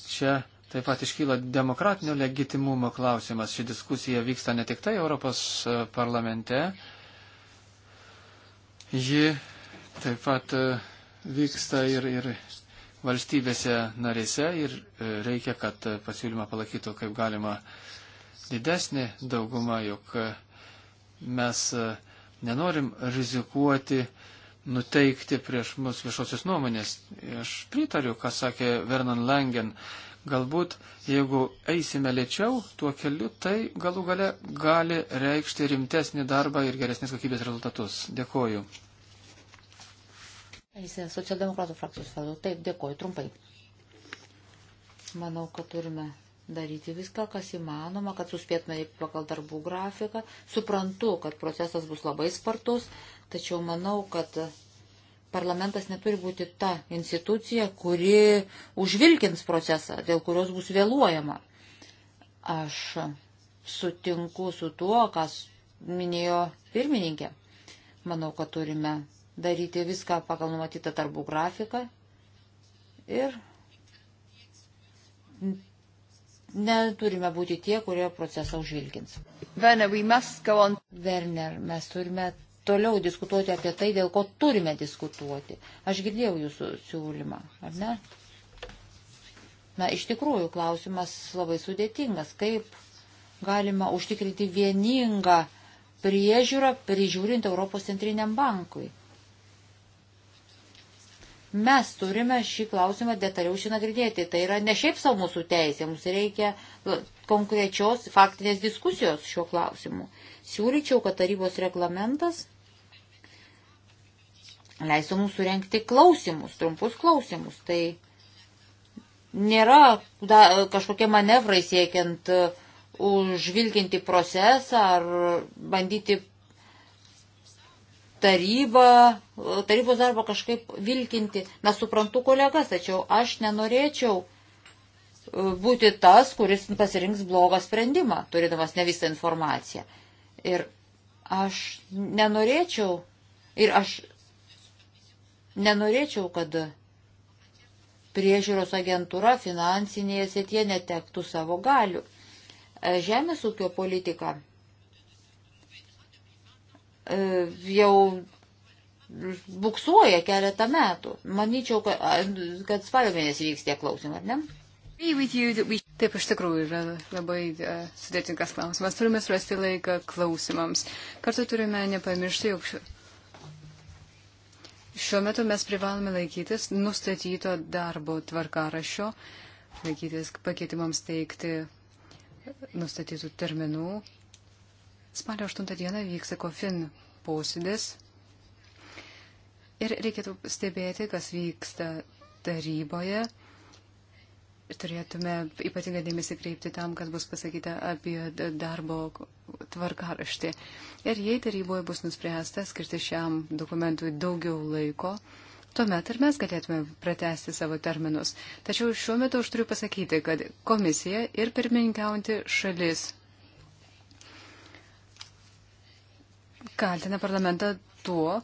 čia taip pat iškyla demokratinio legitimumo klausimas. Ši diskusija vyksta ne tik tai Europos e, parlamente, ji taip pat vyksta ir, ir valstybėse narėse ir reikia, kad pasiūlymą palaikytų kaip galima didesnė dauguma, jog mes nenorim rizikuoti uh, nuteikti prieš mus viešosios nuomonės. Aš pritariu, ką sakė Vernon Langen. Galbūt, jeigu eisime lėčiau tuo keliu, tai galų gale gali reikšti rimtesnį darbą ir geresnės kokybės rezultatus. Dėkoju. Eisė socialdemokratų frakcijos vardu. Taip, dėkoju trumpai. Manau, kad turime daryti viską, kas įmanoma, kad suspėtume pagal darbų grafiką. Suprantu, kad procesas bus labai spartus, tačiau manau, kad parlamentas neturi būti ta institucija, kuri užvilkins procesą, dėl kurios bus vėluojama. Aš sutinku su tuo, kas minėjo pirmininkė. Manau, kad turime daryti viską pagal numatytą darbų grafiką ir Neturime būti tie, kurie procesą užvilkins. Werner, Werner, mes turime toliau diskutuoti apie tai, dėl ko turime diskutuoti. Aš girdėjau jūsų siūlymą, ar ne? Na, iš tikrųjų, klausimas labai sudėtingas. Kaip galima užtikrinti vieningą priežiūrą, prižiūrint Europos centriniam bankui? Mes turime šį klausimą detaliau išnagrinėti. Tai yra ne šiaip savo mūsų teisė, mums reikia nu, konkrečios faktinės diskusijos šiuo klausimu. Siūlyčiau, kad tarybos reglamentas leistų mums surenkti klausimus, trumpus klausimus. Tai nėra da, kažkokie manevrai siekiant uh, užvilkinti procesą ar bandyti tarybą, tarybos darbą kažkaip vilkinti. Mes suprantu kolegas, tačiau aš nenorėčiau e, būti tas, kuris pasirinks blogą sprendimą, turėdamas ne visą informaciją. Ir aš nenorėčiau, ir aš nenorėčiau, kad priežiūros agentūra finansinėje sėtie netektų savo galių. E, žemės ūkio politika E, jau buksuoja keletą metų. Manyčiau, kad, kad spalio mėnesį vyks tie klausimai, ar ne? Taip, iš tikrųjų yra labai uh, sudėtingas klausimas. Turime surasti laiką klausimams. Kartu turime nepamiršti, jog šiuo metu mes privalome laikytis nustatyto darbo tvarkarašio, laikytis pakeitimams teikti nustatytų terminų Spalio 8 dieną vyksta COFIN posėdis ir reikėtų stebėti, kas vyksta taryboje. Turėtume ypatingą dėmesį kreipti tam, kas bus pasakyta apie darbo tvarkaraštį. Ir jei taryboje bus nuspręsta skirti šiam dokumentui daugiau laiko, tuomet ir mes galėtume pratesti savo terminus. Tačiau šiuo metu aš turiu pasakyti, kad komisija ir pirmininkiaujanti šalis kaltina parlamentą tuo,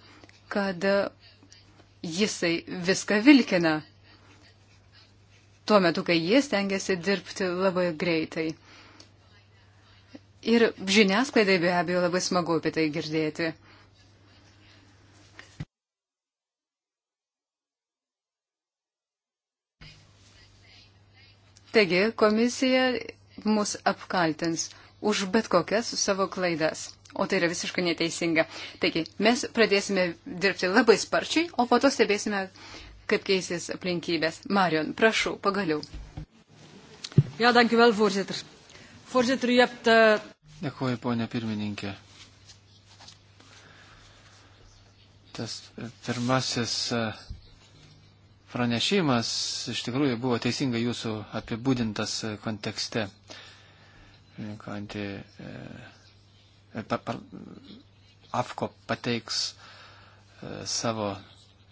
kad jisai viską vilkina. Tuo metu, kai jis tengiasi dirbti labai greitai. Ir žiniasklaidai be abejo labai smagu apie tai girdėti. Taigi komisija mus apkaltins už bet kokias savo klaidas. O tai yra visiškai neteisinga. Taigi, mes pradėsime dirbti labai sparčiai, o po to stebėsime, kaip keisės aplinkybės. Marion, prašau, pagaliau. Ja, dankjewel, voorzitter. Voorzitter, u hebt... Uh... Dėkuoju, ponia pirmininkė. Tas pirmasis eh, pranešimas iš tikrųjų buvo teisingai jūsų apibūdintas eh, kontekste. Uh, pirmininkanti e, pa, e, pa, AFKO pateiks e, savo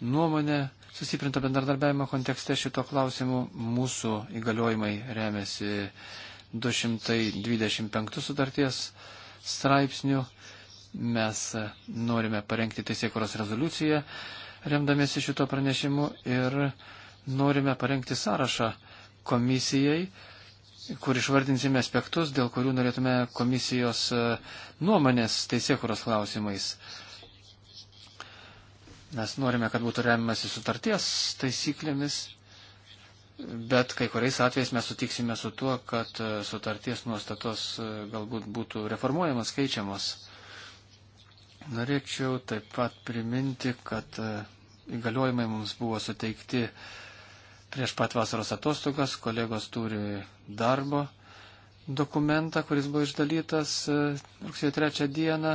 nuomonę sustiprinto bendradarbiavimo kontekste šito klausimu. Mūsų įgaliojimai remiasi 225 sutarties straipsnių. Mes e, norime parengti teisėkuros rezoliuciją remdamėsi šito pranešimu ir norime parengti sąrašą komisijai, kur išvardinsime aspektus, dėl kurių norėtume komisijos e, nuomonės teisėkuros klausimais. Mes norime, kad būtų remiamasi sutarties taisyklėmis, bet kai kuriais atvejais mes sutiksime su tuo, kad e, sutarties nuostatos e, galbūt būtų reformuojamas, keičiamas. Norėčiau taip pat priminti, kad įgaliojimai mums buvo suteikti uh, prieš pat vasaros atostogas kolegos turi darbo dokumentą, kuris buvo išdalytas e, rugsėjo 3 dieną.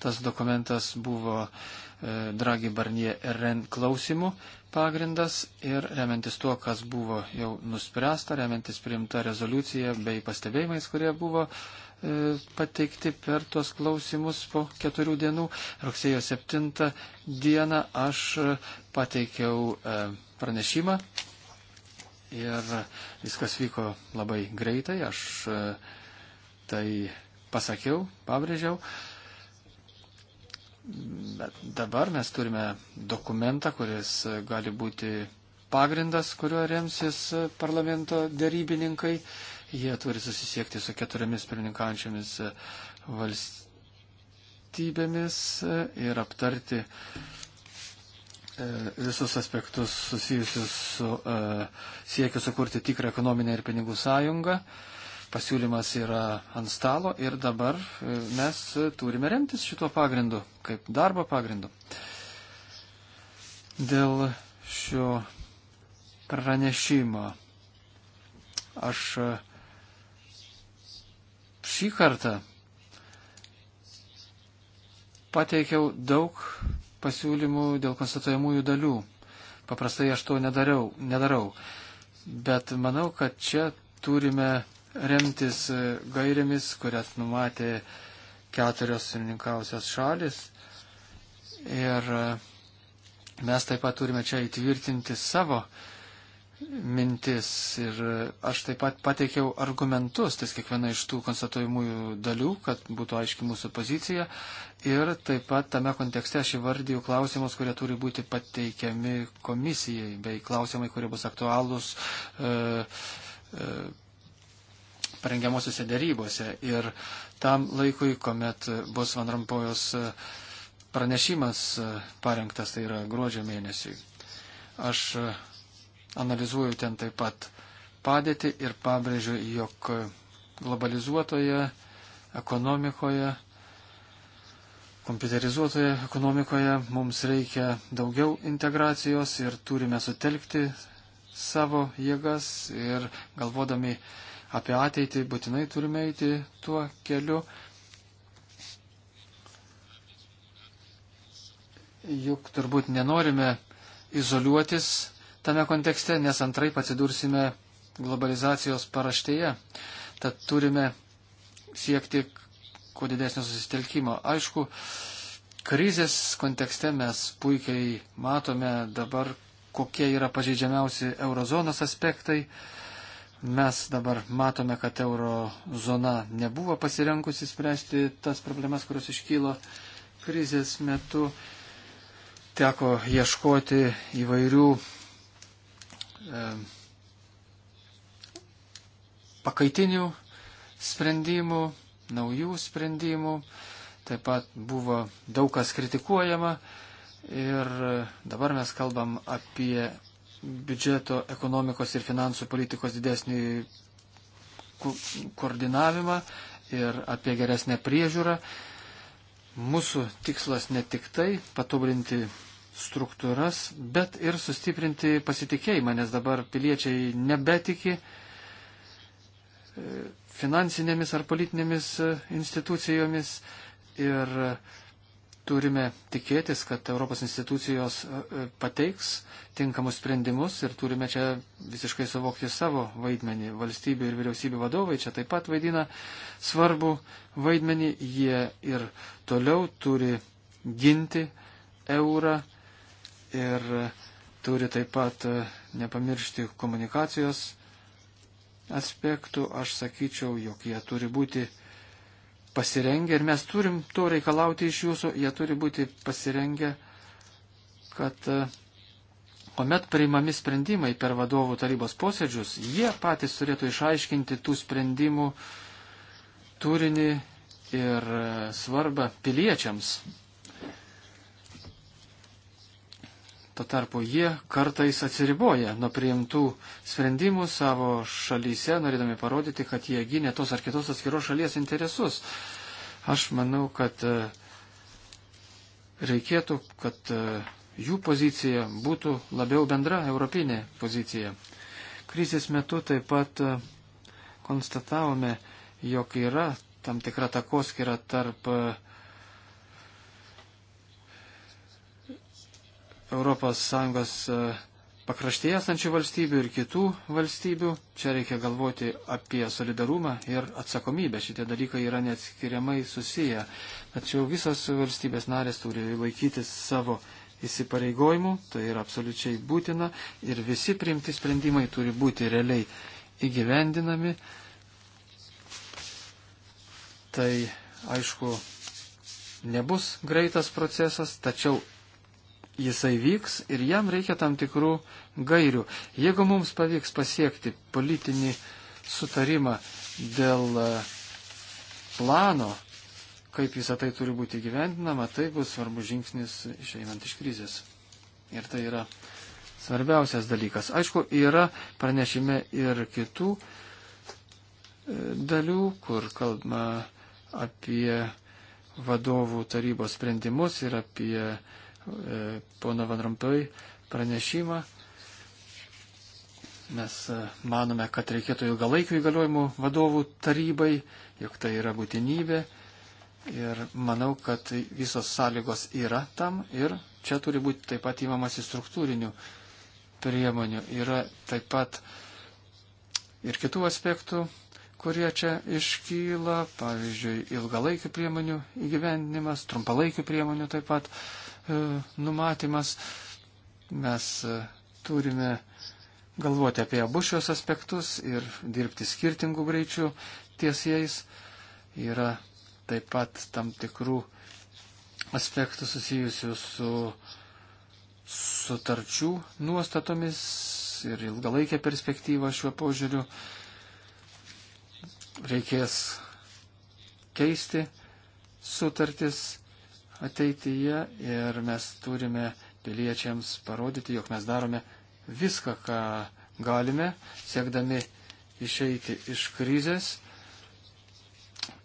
Tas dokumentas buvo e, Dragi Barnie Ren klausimų pagrindas ir remiantis tuo, kas buvo jau nuspręsta, remiantis priimta rezoliucija bei pastebėjimais, kurie buvo e, pateikti per tuos klausimus po keturių dienų. Rugsėjo 7 dieną aš pateikiau pranešimą ir viskas vyko labai greitai, aš e, tai pasakiau, pabrėžiau. Bet dabar mes turime dokumentą, kuris e, gali būti pagrindas, kuriuo remsis e, parlamento dėrybininkai. Jie turi susisiekti su keturiomis pirmininkančiamis valstybėmis ir aptarti E, visus aspektus susijusius su e, siekiu sukurti tikrą ekonominę ir pinigų sąjungą. Pasiūlymas yra ant stalo ir dabar e, mes turime remtis šituo pagrindu, kaip darbo pagrindu. Dėl šio pranešimo aš e, šį kartą pateikiau daug pasiūlymų dėl konstatuojamųjų dalių. Paprastai aš to nedariau, nedarau. Bet manau, kad čia turime remtis gairėmis, kurias numatė keturios sininkausios šalis. Ir mes taip pat turime čia įtvirtinti savo uh, mintis ir aš taip pat pateikiau argumentus, ties kiekviena iš tų konstatuojamųjų dalių, kad būtų aiški mūsų pozicija. Ir taip pat tame kontekste aš įvardyju klausimus, kurie turi būti pateikiami komisijai, bei klausimai, kurie bus aktualūs e, e, parengiamosiuose darybose. Ir tam laikui, kuomet bus Van Rampojos e, pranešimas e, parengtas, tai yra gruodžio mėnesiui. Aš e, analizuoju ten taip pat padėtį ir pabrėžiu, jog globalizuotoje ekonomikoje, kompiuterizuotoje ekonomikoje mums reikia daugiau integracijos ir turime sutelkti savo jėgas ir galvodami apie ateitį būtinai turime eiti tuo keliu. Juk turbūt nenorime izoliuotis tame kontekste, nes antraip atsidursime globalizacijos paraštėje. Tad turime siekti kuo didesnio susitelkimo. Aišku, krizės kontekste mes puikiai matome dabar, kokie yra pažeidžiamiausi eurozonos aspektai. Mes dabar matome, kad eurozona nebuvo pasirenkusi spręsti tas problemas, kurios iškylo krizės metu. Teko ieškoti įvairių E, pakaitinių sprendimų, naujų sprendimų, taip pat buvo daug kas kritikuojama ir dabar mes kalbam apie biudžeto ekonomikos ir finansų politikos didesnį koordinavimą ir apie geresnę priežiūrą. Mūsų tikslas ne tik tai patobulinti struktūras, bet ir sustiprinti pasitikėjimą, nes dabar piliečiai nebetiki e, finansinėmis ar politinėmis e, institucijomis ir e, turime tikėtis, kad Europos institucijos pateiks tinkamus sprendimus ir turime čia visiškai suvokti savo vaidmenį. Valstybių ir vyriausybių vadovai čia taip pat vaidina svarbu vaidmenį. Jie ir toliau turi ginti eurą ir turi taip pat e, nepamiršti komunikacijos aspektų. Aš sakyčiau, jog jie turi būti pasirengę ir mes turim to reikalauti iš jūsų, jie turi būti pasirengę, kad e, kuomet priimami sprendimai per vadovų tarybos posėdžius, jie patys turėtų išaiškinti tų sprendimų turinį ir e, svarbą piliečiams. Tuo tarpu jie kartais atsiriboja nuo priimtų sprendimų savo šalyse, norėdami parodyti, kad jie gynė tos ar kitos atskiros šalies interesus. Aš manau, kad e, reikėtų, kad e, jų pozicija būtų labiau bendra europinė pozicija. Krizės metu taip pat e, konstatavome, jog yra tam tikra takoskira tarp uh, ES e, pakraštyje esančių valstybių ir kitų valstybių. Čia reikia galvoti apie solidarumą ir atsakomybę. Šitie dalykai yra neatskiriamai susiję. Tačiau visas valstybės narės turi laikytis savo įsipareigojimų, tai yra absoliučiai būtina ir visi priimti sprendimai turi būti realiai įgyvendinami. Tai aišku, nebus greitas procesas, tačiau jisai vyks ir jam reikia tam tikrų gairių. Jeigu mums pavyks pasiekti politinį sutarimą dėl e, plano, kaip visą tai turi būti gyvendinama, tai bus svarbus žingsnis išeinant iš krizės. Ir tai yra svarbiausias dalykas. Aišku, yra pranešime ir kitų e, dalių, kur kalbama apie vadovų tarybos sprendimus ir apie uh, E, pono Van Rampui pranešimą. Mes e, manome, kad reikėtų ilgalaikių įgaliojimų vadovų tarybai, jog tai yra būtinybė. Ir manau, kad visos sąlygos yra tam ir čia turi būti taip pat įmamasi struktūrinių priemonių. Yra taip pat ir kitų aspektų, kurie čia iškyla, pavyzdžiui, ilgalaikių priemonių įgyvendinimas, trumpalaikių priemonių taip pat. Uh, E, numatymas. Mes e, turime galvoti apie abu šios aspektus ir dirbti skirtingų greičių ties jais. Yra taip pat tam tikrų aspektų susijusių su sutarčių nuostatomis ir ilgalaikė perspektyva šiuo požiūriu reikės keisti sutartis ateityje ir mes turime piliečiams parodyti, jog mes darome viską, ką galime, siekdami išeiti iš krizės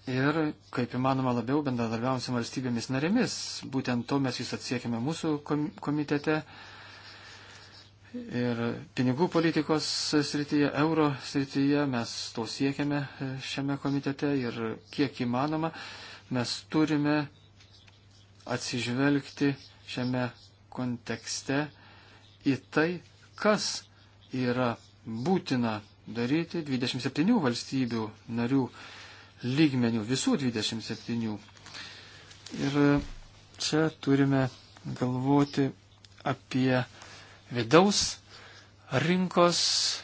ir kaip įmanoma labiau bendradarbiavom su valstybėmis narėmis. Būtent to mes jūs atsiekime mūsų komitete ir pinigų politikos srityje, euro srityje mes to siekiame šiame komitete ir kiek įmanoma mes turime atsižvelgti šiame kontekste į tai, kas yra būtina daryti 27 valstybių narių lygmenių, visų 27. Ir čia turime galvoti apie vidaus rinkos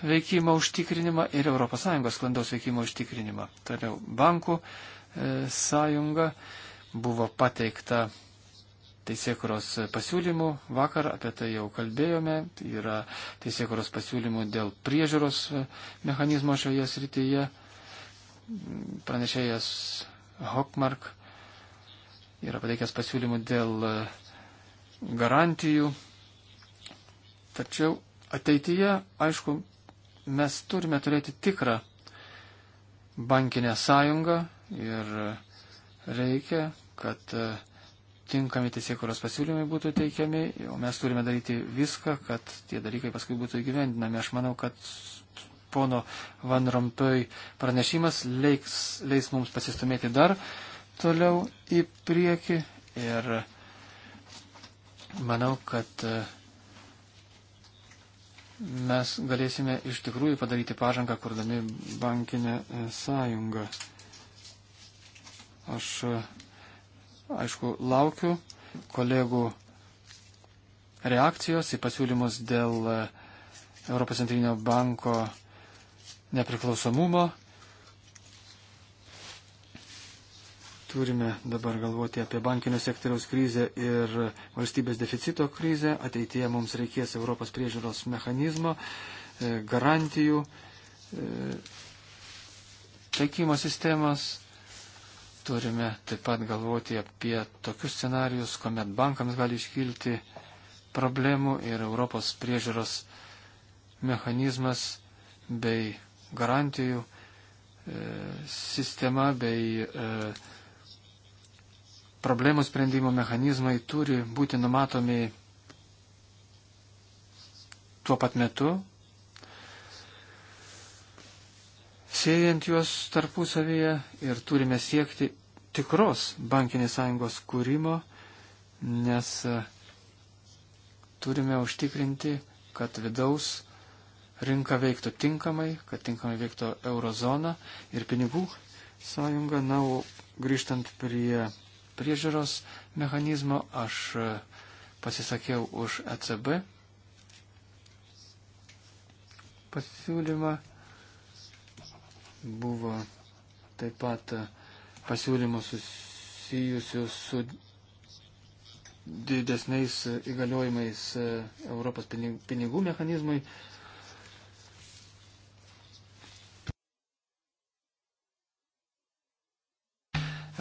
veikimo užtikrinimą ir ES klandaus veikimo užtikrinimą. Toliau, bankų e, sąjunga buvo pateikta teisėkuros pasiūlymų, vakar apie tai jau kalbėjome, tai yra teisėkuros pasiūlymų dėl priežiūros mechanizmo šioje srityje. Pranešėjas Hokmark yra pateikęs pasiūlymų dėl garantijų. Tačiau ateityje, aišku, mes turime turėti tikrą bankinę sąjungą ir reikia, kad uh, tinkami teisėkuros pasiūlymai būtų teikiami, o mes turime daryti viską, kad tie dalykai paskui būtų įgyvendinami. Aš manau, kad pono Van Rompuy pranešimas leiks, leis mums pasistumėti dar toliau į priekį ir manau, kad e, mes galėsime iš tikrųjų padaryti pažangą, kurdami bankinę e, sąjungą. Aš e, Aišku, laukiu kolegų reakcijos į pasiūlymus dėl e, Europos centrinio banko nepriklausomumo. Turime dabar galvoti apie bankinio sektoriaus krizę ir valstybės deficito krizę. Ateityje mums reikės Europos priežiūros mechanizmo, e, garantijų, e, teikimo sistemas Turime taip pat galvoti apie tokius scenarius, kuomet bankams gali iškilti problemų ir Europos priežiūros mechanizmas bei garantijų e, sistema bei e, problemų sprendimo mechanizmai turi būti numatomi tuo pat metu siejant juos tarpusavyje ir turime siekti tikros bankinės sąjungos kūrimo, nes e, turime užtikrinti, kad vidaus rinka veiktų tinkamai, kad tinkamai veiktų eurozona ir pinigų sąjunga. Na, o grįžtant prie priežiūros mechanizmo, aš e, pasisakiau už ECB pasiūlymą Buvo taip pat pasiūlymų susijusių su didesniais įgaliojimais Europos pinigų mechanizmui.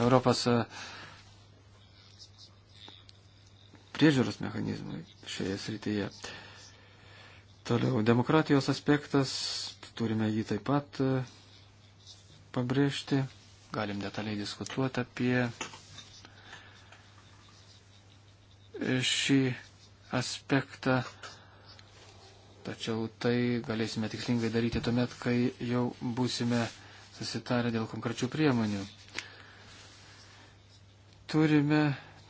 Europos e, priežiūros mechanizmui šioje srityje. Toliau demokratijos aspektas, turime jį taip pat e, pabrėžti, galim detaliai diskutuoti apie šį aspektą, tačiau tai galėsime tikslingai daryti tuomet, kai jau būsime susitarę dėl konkrečių priemonių. Turime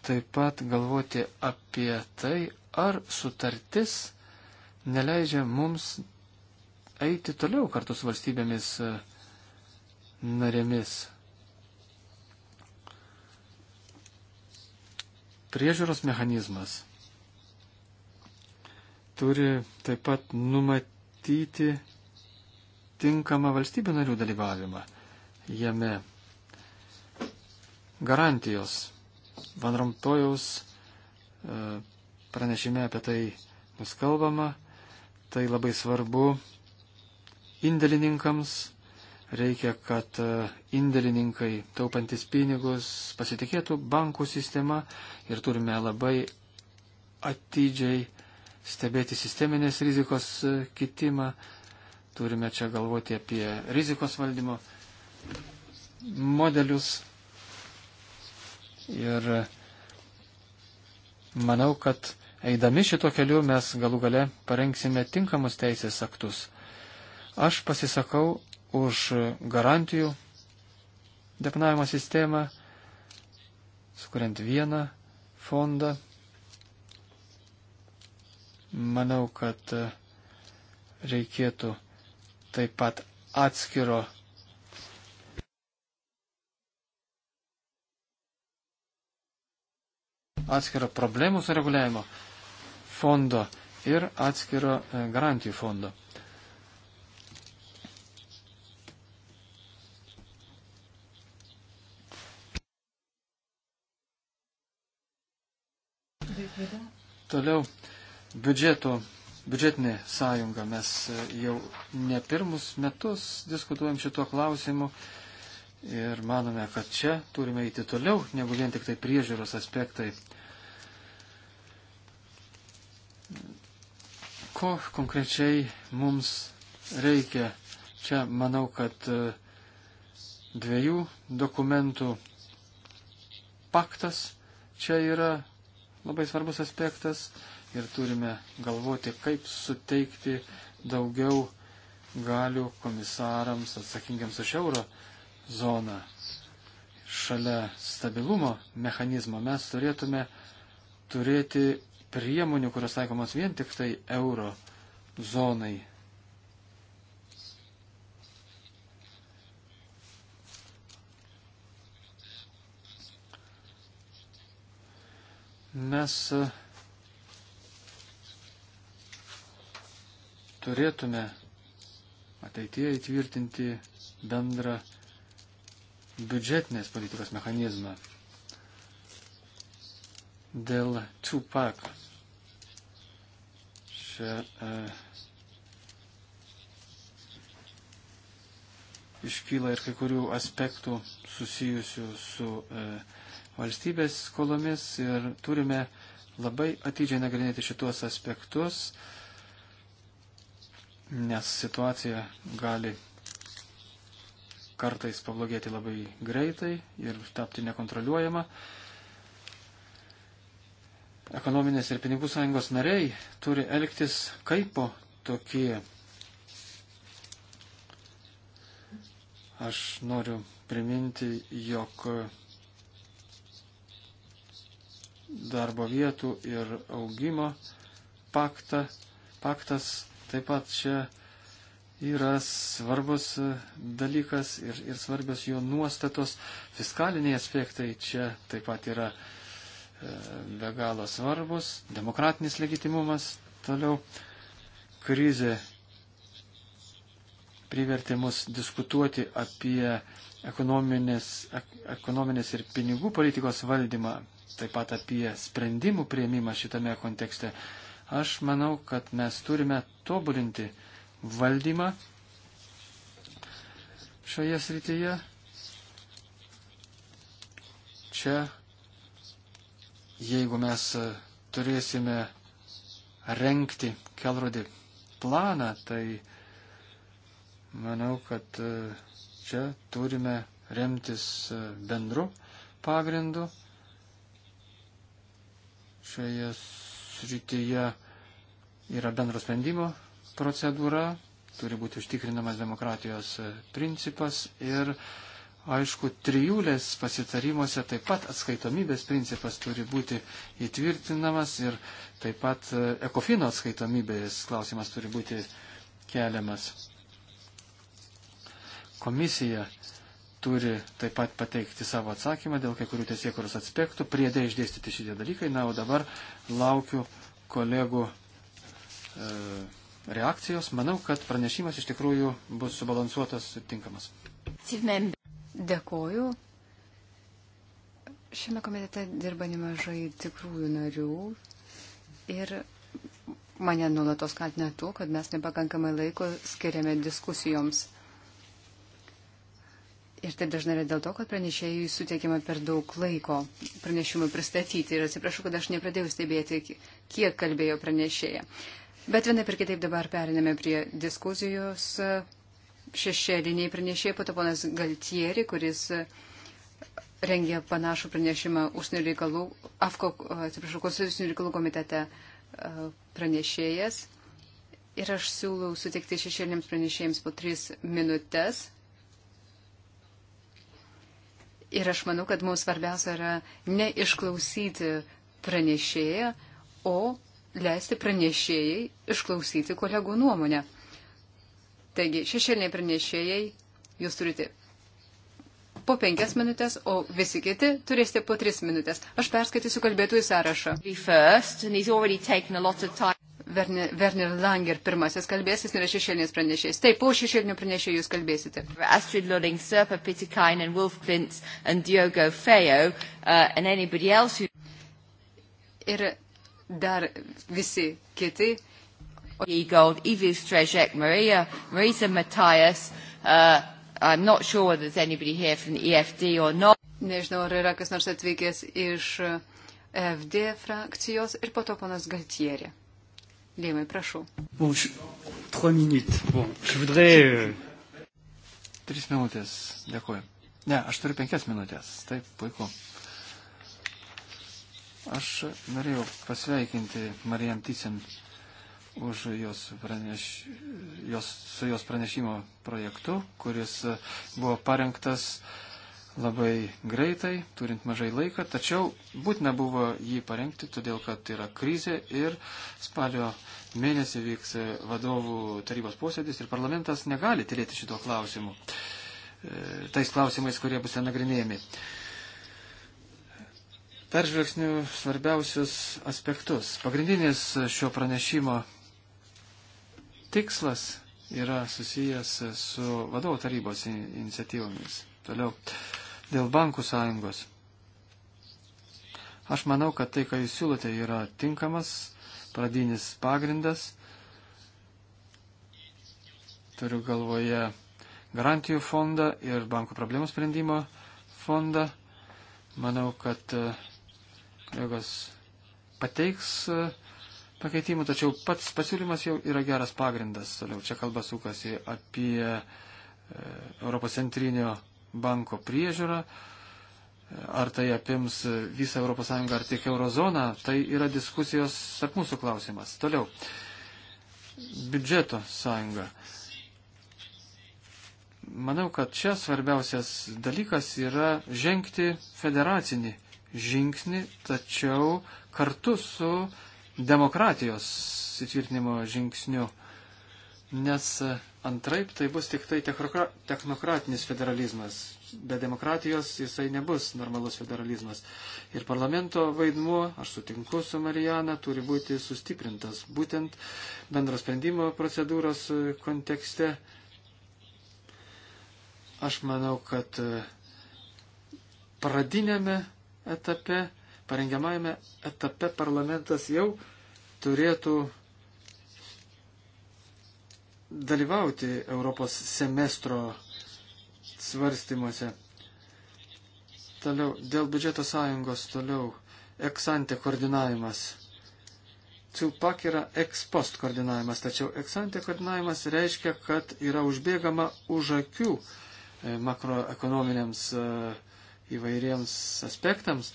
taip pat galvoti apie tai, ar sutartis neleidžia mums eiti toliau kartu su valstybėmis uh, narėmis. Priežiūros mechanizmas turi taip pat numatyti tinkamą valstybių narių dalyvavimą jame. Garantijos. Van Romtojaus e, pranešime apie tai nuskalbama. Tai labai svarbu indėlininkams, Reikia, kad e, indėlininkai taupantis pinigus pasitikėtų bankų sistema ir turime labai atidžiai stebėti sisteminės rizikos e, kitimą. Turime čia galvoti apie rizikos valdymo modelius. Ir e, manau, kad eidami šito keliu mes galų gale parengsime tinkamus teisės aktus. Aš pasisakau už garantijų deponavimo sistemą, sukuriant vieną fondą. Manau, kad e, reikėtų taip pat atskiro atskiro problemų sureguliavimo fondo ir atskiro e, garantijų fondo. Toliau biudžeto, biudžetinė sąjunga. Mes e, jau ne pirmus metus diskutuojam šituo klausimu ir manome, kad čia turime eiti toliau negu vien tik tai priežiūros aspektai. Ko konkrečiai mums reikia? Čia manau, kad e, dviejų dokumentų paktas čia yra labai svarbus aspektas ir turime galvoti, kaip suteikti daugiau galių komisarams atsakingiams už euro zoną. Šalia stabilumo mechanizmo mes turėtume turėti priemonių, kurios taikomos vien tik tai euro zonai Mes e, turėtume ateityje įtvirtinti bendrą biudžetinės politikos mechanizmą dėl Tupac. Čia e, iškyla ir kai kurių aspektų susijusių su e, valstybės skolomis ir turime labai atidžiai nagrinėti šitos aspektus, nes situacija gali kartais pablogėti labai greitai ir tapti nekontroliuojama. Ekonominės ir pinigų sąjungos nariai turi elgtis kaip po tokie. Aš noriu priminti, jog darbo vietų ir augimo paktą. paktas. Taip pat čia yra svarbus e, dalykas ir, ir svarbios jo nuostatos. Fiskaliniai aspektai čia taip pat yra e, be galo svarbus. Demokratinis legitimumas toliau. Krizė privertė mus diskutuoti apie ekonominės, ekonominės ir pinigų politikos valdymą, taip pat apie sprendimų prieimimą šitame kontekste. Aš manau, kad mes turime tobulinti valdymą šioje srityje. Čia, jeigu mes e, turėsime renkti kelrodį planą, tai manau, kad e, čia turime remtis e, bendru pagrindu šioje srityje yra bendro sprendimo procedūra, turi būti užtikrinamas demokratijos principas ir, aišku, trijulės pasitarimuose taip pat atskaitomybės principas turi būti įtvirtinamas ir taip pat e, ekofino atskaitomybės klausimas turi būti keliamas. Komisija turi taip pat pateikti savo atsakymą dėl kai kurių tiesiekuros aspektų, priedė išdėstyti šitie dalykai. Na, o dabar laukiu kolegų e, reakcijos. Manau, kad pranešimas iš tikrųjų bus subalansuotas ir tinkamas. Dėkoju. Šiame komitete dirba nemažai tikrųjų narių ir mane nulatos kaltina tuo, kad mes nepakankamai laiko skiriame diskusijoms. Ir taip dažnai yra dėl to, kad pranešėjai suteikiama per daug laiko pranešimui pristatyti. Ir atsiprašau, kad aš nepradėjau stebėti, kiek kalbėjo pranešėja. Bet vienaip ir kitaip dabar periname prie diskusijos. Šešėliniai pranešėjai, pato ponas Galtieri, kuris rengė panašų pranešimą užsienio reikalų, AFKO, atsiprašau, konstitucinių reikalų komitete e, pranešėjas. Ir aš siūlau sutikti šešėliniams pranešėjams po tris minutės Ir aš manau, kad mums svarbiausia yra ne išklausyti pranešėją, o leisti pranešėjai išklausyti kolegų nuomonę. Taigi, šešėliniai pranešėjai, jūs turite po penkias minutės, o visi kiti turėsite po tris minutės. Aš perskaitysiu kalbėtojų sąrašą. Werner, Werner Langer pirmasis kalbės, jis nėra šešėlinės pranešėjas. Taip, po šešėlinio pranešėjo jūs kalbėsite. Astrid Lulling, Serpa Pitikainen, Wolf Klintz and Diogo Fejo uh, and anybody else who... Ir dar visi kiti. Egold, Evie Strejek, Maria, Marisa Matthias, uh, I'm not sure whether there's anybody here from the EFD or not. Nežinau, ar yra kas nors atvykęs iš uh, e FD frakcijos ir po to ponas Galtierė. Dėmai, prašau. Bon, je... 3 minutes. Bon, je voudrais... Euh, Tris minutės, dėkuoju. Ne, aš turiu penkias minutės. Taip, puiku. Aš norėjau pasveikinti Marijam Tysen už jos, praneš, jos, su jos pranešimo projektu, kuris uh, buvo parengtas uh, labai greitai, turint mažai laiko, tačiau būtina buvo jį parengti, todėl kad yra krizė ir spalio mėnesį vyks vadovų tarybos posėdis ir parlamentas negali tylėti šito klausimu, e, tais klausimais, kurie bus nagrinėjami. Peržvelgsniu svarbiausius aspektus. Pagrindinis šio pranešimo tikslas yra susijęs su vadovo tarybos iniciatyvomis. Toliau Dėl bankų sąjungos. Aš manau, kad tai, ką jūs siūlote, yra tinkamas pradinis pagrindas. Turiu galvoje garantijų fondą ir bankų problemų sprendimo fondą. Manau, kad e, kolegos pateiks e, pakeitimų, tačiau pats pasiūlymas jau yra geras pagrindas. Toliau čia kalba sukasi apie e, Europos centrinio banko priežiūra, ar tai apims visą ES ar tik eurozoną, tai yra diskusijos tarp mūsų klausimas. Toliau. Biudžeto sąjunga. Manau, kad čia svarbiausias dalykas yra žengti federacinį žingsnį, tačiau kartu su demokratijos įtvirtinimo žingsniu. Nes Antraip tai bus tik tai technokratinis federalizmas. Be demokratijos jisai nebus normalus federalizmas. Ir parlamento vaidmuo, aš sutinku su Marijana, turi būti sustiprintas būtent bendro sprendimo procedūros e, kontekste. Aš manau, kad e, pradinėme etape, parengiamajame etape parlamentas jau turėtų dalyvauti Europos semestro svarstymuose. Toliau, dėl biudžeto sąjungos toliau eksante koordinavimas. Cilpak yra ekspost koordinavimas, tačiau eksante koordinavimas reiškia, kad yra užbėgama už akių e, makroekonominiams e, įvairiems aspektams.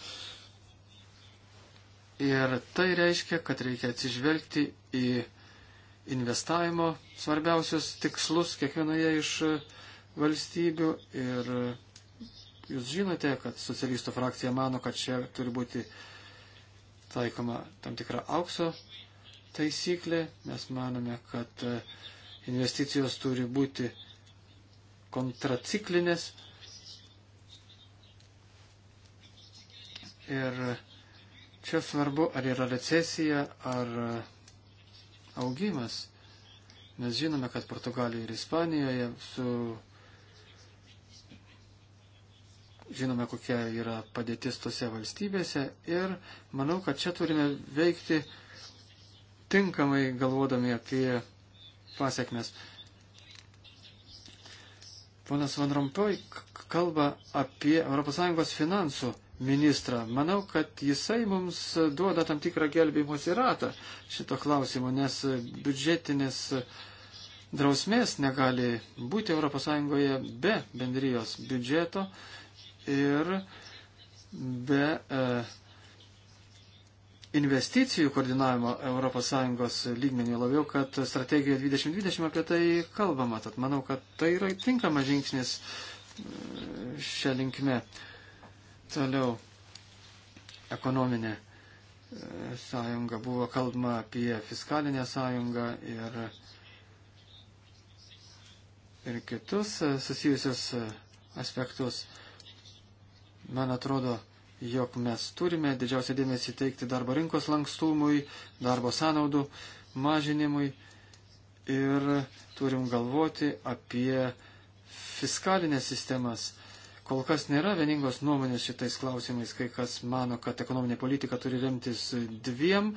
Ir tai reiškia, kad reikia atsižvelgti į investavimo svarbiausius tikslus kiekvienoje iš e, valstybių ir e, jūs žinote, kad socialistų frakcija mano, kad čia turi būti taikoma tam tikra aukso taisyklė. Mes manome, kad e, investicijos turi būti kontraciklinės. Ir čia svarbu, ar yra recesija, ar augimas. Mes žinome, kad Portugalijoje ir Ispanijoje su. Žinome, kokia yra padėtis tose valstybėse ir manau, kad čia turime veikti tinkamai galvodami apie pasiekmes. Ponas Van Rompuy kalba apie ES finansų ministrą. Manau, kad jisai mums duoda tam tikrą gelbėjimosi ratą šito klausimo, nes biudžetinės drausmės negali būti ES be bendrijos biudžeto ir be e, investicijų koordinavimo ES lygmenį, labiau, kad strategijoje 2020 apie tai kalbama. Tad manau, kad tai yra tinkamas žingsnis šią linkmę. E, Toliau ekonominė e, sąjunga buvo kalbama apie fiskalinę sąjungą ir, ir kitus e, susijusius e, aspektus. Man atrodo, jog mes turime didžiausią dėmesį teikti darbo rinkos lankstumui, darbo sąnaudų mažinimui ir turim galvoti apie fiskalinės sistemas Kol kas nėra vieningos nuomonės šitais klausimais, kai kas mano, kad ekonominė politika turi remtis dviem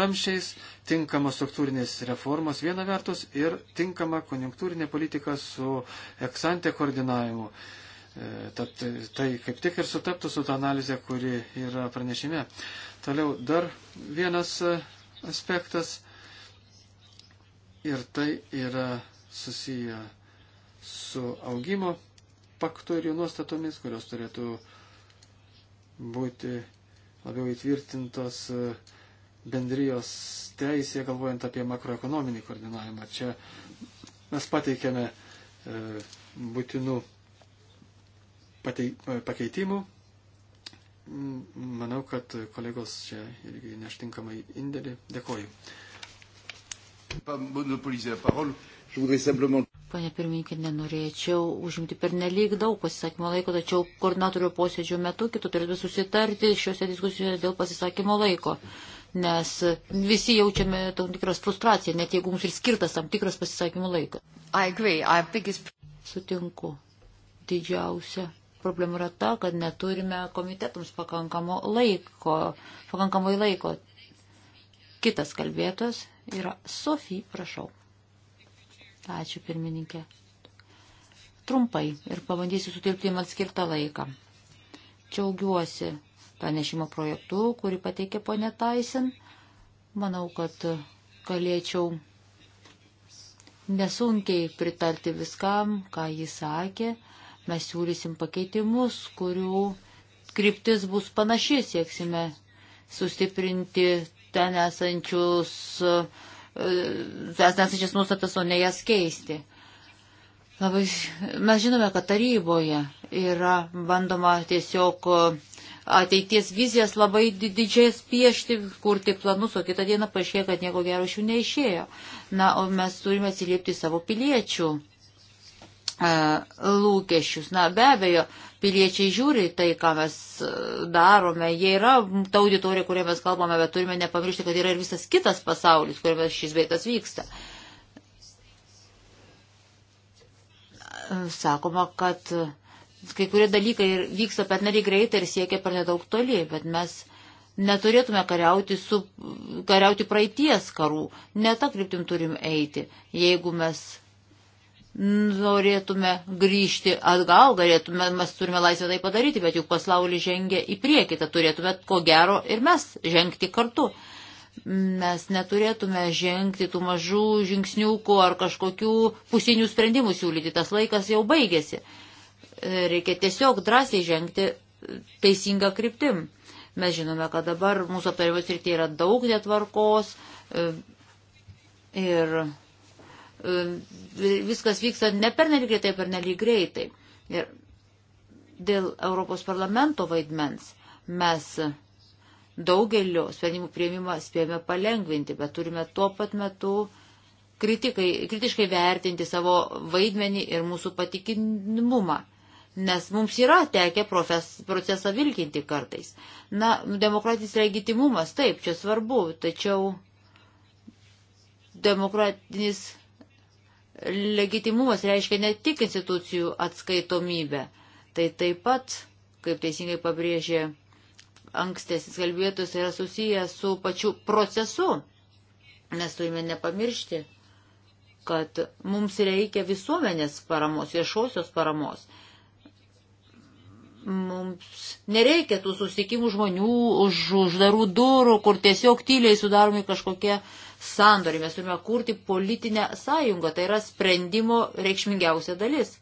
ramšiais - tinkama struktūrinės reformos viena vertus ir tinkama konjunktūrinė politika su eksante koordinavimu. E, tad tai kaip tik ir sutaptų su tą analizė, kuri yra pranešime. Toliau dar vienas e, aspektas ir tai yra susiję su augimo pakto ir jų nuostatomis, kurios turėtų būti labiau įtvirtintos e, bendrijos teisėje, galvojant apie makroekonominį koordinavimą. Čia mes pateikėme e, būtinų patei, e, pakeitimų. Manau, kad kolegos čia irgi neštinkamai indėlį. Dėkoju. Pane pirmininkė, nenorėčiau užimti per nelik daug pasisakymo laiko, tačiau koordinatorių posėdžių metu kitų turėtume susitarti šiuose diskusijose dėl pasisakymo laiko, nes visi jaučiame tam tikras frustraciją, net jeigu mums ir skirtas tam tikras pasisakymo laikas. I agree, I biggest... Sutinku. Didžiausia problema yra ta, kad neturime komitetams pakankamo laiko, pakankamai laiko. Kitas kalbėtas yra Sofija, prašau. Ačiū, pirmininkė. Trumpai ir pabandysiu sutilpti man skirtą laiką. Čiaugiuosi pranešimo projektu, kurį pateikė ponė Taisin. Manau, kad galėčiau nesunkiai pritarti viskam, ką jis sakė. Mes siūlysim pakeitimus, kurių kryptis bus panaši, sieksime sustiprinti ten esančius uh, esančias nuostatas, o ne jas keisti. Labai, mes žinome, kad taryboje yra bandoma tiesiog e, ateities vizijas labai didžiais piešti, kurti planus, o kitą dieną paaiškėjo, kad nieko gero iš jų neišėjo. Na, o mes turime atsiliepti savo piliečių e, lūkesčius. Na, be abejo, piliečiai žiūri tai, ką mes e, darome. Jie yra ta auditorija, kurioje mes kalbame, bet turime nepamiršti, kad yra ir visas kitas pasaulis, kuriame šis veitas vyksta. E, sakoma, kad kai kurie dalykai vyksta per nelik greitai ir siekia per nedaug toli, bet mes neturėtume kariauti, su, kariauti praeities karų. Ne tą kryptim turim eiti, jeigu mes norėtume grįžti atgal, galėtume, mes turime laisvę tai padaryti, bet juk pasaulis žengia į priekį, tad turėtume ko gero ir mes žengti kartu. Mes neturėtume žengti tų mažų žingsniukų ar kažkokių pusinių sprendimų siūlyti, tas laikas jau baigėsi. Reikia tiesiog drąsiai žengti teisinga kryptim. Mes žinome, kad dabar mūsų aptariamos rytyje yra daug netvarkos ir E, viskas vyksta ne pernelyg greitai, pernelyg greitai. Ir dėl Europos parlamento vaidmens mes daugelio sprendimų prieimimą spėjome palengvinti, bet turime tuo pat metu kritikai, kritiškai vertinti savo vaidmenį ir mūsų patikimumą. Nes mums yra tekę profes, procesą vilkinti kartais. Na, demokratinis legitimumas, taip, čia svarbu, tačiau demokratinis legitimumas reiškia ne tik institucijų atskaitomybę, tai taip pat, kaip teisingai pabrėžė ankstesnis kalbėtus, yra susijęs su pačiu procesu. Mes turime nepamiršti, kad mums reikia visuomenės paramos, viešosios paramos. Mums nereikia tų susitikimų žmonių už uždarų durų, kur tiesiog tyliai sudaromi kažkokie uh, sandorį, mes turime kurti politinę sąjungą, tai yra sprendimo reikšmingiausia dalis.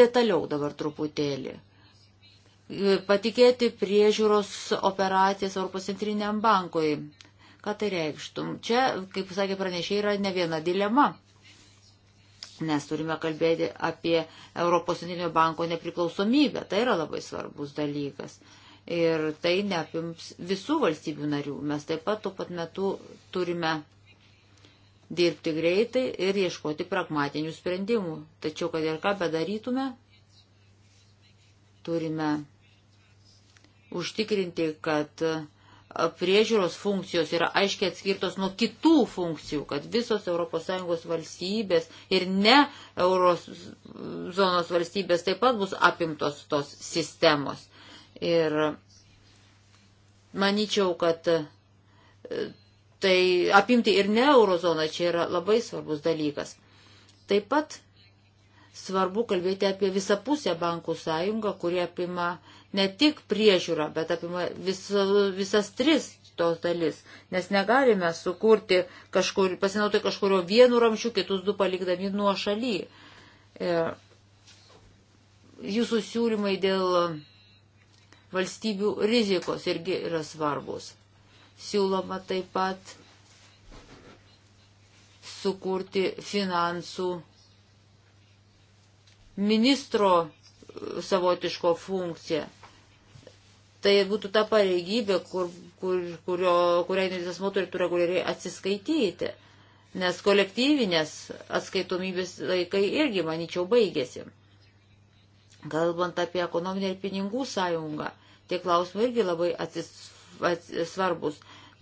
Detaliau dabar truputėlį. Patikėti priežiūros operacijas Europos centriniam bankui. Ką tai reikštum? Čia, kaip sakė pranešė, yra ne viena dilema. Nes turime kalbėti apie Europos centrinio banko nepriklausomybę. Tai yra labai svarbus dalykas ir tai neapims visų valstybių narių. Mes taip pat tuo pat metu turime dirbti greitai ir ieškoti pragmatinių sprendimų. Tačiau, kad ir ką bedarytume, turime užtikrinti, kad priežiūros funkcijos yra aiškiai atskirtos nuo kitų funkcijų, kad visos ES valstybės ir ne eurozonos valstybės taip pat bus apimtos tos sistemos. Ir manyčiau, kad e, tai apimti ir ne eurozoną čia yra labai svarbus dalykas. Taip pat svarbu kalbėti apie visą pusę bankų sąjungą, kurie apima ne tik priežiūrą, bet apima vis, visas tris tos dalis, nes negalime sukurti kažkur, pasinauti kažkurio vienu ramščiu, kitus du palikdami nuo šaly. E, jūsų siūlymai dėl valstybių rizikos irgi yra svarbus. Siūloma taip pat sukurti finansų ministro e, savotiško funkciją. Tai būtų ta pareigybė, kur, kur, kurio, kuriai nedidelis asmo turėtų reguliariai atsiskaityti, nes kolektyvinės atskaitomybės laikai irgi, manyčiau, baigėsi. Kalbant apie ekonominę ir pinigų sąjungą, tie klausimai irgi labai atsis, atsis, svarbus.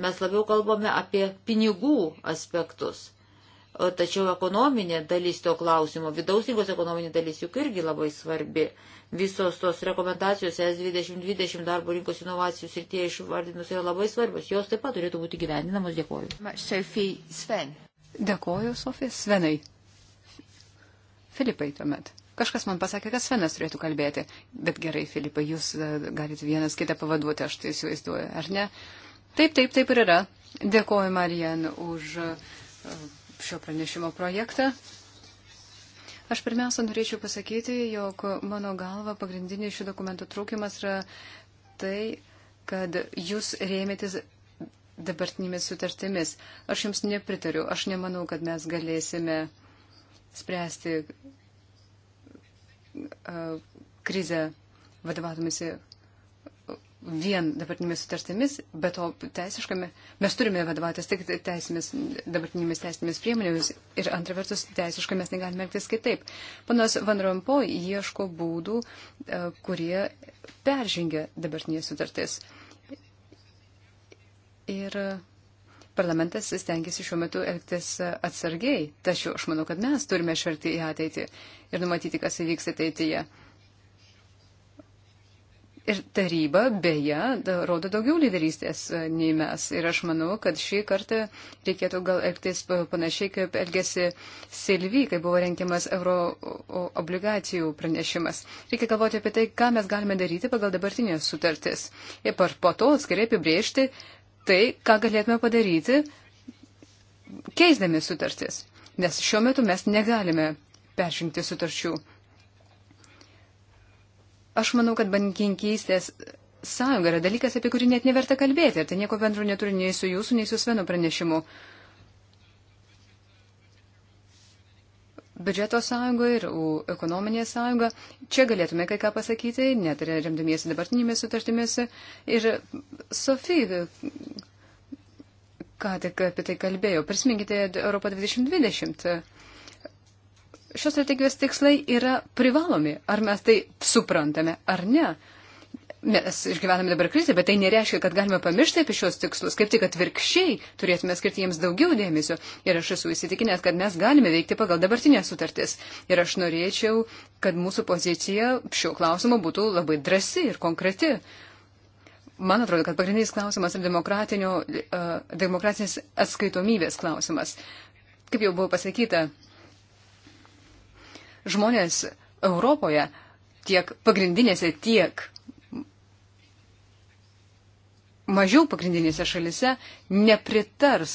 Mes labiau kalbame apie pinigų aspektus. Tačiau ekonominė dalis to klausimo, vidaus rinkos ekonominė dalis juk irgi labai svarbi. Visos tos rekomendacijos S2020 darbo rinkos inovacijų srityje išvardinus yra labai svarbios. Jos taip pat turėtų būti gyvendinamos. Dėkoju. Sofija Sven. Dėkoju, Sofija Svenai. Filipai tuomet. Kažkas man pasakė, kad Svenas turėtų kalbėti. Bet gerai, Filipai, jūs e, galite vienas kitą pavaduoti, aš tai įsivaizduoju, ar ne? Taip, taip, taip ir yra. Dėkoju Marijan už e, šio pranešimo projektą. Aš pirmiausia norėčiau pasakyti, jog mano galva pagrindinis šių dokumentų trūkimas yra tai, kad jūs rėmėtis dabartinėmis sutartimis. Aš jums nepritariu, aš nemanau, kad mes galėsime spręsti krizę vadovautumėsi vien dabartinėmis sutartimis, bet to teisiškame mes turime vadovautis tik teisėmis, dabartinėmis teisinėmis priemonėmis ir antra vertus teisiškai mes negalime elgtis kitaip. Panas Van Rompo ieško būdų, kurie peržengia dabartinės sutartis. Ir parlamentas stengiasi šiuo metu elgtis atsargiai. Tačiau aš manau, kad mes turime šverti į ateitį ir numatyti, kas įvyks ateityje. Ir taryba, beje, rodo daugiau lyderystės e, nei mes. Ir aš manau, kad šį kartą reikėtų gal elgtis panašiai, kaip elgėsi Silvy, kai buvo renkiamas euro obligacijų pranešimas. Reikia galvoti apie tai, ką mes galime daryti pagal dabartinės sutartis. Ir po to atskiriai apibriežti, tai, ką galėtume padaryti, keisdami sutartis. Nes šiuo metu mes negalime peržengti sutarčių. Aš manau, kad bankinkystės sąjunga yra dalykas, apie kurį net neverta kalbėti. Ir tai nieko bendro neturi nei su jūsų, nei su Svenu pranešimu. Uh, biudžeto sąjunga ir ekonominė sąjunga. Čia galėtume kai ką pasakyti, net ir remdamiesi dabartinėmis sutartimis. Ir Sofija ką tik apie tai kalbėjo. Prisiminkite Europą 2020. Šios strategijos tikslai yra privalomi. Ar mes tai suprantame ar ne? mes išgyvename dabar krizę, bet tai nereiškia, kad galime pamiršti apie šios tikslus. Kaip tik atvirkščiai turėtume skirti jiems daugiau dėmesio. Ir aš esu įsitikinęs, kad mes galime veikti pagal dabartinę sutartis. Ir aš norėčiau, kad mūsų pozicija šiuo klausimu būtų labai drasi ir konkreti. Man atrodo, kad pagrindinis klausimas yra uh, demokratinės atskaitomybės klausimas. Kaip jau buvo pasakyta, žmonės Europoje tiek pagrindinėse, tiek mažiau pagrindinėse šalise nepritars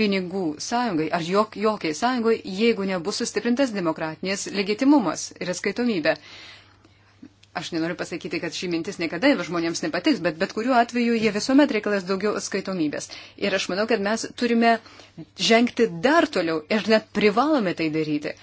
pinigų sąjungai ar jok, jokiai sąjungai, jeigu nebus sustiprintas demokratinės legitimumas ir atskaitomybė. Aš nenoriu pasakyti, kad ši mintis niekada žmonėms nepatiks, bet bet kuriuo atveju jie visuomet reikalas daugiau atskaitomybės. Ir aš manau, kad mes turime žengti dar toliau ir net privalome tai daryti.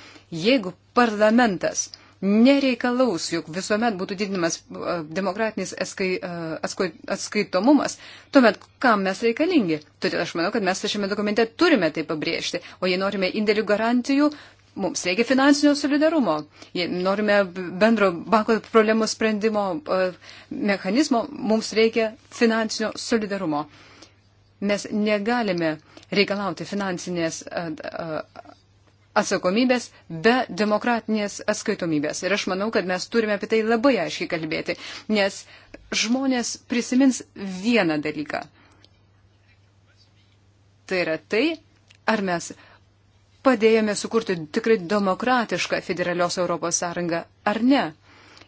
Jeigu parlamentas nereikalaus, jog visuomet būtų didinamas e, demokratinis askai, e, askai, atskaitomumas, tuomet kam mes reikalingi? Todėl aš manau, kad mes šiame dokumente turime tai pabrėžti, o jei norime indėlių garantijų, mums reikia finansinio solidarumo, jei norime bendro banko problemų sprendimo e, mechanizmo, mums reikia finansinio solidarumo. Mes negalime reikalauti finansinės atsakomybės be demokratinės atskaitomybės. Ir aš manau, kad mes turime apie tai labai aiškiai kalbėti, nes žmonės prisimins vieną dalyką. Tai yra tai, ar mes padėjome sukurti tikrai demokratišką federalios Europos sąrangą ar ne.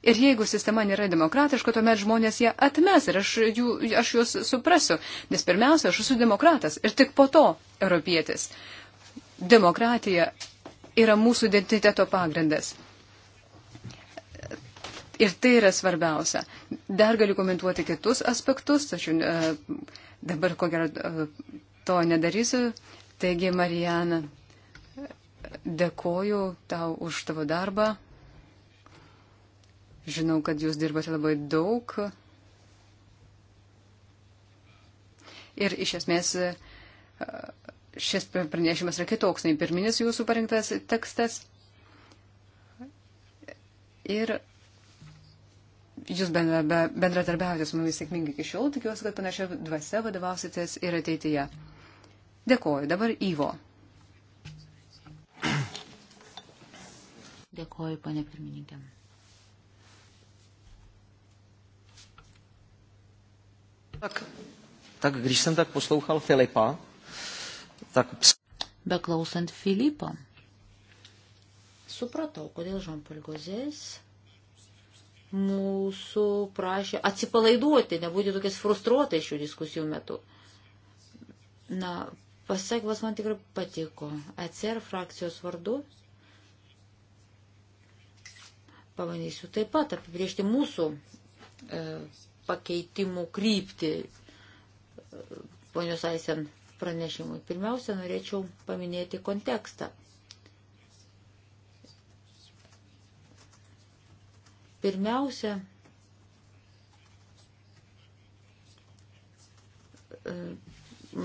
Ir jeigu sistema nėra demokratiška, tuomet žmonės ją atmes ir aš, jų, aš juos suprasiu. Nes pirmiausia, aš esu demokratas ir tik po to europietis. Demokratija yra mūsų identiteto pagrindas. Ir tai yra svarbiausia. Dar galiu komentuoti kitus aspektus, tačiau e, dabar ko gero e, to nedarysiu. Taigi, Marijana, dėkoju tau už tavo darbą. Žinau, kad jūs dirbate labai daug. Ir iš esmės e, šis pranešimas yra kitoks nei pirminis jūsų parinktas tekstas. Ir jūs bendradarbiavote su mumis sėkmingai iki šiol, tikiuosi, kad panašia dvasia vadovausitės ir ateityje. Dėkoju. Dabar Ivo. Dėkoju, ponė pirmininkė. Tak, tak když jsem tak poslouchal Filipa, Beklausant Filipą, supratau, kodėl Žampol Gozės mūsų prašė atsipalaiduoti, nebūti tokias frustruotai šių diskusijų metu. Na, pasakymas man tikrai patiko. ECR frakcijos vardu pabandysiu taip pat apibriežti mūsų e, pakeitimų kryptį. E, ponios Aisen pranešimui. Pirmiausia, norėčiau paminėti kontekstą. Pirmiausia,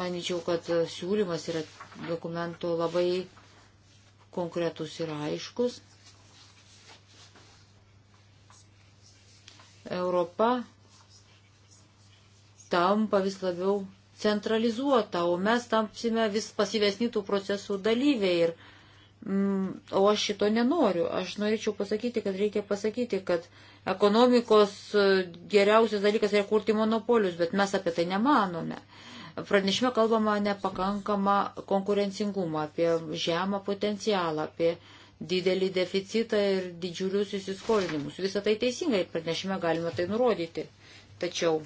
manyčiau, kad siūlymas yra dokumento labai konkretus ir aiškus. Europa tampa vis labiau centralizuota, o mes tampsime vis pasivesni tų procesų dalyviai. Ir, mm, o aš šito nenoriu. Aš norėčiau pasakyti, kad reikia pasakyti, kad ekonomikos e, geriausias dalykas yra kurti monopolius, bet mes apie tai nemanome. Pranešime kalbama nepakankamą konkurencingumą, apie žemą potencialą, apie didelį deficitą ir didžiulius įsiskolinimus. Visą tai teisingai pranešime galima tai nurodyti. Tačiau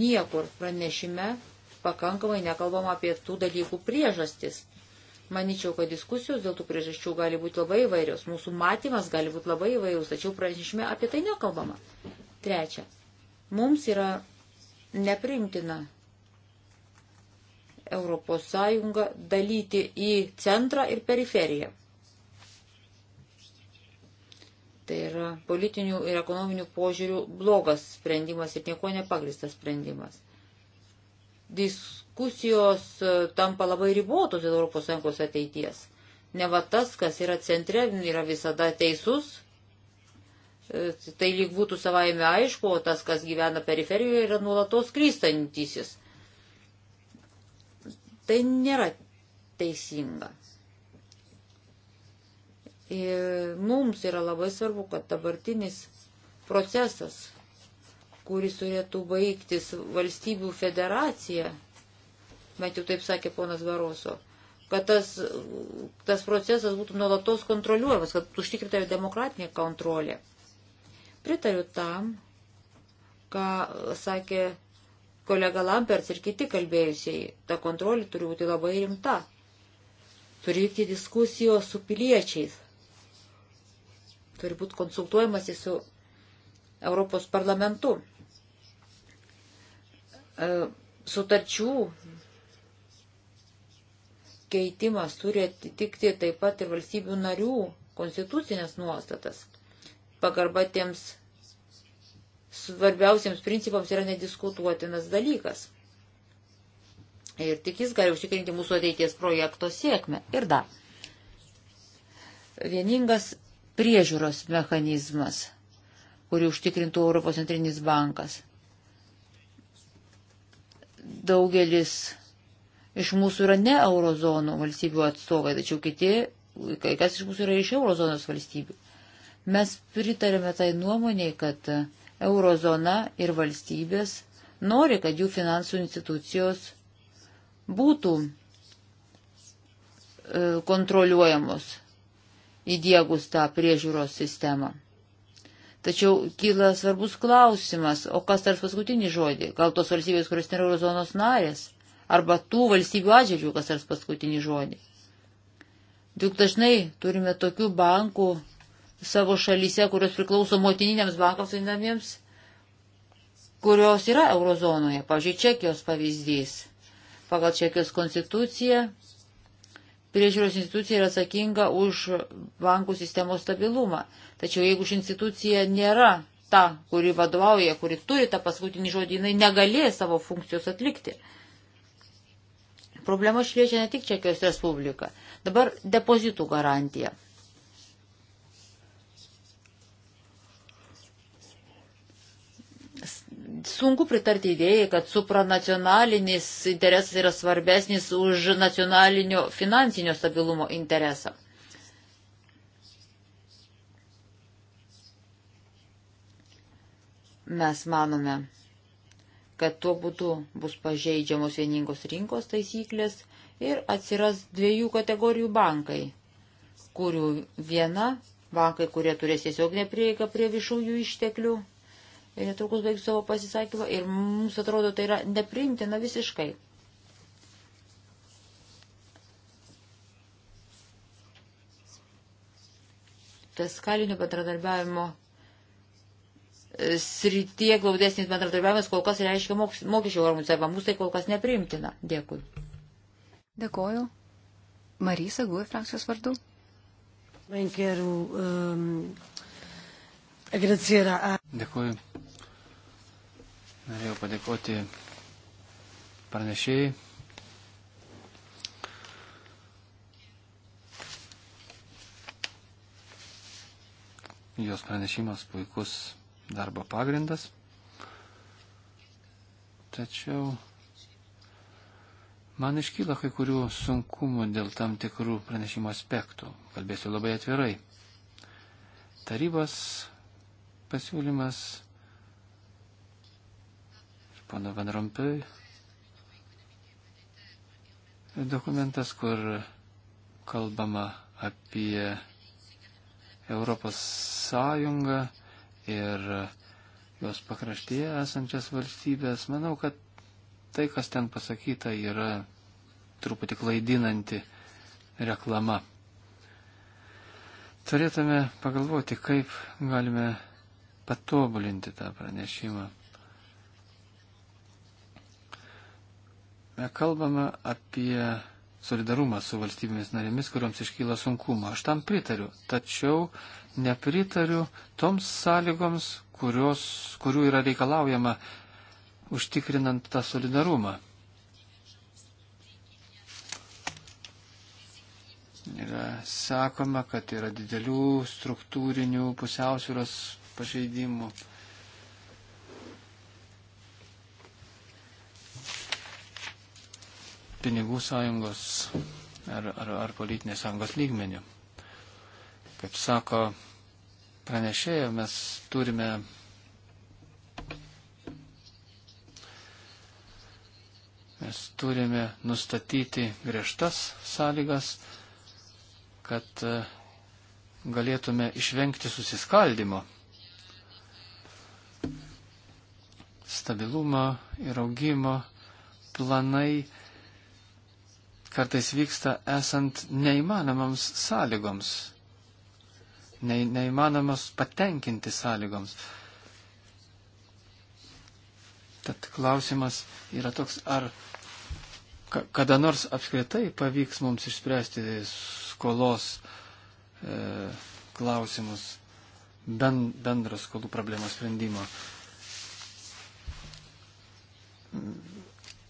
Niekur pranešime pakankamai nekalbam apie tų dalykų priežastis. Maničiau, kad diskusijos dėl tų priežasčių gali būti labai įvairios, mūsų matymas gali būti labai įvairus, tačiau pranešime apie tai nekalbama. Trečia, mums yra neprimtina ES dalyti į centrą ir periferiją. Tai yra politinių ir ekonominių požiūrių blogas sprendimas ir nieko nepagristas sprendimas. Diskusijos e, tampa labai ribotos dėl ES ateities. Ne va tas, kas yra centre, yra visada teisus, e, tai lyg būtų savaime aišku, o tas, kas gyvena periferijoje, yra nuolatos krystantysis. Tai nėra teisinga. Ir e, mums yra labai svarbu, kad dabartinis procesas, kuris turėtų baigtis valstybių federacija, bent jau taip sakė ponas Baroso, kad tas, tas procesas būtų nuolatos kontroliuojamas, kad užtikrinta demokratinė kontrolė. Pritariu tam, ką sakė kolega Lamperts ir kiti kalbėjusiai, ta kontrolė turi būti labai rimta. Turi vykti diskusijos su piliečiais turi būti konsultuojamasi su Europos parlamentu. E, sutarčių keitimas turi atitikti taip pat ir valstybių narių konstitucinės nuostatas. Pagarba tiems svarbiausiams principams yra nediskutuotinas dalykas. Ir tik jis gali užtikrinti mūsų ateities projekto sėkmę. Ir dar. Vieningas priežiūros mechanizmas, kurį užtikrintų Europos centrinis bankas. Daugelis iš mūsų yra ne eurozonų valstybių atstovai, tačiau kiti, kai kas iš mūsų yra iš eurozonos valstybių. Mes pritarėme tai nuomoniai, kad eurozona ir valstybės nori, kad jų finansų institucijos būtų e, kontroliuojamos įdėgus tą priežiūros sistemą. Tačiau kyla svarbus klausimas, o kas tars paskutinį žodį? Gal tos valstybės, kurios nėra eurozonos narės? Arba tų valstybių atžvilgių, kas tars paskutinį žodį? Juk dažnai turime tokių bankų savo šalyse, kurios priklauso motininiams bankams vadinamiems, kurios yra eurozonoje. Pavyzdžiui, Čekijos pavyzdys. Pagal Čekijos konstituciją priežiūros institucija yra atsakinga už bankų sistemos stabilumą. Tačiau jeigu ši institucija nėra ta, kuri vadovauja, kuri turi tą paskutinį žodį, jinai negalės savo funkcijos atlikti. Problema šliečia ne tik Čekijos Respubliką. Dabar depozitų garantija. sunku pritarti idėjai, kad supranacionalinis interesas yra svarbesnis už nacionalinio finansinio stabilumo interesą. Mes manome, kad tuo būdu bus pažeidžiamos vieningos rinkos taisyklės ir atsiras dviejų kategorijų bankai, kurių viena bankai, kurie turės tiesiog neprieigą prie viešųjų išteklių netrukus baigsiu savo pasisakymą ir mums atrodo tai yra neprintina visiškai. Tas kalinio bendradarbiavimo e, srityje glaudesnis bendradarbiavimas kol kas reiškia mokesčių harmonizavimą. Mums tai kol kas neprimtina. Dėkui. Dėkoju. Marisa Gui, frakcijos vardu. Ehm, Dėkoju. Norėjau padėkoti pranešėjai. Jos pranešimas puikus darbo pagrindas. Tačiau man iškyla kai kurių sunkumų dėl tam tikrų pranešimo aspektų. Kalbėsiu labai atvirai. Tarybos pasiūlymas pono Van Rompiui dokumentas, kur kalbama apie Europos Sąjungą ir jos pakraštyje esančias valstybės. Manau, kad tai, kas ten pasakyta, yra truputį klaidinanti reklama. Turėtume pagalvoti, kaip galime patobulinti tą pranešimą. kalbame apie solidarumą su valstybėmis narėmis, kuriuoms iškyla sunkumo. Aš tam pritariu, tačiau nepritariu toms sąlygoms, kurios, kurių yra reikalaujama užtikrinant tą solidarumą. Yra sakoma, kad yra didelių struktūrinių pusiausvėros pažeidimų. pinigų sąjungos ar, ar, ar politinės sąjungos lygmenių. Kaip sako pranešėjo, mes turime Mes turime nustatyti griežtas sąlygas, kad e, galėtume išvengti susiskaldimo. Stabilumo ir augimo planai kartais vyksta esant neįmanomams sąlygoms, ne, neįmanomams patenkinti sąlygoms. Tad klausimas yra toks, ar kada nors apskritai pavyks mums išspręsti skolos e, klausimus, ben, bendro skolų problemos sprendimo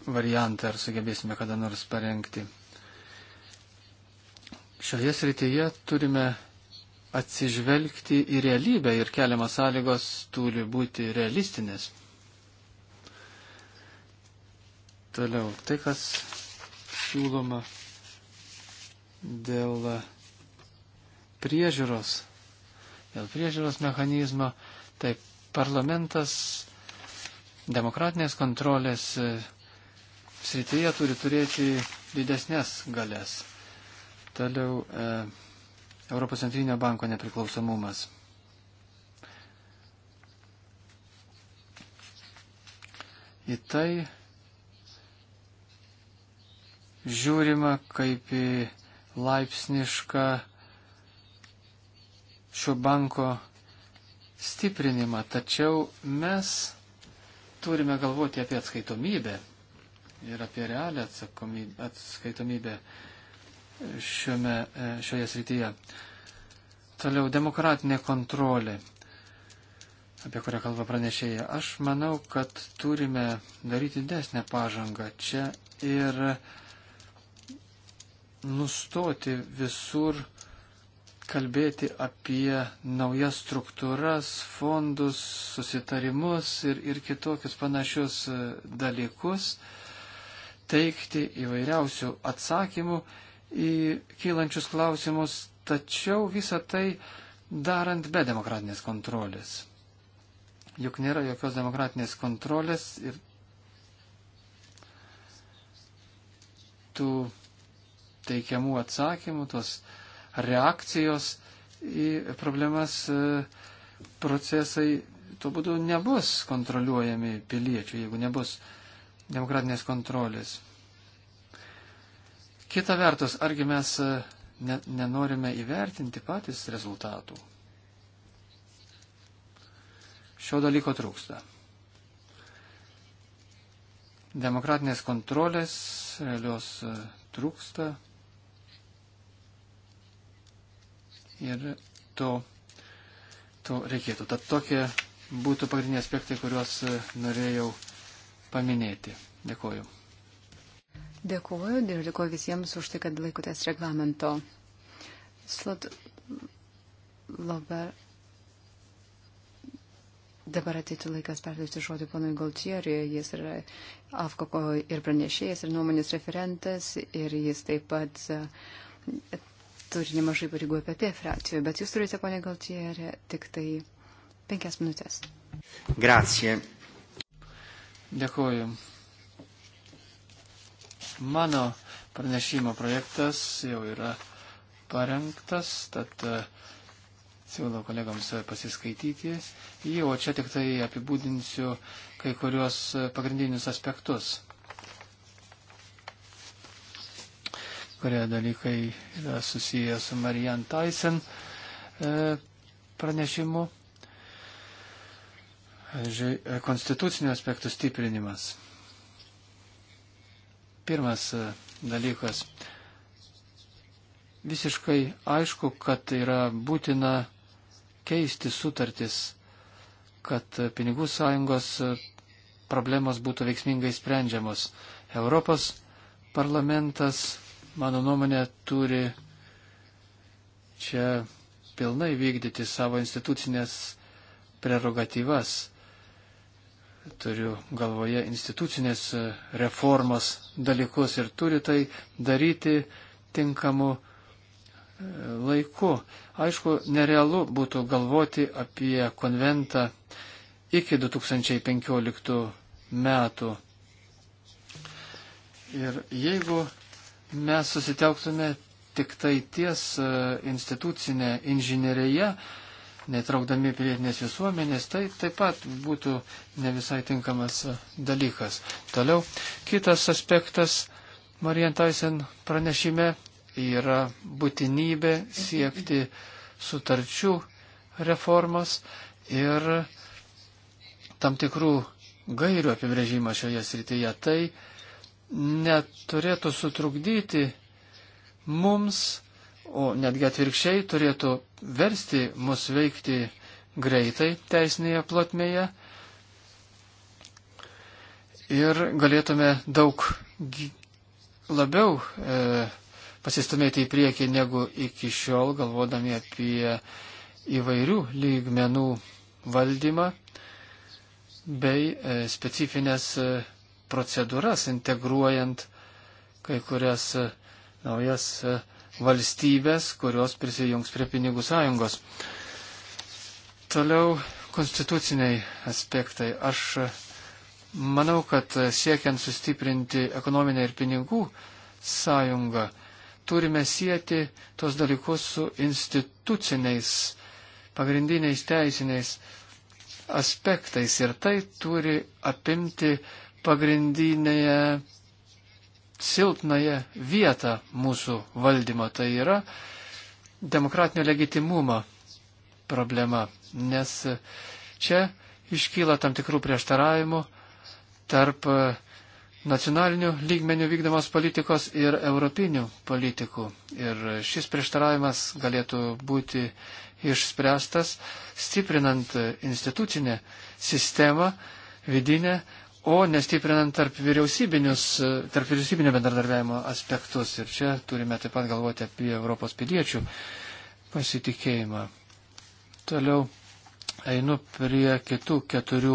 variantą, ar sugebėsime kada nors parengti. Šioje srityje turime atsižvelgti į realybę ir keliamas sąlygos turi būti realistinės. Toliau, tai kas siūloma dėl priežiūros, dėl priežiūros mechanizmo, tai parlamentas demokratinės kontrolės srityje turi turėti didesnės galės. Toliau e, Europos centrinio banko nepriklausomumas. Į tai žiūrima kaip į laipsnišką šio banko stiprinimą, tačiau mes turime galvoti apie atskaitomybę ir apie realią atskaitomybę šiame, e, šioje srityje. Toliau demokratinė kontrolė, apie kurią kalba pranešėja. Aš manau, kad turime daryti desnę pažangą čia ir nustoti visur kalbėti apie naujas struktūras, fondus, susitarimus ir, ir kitokius panašius e, dalykus. Uh, teikti įvairiausių atsakymų į kylančius klausimus, tačiau visą tai darant be demokratinės kontrolės. Juk nėra jokios demokratinės kontrolės ir tų teikiamų atsakymų, tos reakcijos į problemas e, procesai tuo būdu nebus kontroliuojami piliečių, jeigu nebus uh, demokratinės kontrolės. Kita vertus, argi mes e, ne, nenorime įvertinti patys rezultatų? Šio dalyko trūksta. Demokratinės kontrolės realios e, trūksta ir to, to reikėtų. Tad tokie būtų pagrindiniai aspektai, kuriuos e, norėjau paminėti. Dėkuoju. Dėkuoju ir dėkuoju visiems už tai, kad laikotės reglamento. Slot Lober. Dabar ateitų laikas perduoti žodį ponui Galtieriui. Jis yra Afkoko ir pranešėjas, ir nuomonės referentas, ir jis taip pat e, turi nemažai pareigų apie apie frakcijų. Bet jūs turite, ponė Galtieri, tik tai penkias minutės. Grazie. Dėkuoju. Mano pranešimo projektas jau yra parengtas, tad e, siūlau kolegams pasiskaityti jį, o čia tik tai apibūdinsiu kai kurios e, pagrindinius aspektus, kurie dalykai yra susiję su Marian Tyson e, pranešimu pavyzdžiui, e, konstitucinio aspektų stiprinimas. Pirmas e, dalykas. Visiškai aišku, kad yra būtina keisti sutartis, kad e, pinigų sąjungos problemos būtų veiksmingai sprendžiamos. Europos parlamentas, mano nuomonė, turi čia pilnai vykdyti savo institucinės prerogatyvas turiu galvoje institucinės e, reformos dalykus ir turi tai daryti tinkamu e, laiku. Aišku, nerealu būtų galvoti apie konventą iki 2015 metų. Ir jeigu mes susitelktume tik tai ties e, institucinė inžinierija, netraukdami pilietinės visuomenės, tai taip pat būtų ne visai tinkamas e, dalykas. Toliau, kitas aspektas Marijan Taisen pranešime yra būtinybė siekti sutarčių reformos ir tam tikrų gairių apibrėžimą šioje srityje. Tai neturėtų sutrukdyti mums o netgi atvirkščiai turėtų versti mus veikti greitai teisinėje plotmėje ir galėtume daug labiau e, pasistumėti į priekį negu iki šiol, galvodami apie įvairių lygmenų valdymą bei e, specifines e, procedūras, integruojant kai kurias e, naujas e, valstybės, kurios prisijungs prie pinigų sąjungos. Toliau konstituciniai aspektai. Aš manau, kad siekiant sustiprinti ekonominę ir pinigų sąjungą, turime sieti tos dalykus su instituciniais, pagrindiniais teisiniais aspektais ir tai turi apimti pagrindinėje silpnąją vietą mūsų valdymo. Tai yra demokratinio legitimumo problema, nes čia iškyla tam tikrų prieštaravimų tarp nacionalinių lygmenių vykdomos politikos ir europinių politikų. Ir šis prieštaravimas galėtų būti išspręstas stiprinant institucinę sistemą, vidinę o nestiprinant tarp, e, tarp vyriausybinio bendradarbiavimo aspektus. Ir čia turime taip pat galvoti apie Europos piliečių pasitikėjimą. Toliau einu prie kitų keturių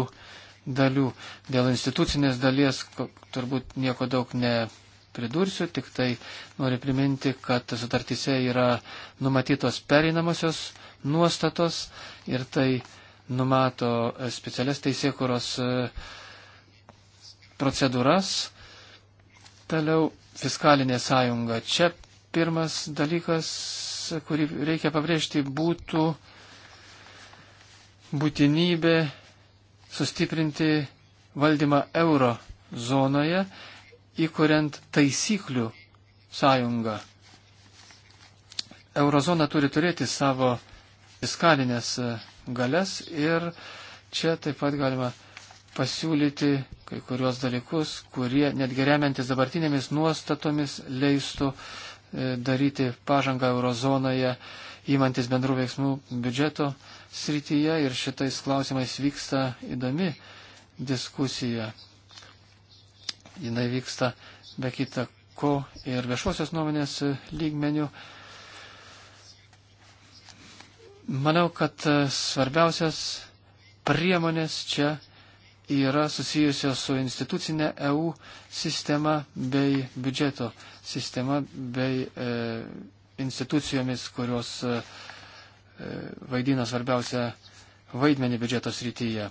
dalių. Dėl institucinės dalies turbūt nieko daug nepridursiu, tik tai noriu priminti, kad sutartyse yra numatytos pereinamosios nuostatos ir tai numato specialias teisėkuros. Tai procedūras. Toliau fiskalinė sąjunga. Čia pirmas dalykas, kurį reikia pabrėžti, būtų būtinybė sustiprinti valdymą euro zonoje, įkuriant taisyklių sąjungą. Eurozona turi turėti savo fiskalinės galės ir čia taip pat galima pasiūlyti kai kurios dalykus, kurie netgi remiantis dabartinėmis nuostatomis leistų e, daryti pažangą eurozonoje, įmantis bendrų veiksmų biudžeto srityje ir šitais klausimais vyksta įdomi diskusija. Jis vyksta be kita ko ir viešosios nuomonės lygmenių. Manau, kad e, svarbiausias priemonės čia yra susijusios su institucinė EU sistema bei biudžeto sistema bei e, institucijomis, kurios e, e vaidina svarbiausią vaidmenį biudžeto srityje.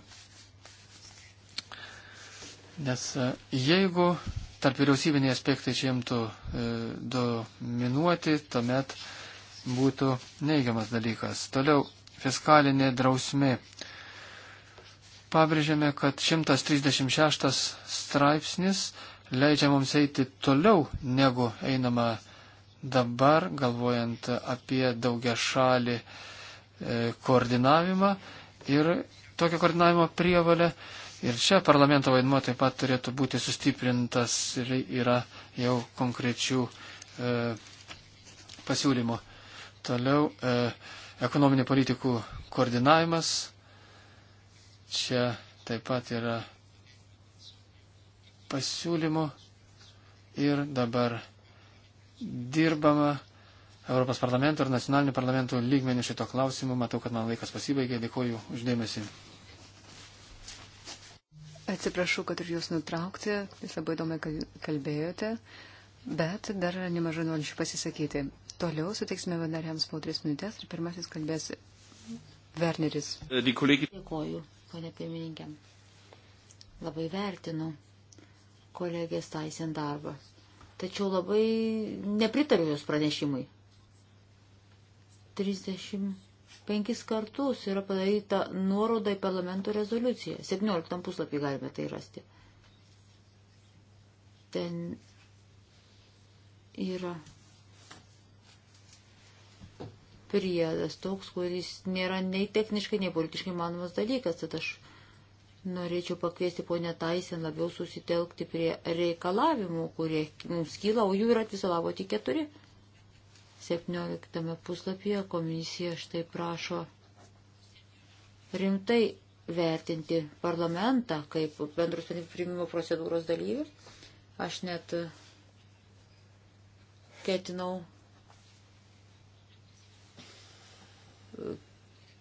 Nes e, jeigu tarp vyriausybiniai aspektai čia imtų e, dominuoti, tuomet būtų neigiamas dalykas. Toliau fiskalinė drausmė. E, pabrėžėme, kad 136 straipsnis leidžia mums eiti toliau, negu einama dabar, galvojant apie daugia šalį e, koordinavimą ir tokio koordinavimo prievalę. Ir čia parlamento vaidmuo taip pat turėtų būti sustiprintas ir yra jau konkrečių e, pasiūlymų. Toliau e, ekonominio politikų koordinavimas, Čia taip pat yra pasiūlymų ir dabar dirbama Europos parlamento ir nacionalinių parlamentų lygmenių šito klausimu. Matau, kad man laikas pasibaigė. Dėkuoju uždėmesi. Atsiprašau, kad ir jūs nutraukti. Jūs labai įdomiai kalbėjote, bet dar yra nemažai norinčių pasisakyti. Toliau suteiksime vadariams po tris minutės ir pirmasis kalbės Werneris. Dėkuoju ponė pirmininkė. Labai vertinu kolegės Taisen darbą. Tačiau labai nepritariu jos pranešimui. 35 kartus yra padaryta nuoroda į parlamento rezoliuciją. 17 puslapį galime tai rasti. Ten yra priedas, toks, kuris nėra nei techniškai, nei politiškai manomas dalykas. Tad aš norėčiau pakviesti ponę Taisen labiau susitelkti prie reikalavimų, kurie mums kyla, o jų yra viso labo tik keturi. 17 puslapyje komisija štai prašo rimtai vertinti parlamentą kaip bendrus priimimo procedūros dalyvių. Aš net ketinau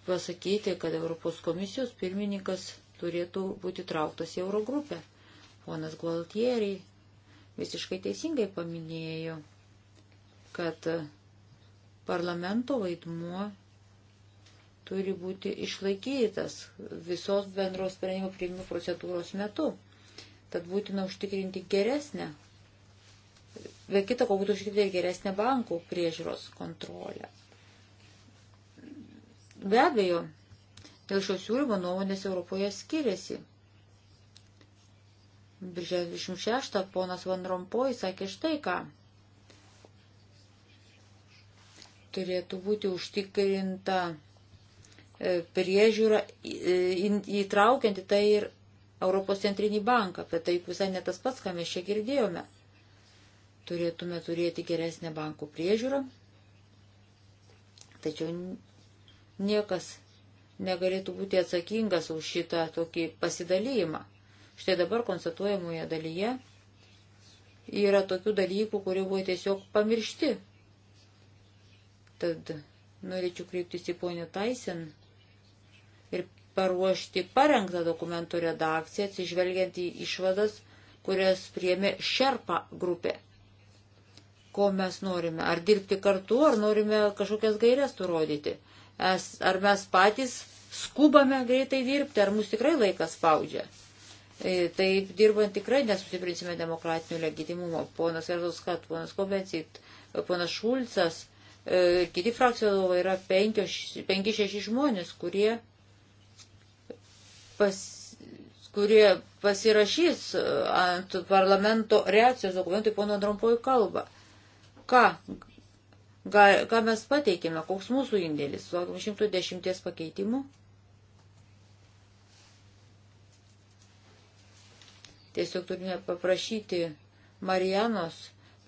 pasakyti, kad Europos komisijos pirmininkas turėtų būti trauktas į Eurogrupę. Ponas Gualtieriai visiškai teisingai paminėjo, kad parlamento vaidmuo turi būti išlaikytas visos bendros sprendimo priimimo procedūros metu. Tad būtina užtikrinti geresnę, be kita ko būtų užtikrinti geresnę bankų priežiūros kontrolę. Be abejo, dėl šios siūlymo nuomonės Europoje skiriasi. Birželio 26 ponas Van Rompoj sakė štai ką. Turėtų būti užtikrinta e, priežiūra e, įtraukianti tai ir Europos centrinį banką, bet tai visai ne tas pats, ką mes čia girdėjome. Turėtume turėti geresnę bankų priežiūrą, tačiau Niekas negalėtų būti atsakingas už šitą tokį pasidalyjimą. Štai dabar konstatuojamoje dalyje yra tokių dalykų, kurie buvo tiesiog pamiršti. Tad norėčiau kreiptis į ponę Taisen ir paruošti parengtą dokumentų redakciją, atsižvelgiant į išvadas, kurias priemė Šerpa grupė. Ko mes norime? Ar dirbti kartu, ar norime kažkokias gairias nurodyti? Ar mes patys skubame greitai dirbti, ar mus tikrai laikas spaudžia. E, Taip dirbant tikrai nesusiprinsime demokratinių legitimumo. Ponas Erzoskat, ponas Kobencit, ponas Šulcas, e, kiti frakcijos vadovai yra 5-6 žmonės, kurie, pas, kurie pasirašys ant parlamento reakcijos dokumentui pono Trumpojo kalbą. Ką Ką, ką mes pateikėme, koks mūsų indėlis, sulaukėme 110 pakeitimų. Tiesiog turime paprašyti Marijanos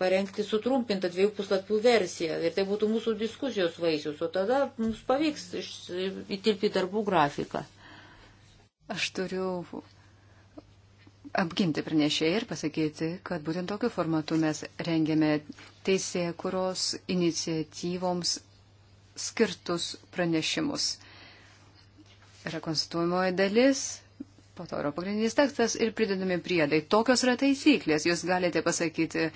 parengti sutrumpintą dviejų puslapių versiją. Ir tai būtų mūsų diskusijos vaisius, o tada mums pavyks įtilpti darbų grafiką. Aš turiu apginti pranešėjai ir pasakyti, kad būtent tokiu formatu mes rengiame teisė, kurios iniciatyvoms skirtus pranešimus. Yra konstituojamoji dalis, po to yra pagrindinis tekstas ir pridedami priedai. Tokios yra taisyklės. Jūs galite pasakyti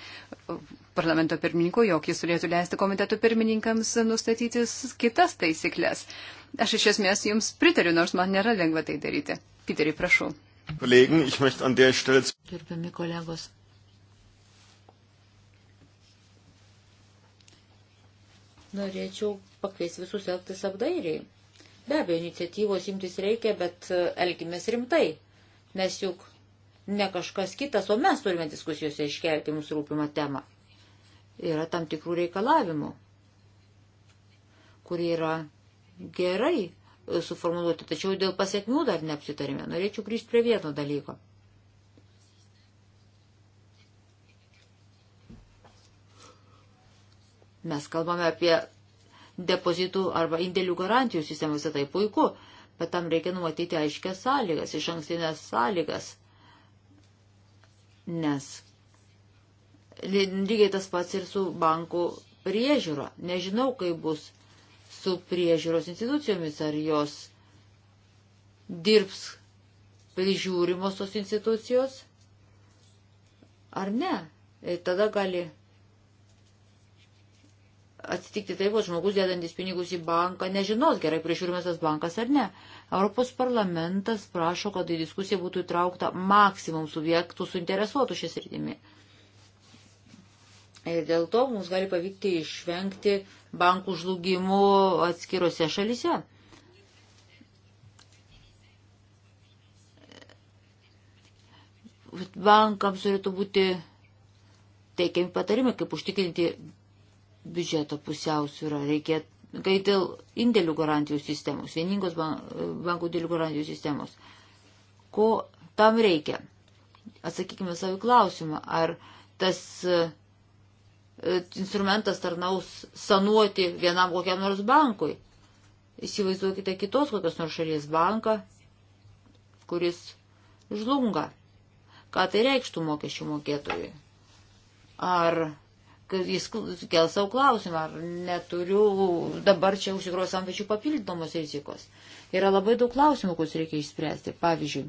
parlamento pirmininku, jog jis turėtų leisti komitetų pirmininkams nustatyti kitas taisyklės. Aš iš esmės jums pritariu, nors man nėra lengva tai daryti. Piterį, prašau. Gerbiami kolegos. Norėčiau pakviesti visus elgtis apdairiai. Be abejo, iniciatyvos imtis reikia, bet e, elgimės rimtai, nes juk ne kažkas kitas, o mes turime diskusijose iškelti mums rūpimą temą. Yra tam tikrų reikalavimų, kurie yra gerai suformuluoti, tačiau dėl pasiekmių dar neapsitarėme. Norėčiau grįžti prie vieno dalyko. Mes kalbame apie depozitų arba indėlių garantijų sistemą, visą tai puiku, bet tam reikia numatyti aiškias sąlygas, iš ankstinės sąlygas, nes lygiai tas pats ir su bankų priežiūra. Nežinau, kaip bus su priežiūros institucijomis, ar jos dirbs prižiūrimos tos institucijos, ar ne. Ir tada gali atsitikti taip, kad žmogus dėdantis pinigus į banką nežinos gerai prižiūrimas tas bankas ar ne. Europos parlamentas prašo, kad į diskusiją būtų įtraukta maksimum subjektų suinteresuotų šią sritimį. Ir dėl to mums gali pavykti išvengti bankų žlugimų atskirose šalise. Bankams turėtų būti teikiami patarimai, kaip užtikrinti biudžeto pusiausvyrą. Reikėtų, kai dėl indėlių garantijų sistemos, vieningos bankų dėlių garantijų sistemos, ko tam reikia? Atsakykime savo klausimą, ar tas E, instrumentas tarnaus sanuoti vienam kokiam nors bankui. Įsivaizduokite kitos kokios nors šalies banką, kuris žlunga. Ką tai reikštų mokesčių mokėtojui? Ar jis kel savo klausimą, ar neturiu dabar čia užsikros ant pečių papildomos rizikos. Yra labai daug klausimų, kuriuos reikia išspręsti. Pavyzdžiui,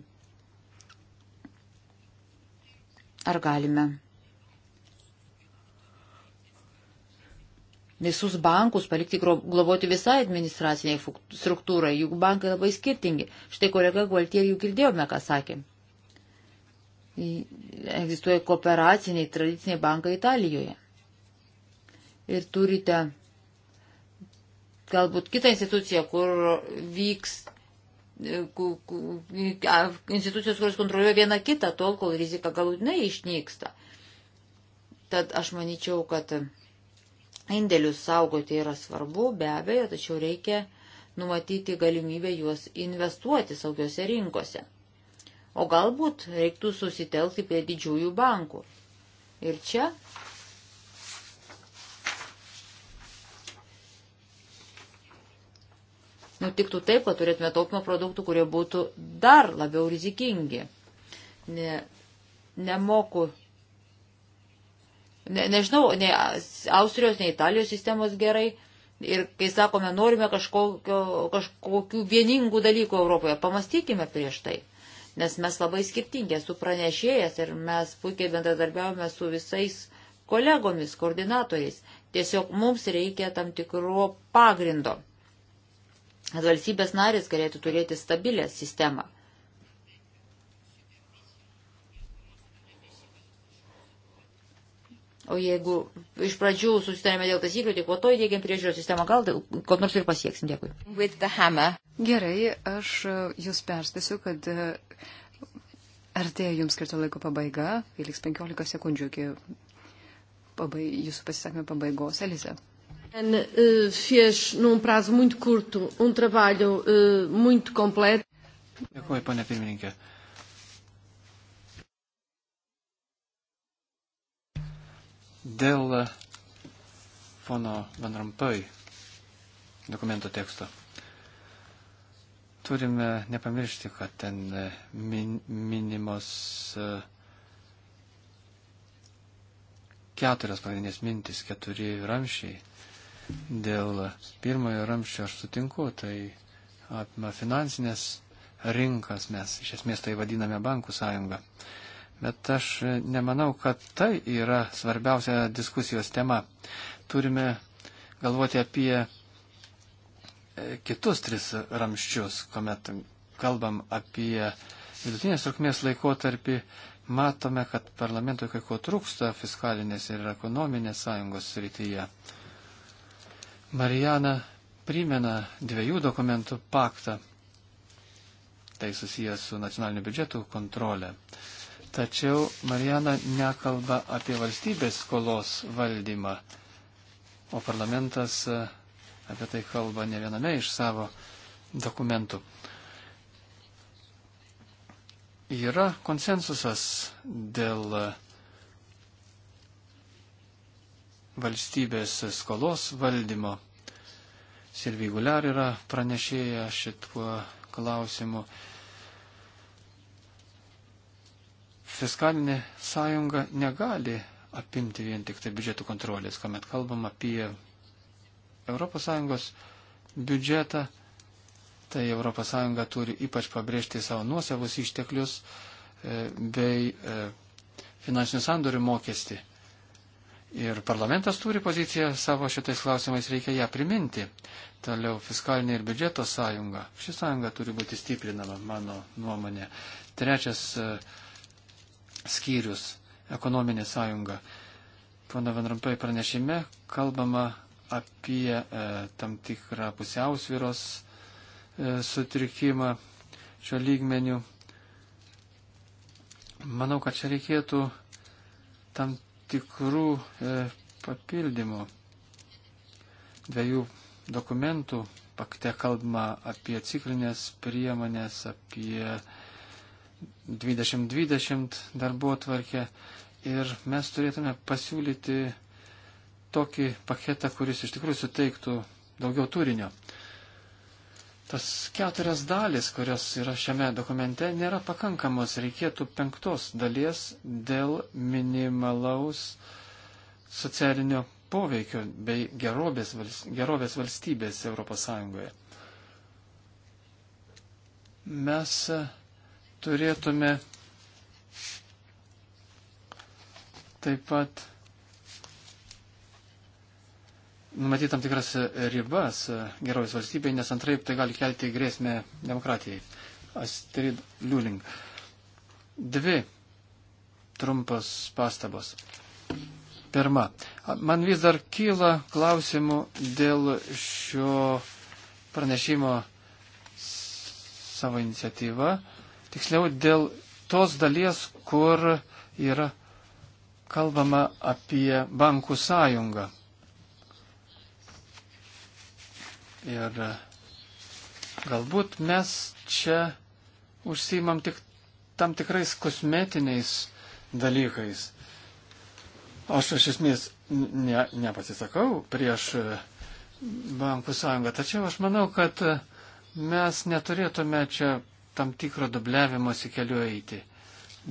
ar galime visus bankus palikti globoti visai administraciniai struktūrai, juk bankai labai skirtingi. Štai kolega Gualtier jau girdėjome, ką sakė. Egzistuoja kooperaciniai tradiciniai bankai Italijoje. Ir turite galbūt kitą instituciją, kur vyks e, institucijos, kurios kontroliuoja vieną kitą, tol, kol rizika galutinai išnyksta. Tad aš manyčiau, kad Indėlius saugoti yra svarbu, be abejo, tačiau reikia numatyti galimybę juos investuoti saugiose rinkose. O galbūt reiktų susitelkti prie didžiųjų bankų. Ir čia nutiktų taip, kad turėtume taupimo produktų, kurie būtų dar labiau rizikingi. Ne, nemoku ne, nežinau, nei Austrijos, nei Italijos sistemos gerai. Ir kai sakome, norime kažkokio, kažkokių vieningų dalykų Europoje, pamastykime prieš tai. Nes mes labai skirtingi, esu pranešėjas ir mes puikiai bendradarbiavome su visais kolegomis, koordinatoriais. Tiesiog mums reikia tam tikro pagrindo. Valstybės narės galėtų turėti stabilę sistemą. O jeigu iš pradžių susitarėme dėl taisyklių, tik po to įdėgiam priežiūros sistemą, gal ko nors ir pasieksim. Dėkui. Gerai, aš jūs perspėsiu, kad eh, artėja jums skirto laiko pabaiga, kai liks 15 sekundžių iki pabai, jūsų pasisakymo pabaigos. Eliza. Eh, um eh, Dėkui, pane pirmininkė. Dėl pono Van Rampai dokumento teksto. Turime nepamiršti, kad ten e, min, minimos e, keturios pagrindinės mintis, keturi ramšiai. Dėl pirmojo ramščio aš sutinku, tai apima finansinės rinkas, mes iš esmės tai vadiname bankų sąjungą bet aš nemanau, kad tai yra svarbiausia diskusijos tema. Turime galvoti apie e, kitus tris ramščius, kuomet kalbam apie vidutinės trukmės laikotarpį, matome, kad parlamentui kai ko trūksta fiskalinės ir ekonominės sąjungos srityje. Marijana primena dviejų dokumentų paktą. Tai susijęs su nacionaliniu biudžetu kontrolė. Uh, Tačiau Marijana nekalba apie valstybės skolos valdymą, o parlamentas e, apie tai kalba ne viename iš savo dokumentų. Yra konsensusas dėl e, valstybės skolos valdymo. Silviguliar yra pranešėja šituo klausimu. fiskalinė sąjunga negali apimti vien tik tai biudžetų kontrolės, kuomet kalbam apie ES biudžetą, tai ES turi ypač pabrėžti savo nuosavus išteklius e, bei e, finansinių sandorių mokestį. Ir parlamentas turi poziciją savo šitais klausimais, reikia ją priminti. Toliau fiskalinė ir biudžeto sąjunga. Ši sąjunga turi būti stiprinama, mano nuomonė. Trečias uh, skyrius - ekonominė sąjunga. Pono Vanrampai pranešime kalbama apie e, tam tikrą pusiausviros e, sutrikimą šio lygmenių. Manau, kad čia reikėtų tam tikrų e, papildymų. Dviejų dokumentų pakte kalbama apie ciklinės priemonės, apie 2020 darbo tvarkę ir mes turėtume pasiūlyti tokį paketą, kuris iš tikrųjų suteiktų daugiau turinio. Tas keturias dalis, kurios yra šiame dokumente, nėra pakankamos. Reikėtų penktos dalies dėl minimalaus socialinio poveikio bei gerovės, gerovės valstybės ES. Mes turėtume taip pat numatyti tam tikras ribas gerovės valstybei, nes antraip tai gali kelti grėsmę demokratijai. Astrid Liuling. Dvi trumpos pastabos. Pirma, man vis dar kyla klausimų dėl šio pranešimo savo iniciatyvą tiksliau dėl tos dalies, kur yra kalbama apie bankų sąjungą. Ir galbūt mes čia užsimam tik tam tikrais kosmetiniais dalykais. Aš iš esmės ne, nepasisakau prieš bankų sąjungą, tačiau aš manau, kad mes neturėtume čia tam tikro dubliavimosi keliu eiti,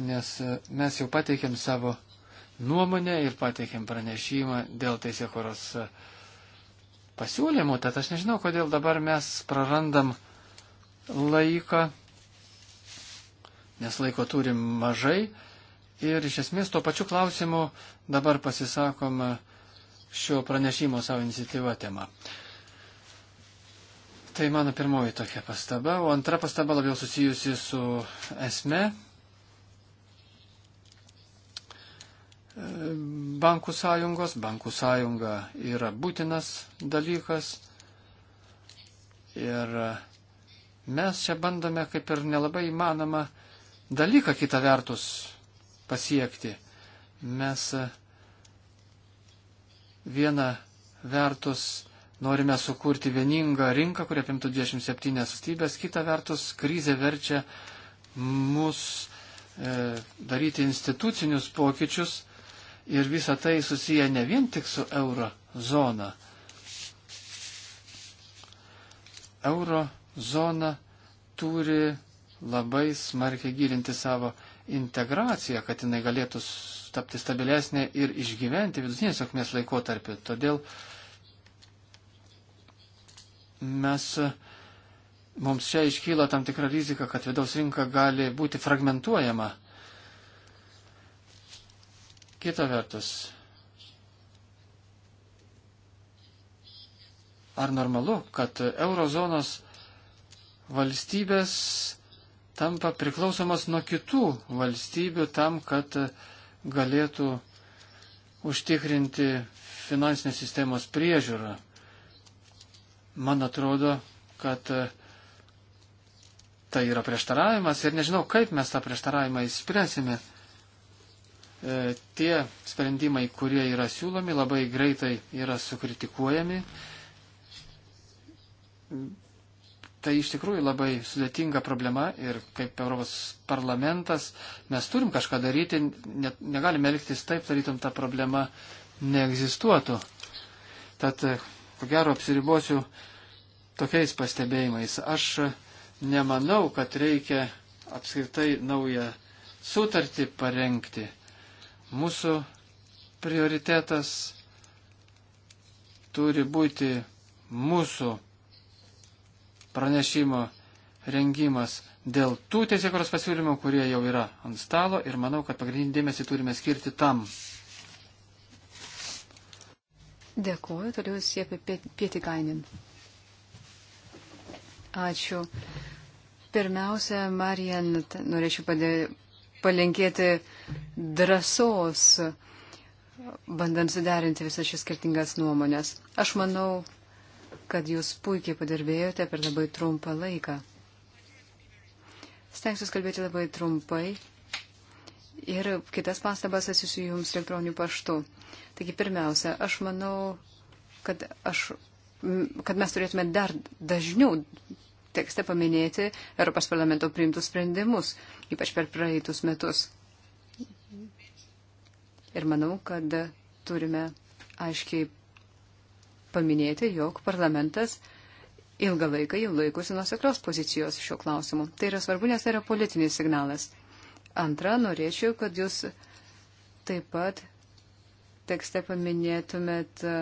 nes e, mes jau pateikėm savo nuomonę ir pateikėm pranešimą dėl teisėkoros e, pasiūlymų, tad aš nežinau, kodėl dabar mes prarandam laiką, nes laiko turim mažai ir iš esmės tuo pačiu klausimu dabar pasisakom šio pranešimo savo iniciatyvą temą. Tai mano pirmoji tokia pastaba, o antra pastaba labiau susijusi su esme. Bankų sąjungos, bankų sąjunga yra būtinas dalykas ir mes čia bandome kaip ir nelabai įmanoma dalyką kitą vertus pasiekti. Mes vieną vertus Norime sukurti vieningą rinką, kurie apimtų 27 valstybės. Kita vertus, krizė verčia mus e, daryti institucinius pokyčius ir visa tai susiję ne vien tik su euro zona. Euro zona turi labai smarkiai gilinti savo integraciją, kad jinai galėtų tapti stabilesnė ir išgyventi vidutinės sėkmės laikotarpį. Todėl mes, mums čia iškyla tam tikra rizika, kad vidaus rinka gali būti fragmentuojama. Kita vertus, ar normalu, kad eurozonos valstybės tampa priklausomas nuo kitų valstybių tam, kad galėtų užtikrinti finansinės sistemos priežiūrą. Man atrodo, kad e, tai yra prieštaravimas ir nežinau, kaip mes tą prieštaravimą įspręsime. E, tie sprendimai, kurie yra siūlomi, labai greitai yra sukritikuojami. Tai iš tikrųjų labai sudėtinga problema ir kaip Europos parlamentas mes turim kažką daryti, ne, negalime elgtis taip, tarytum ta problema neegzistuotų. Tad e, ko gero apsiribosiu tokiais pastebėjimais. Aš nemanau, kad reikia apskritai naują sutartį parengti. Mūsų prioritetas turi būti mūsų pranešimo rengimas dėl tų teisėkuros pasiūlymų, kurie jau yra ant stalo ir manau, kad pagrindinį dėmesį turime skirti tam. Dėkuoju, toliau siepia Pietikainin. Ačiū. Pirmiausia, Marijan, norėčiau padė, palinkėti drąsos, bandant suderinti visas šias skirtingas nuomonės. Aš manau, kad jūs puikiai padirbėjote per labai trumpą laiką. Stengsiu kalbėti labai trumpai ir kitas pastabas atsisiu jums elektroniniu paštu. Taigi pirmiausia, aš manau, kad, aš, kad mes turėtume dar dažniau tekste paminėti Europos parlamento priimtus sprendimus, ypač per praeitus metus. Ir manau, kad turime aiškiai paminėti, jog parlamentas ilgą laiką jau laikosi nuseklios pozicijos šiuo klausimu. Tai yra svarbu, nes tai yra politinis signalas. Antra, norėčiau, kad jūs taip pat tekste paminėtumėt e,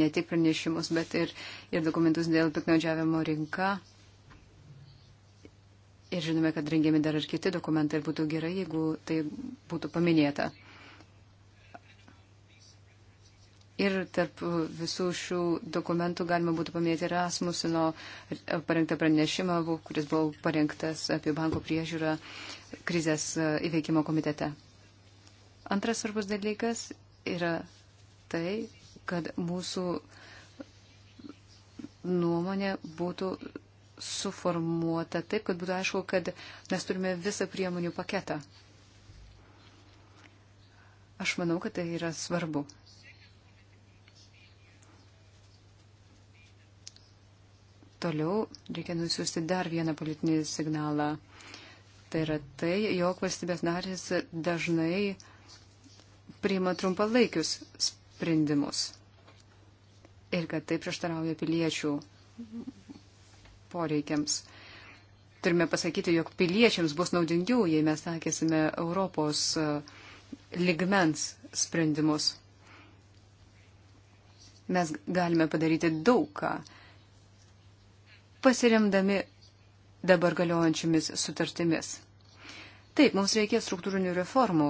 ne tik pranešimus, bet ir, ir dokumentus dėl piknaudžiavimo rinka. Ir žinome, kad rengiami dar ir kiti dokumentai ir būtų gerai, jeigu tai būtų paminėta. Ir tarp visų šių dokumentų galima būtų paminėti Rasmusino parengtą pranešimą, kuris buvo parengtas apie banko priežiūrą uh, krizės e, įveikimo komitete. Antras svarbus dalykas yra tai, kad mūsų nuomonė būtų suformuota taip, kad būtų aišku, kad mes turime visą priemonių paketą. Aš manau, kad tai yra svarbu. Toliau reikia nusiųsti dar vieną politinį signalą Tai yra tai, jog valstybės narės dažnai priima trumpalaikius sprendimus. Ir kad tai prieštarauja piliečių poreikiams. Turime pasakyti, jog piliečiams bus naudingiau, jei mes sakysime Europos e, ligmens sprendimus. Mes galime padaryti daug ką, pasiremdami dabar galiojančiamis sutartimis. Taip, mums reikia struktūrinių reformų.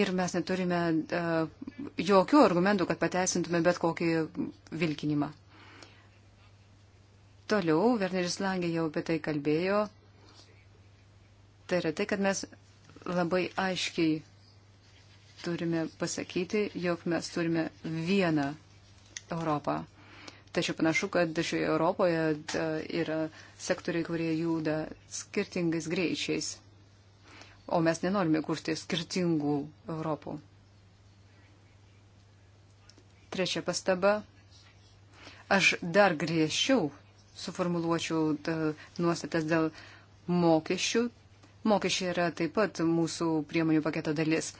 Ir mes neturime uh, jokių argumentų, kad pateisintume bet kokį vilkinimą. Toliau, Werneris Langė jau apie tai kalbėjo. Tai yra tai, kad mes labai aiškiai turime pasakyti, jog mes turime vieną Europą. Tačiau panašu, kad šioje Europoje e, yra sektoriai, kurie juda skirtingais greičiais. O mes nenorime kurti skirtingų Europų. Trečia pastaba. Aš dar griežčiau suformuluočiau e, nuostatas dėl mokesčių. Mokesčiai yra taip pat mūsų priemonių paketo dalis.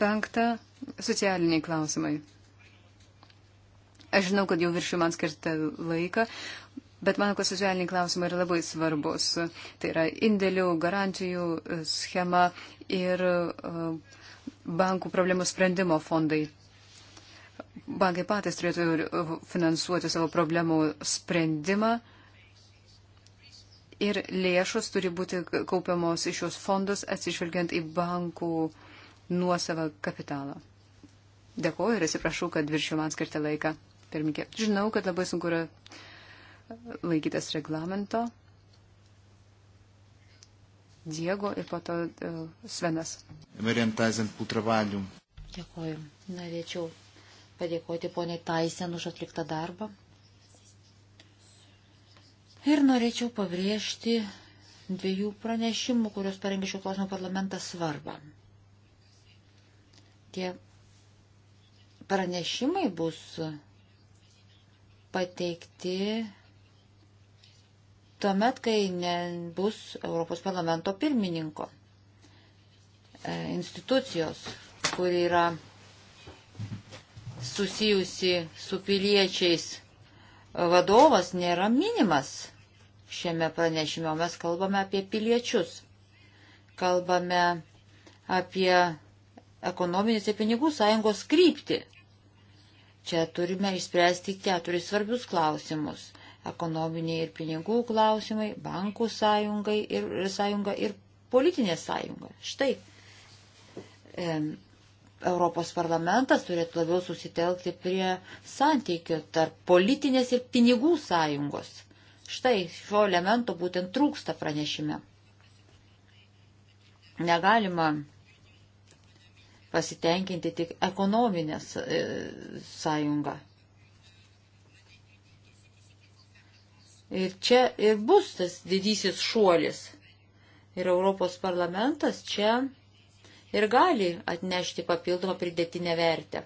Penkta - socialiniai klausimai. Aš žinau, kad jau viršiu man skirtą laiką, Bet manau, kad socialiniai klausimai yra labai svarbus. Tai yra indėlių, garantijų e, schema ir e, bankų problemų sprendimo fondai. Bankai patys turėtų e, finansuoti savo problemų sprendimą ir lėšos turi būti kaupiamos iš šios fondus atsižvelgiant į bankų nuosavą kapitalą. Dėkuoju ir atsiprašau, kad viršiu man skirtą laiką pirmininkė. Žinau, kad labai sunku yra laikytas reglamento. Diego ir po to uh, Svenas. Dėkuoju. Norėčiau padėkoti poniai Taisen už atliktą darbą. Ir norėčiau pabrėžti dviejų pranešimų, kurios parengė šio klausimo parlamentas svarbą. Tie pranešimai bus pateikti tuomet, kai nebus Europos parlamento pirmininko e, institucijos, kur yra susijusi su piliečiais vadovas, nėra minimas šiame pranešime. Mes kalbame apie piliečius. Kalbame apie ekonominės ir pinigų sąjungos kryptį. Čia turime išspręsti keturis svarbius klausimus - ekonominiai ir pinigų klausimai, bankų sąjungai ir, sąjunga ir politinė sąjunga. Štai. E, Europos parlamentas turėtų labiau susitelkti prie santykių tarp politinės ir pinigų sąjungos. Štai šio elemento būtent trūksta pranešime. Negalima pasitenkinti tik ekonominę e, sąjungą. Ir čia ir bus tas didysis šuolis. Ir Europos parlamentas čia ir gali atnešti papildomą pridėtinę vertę.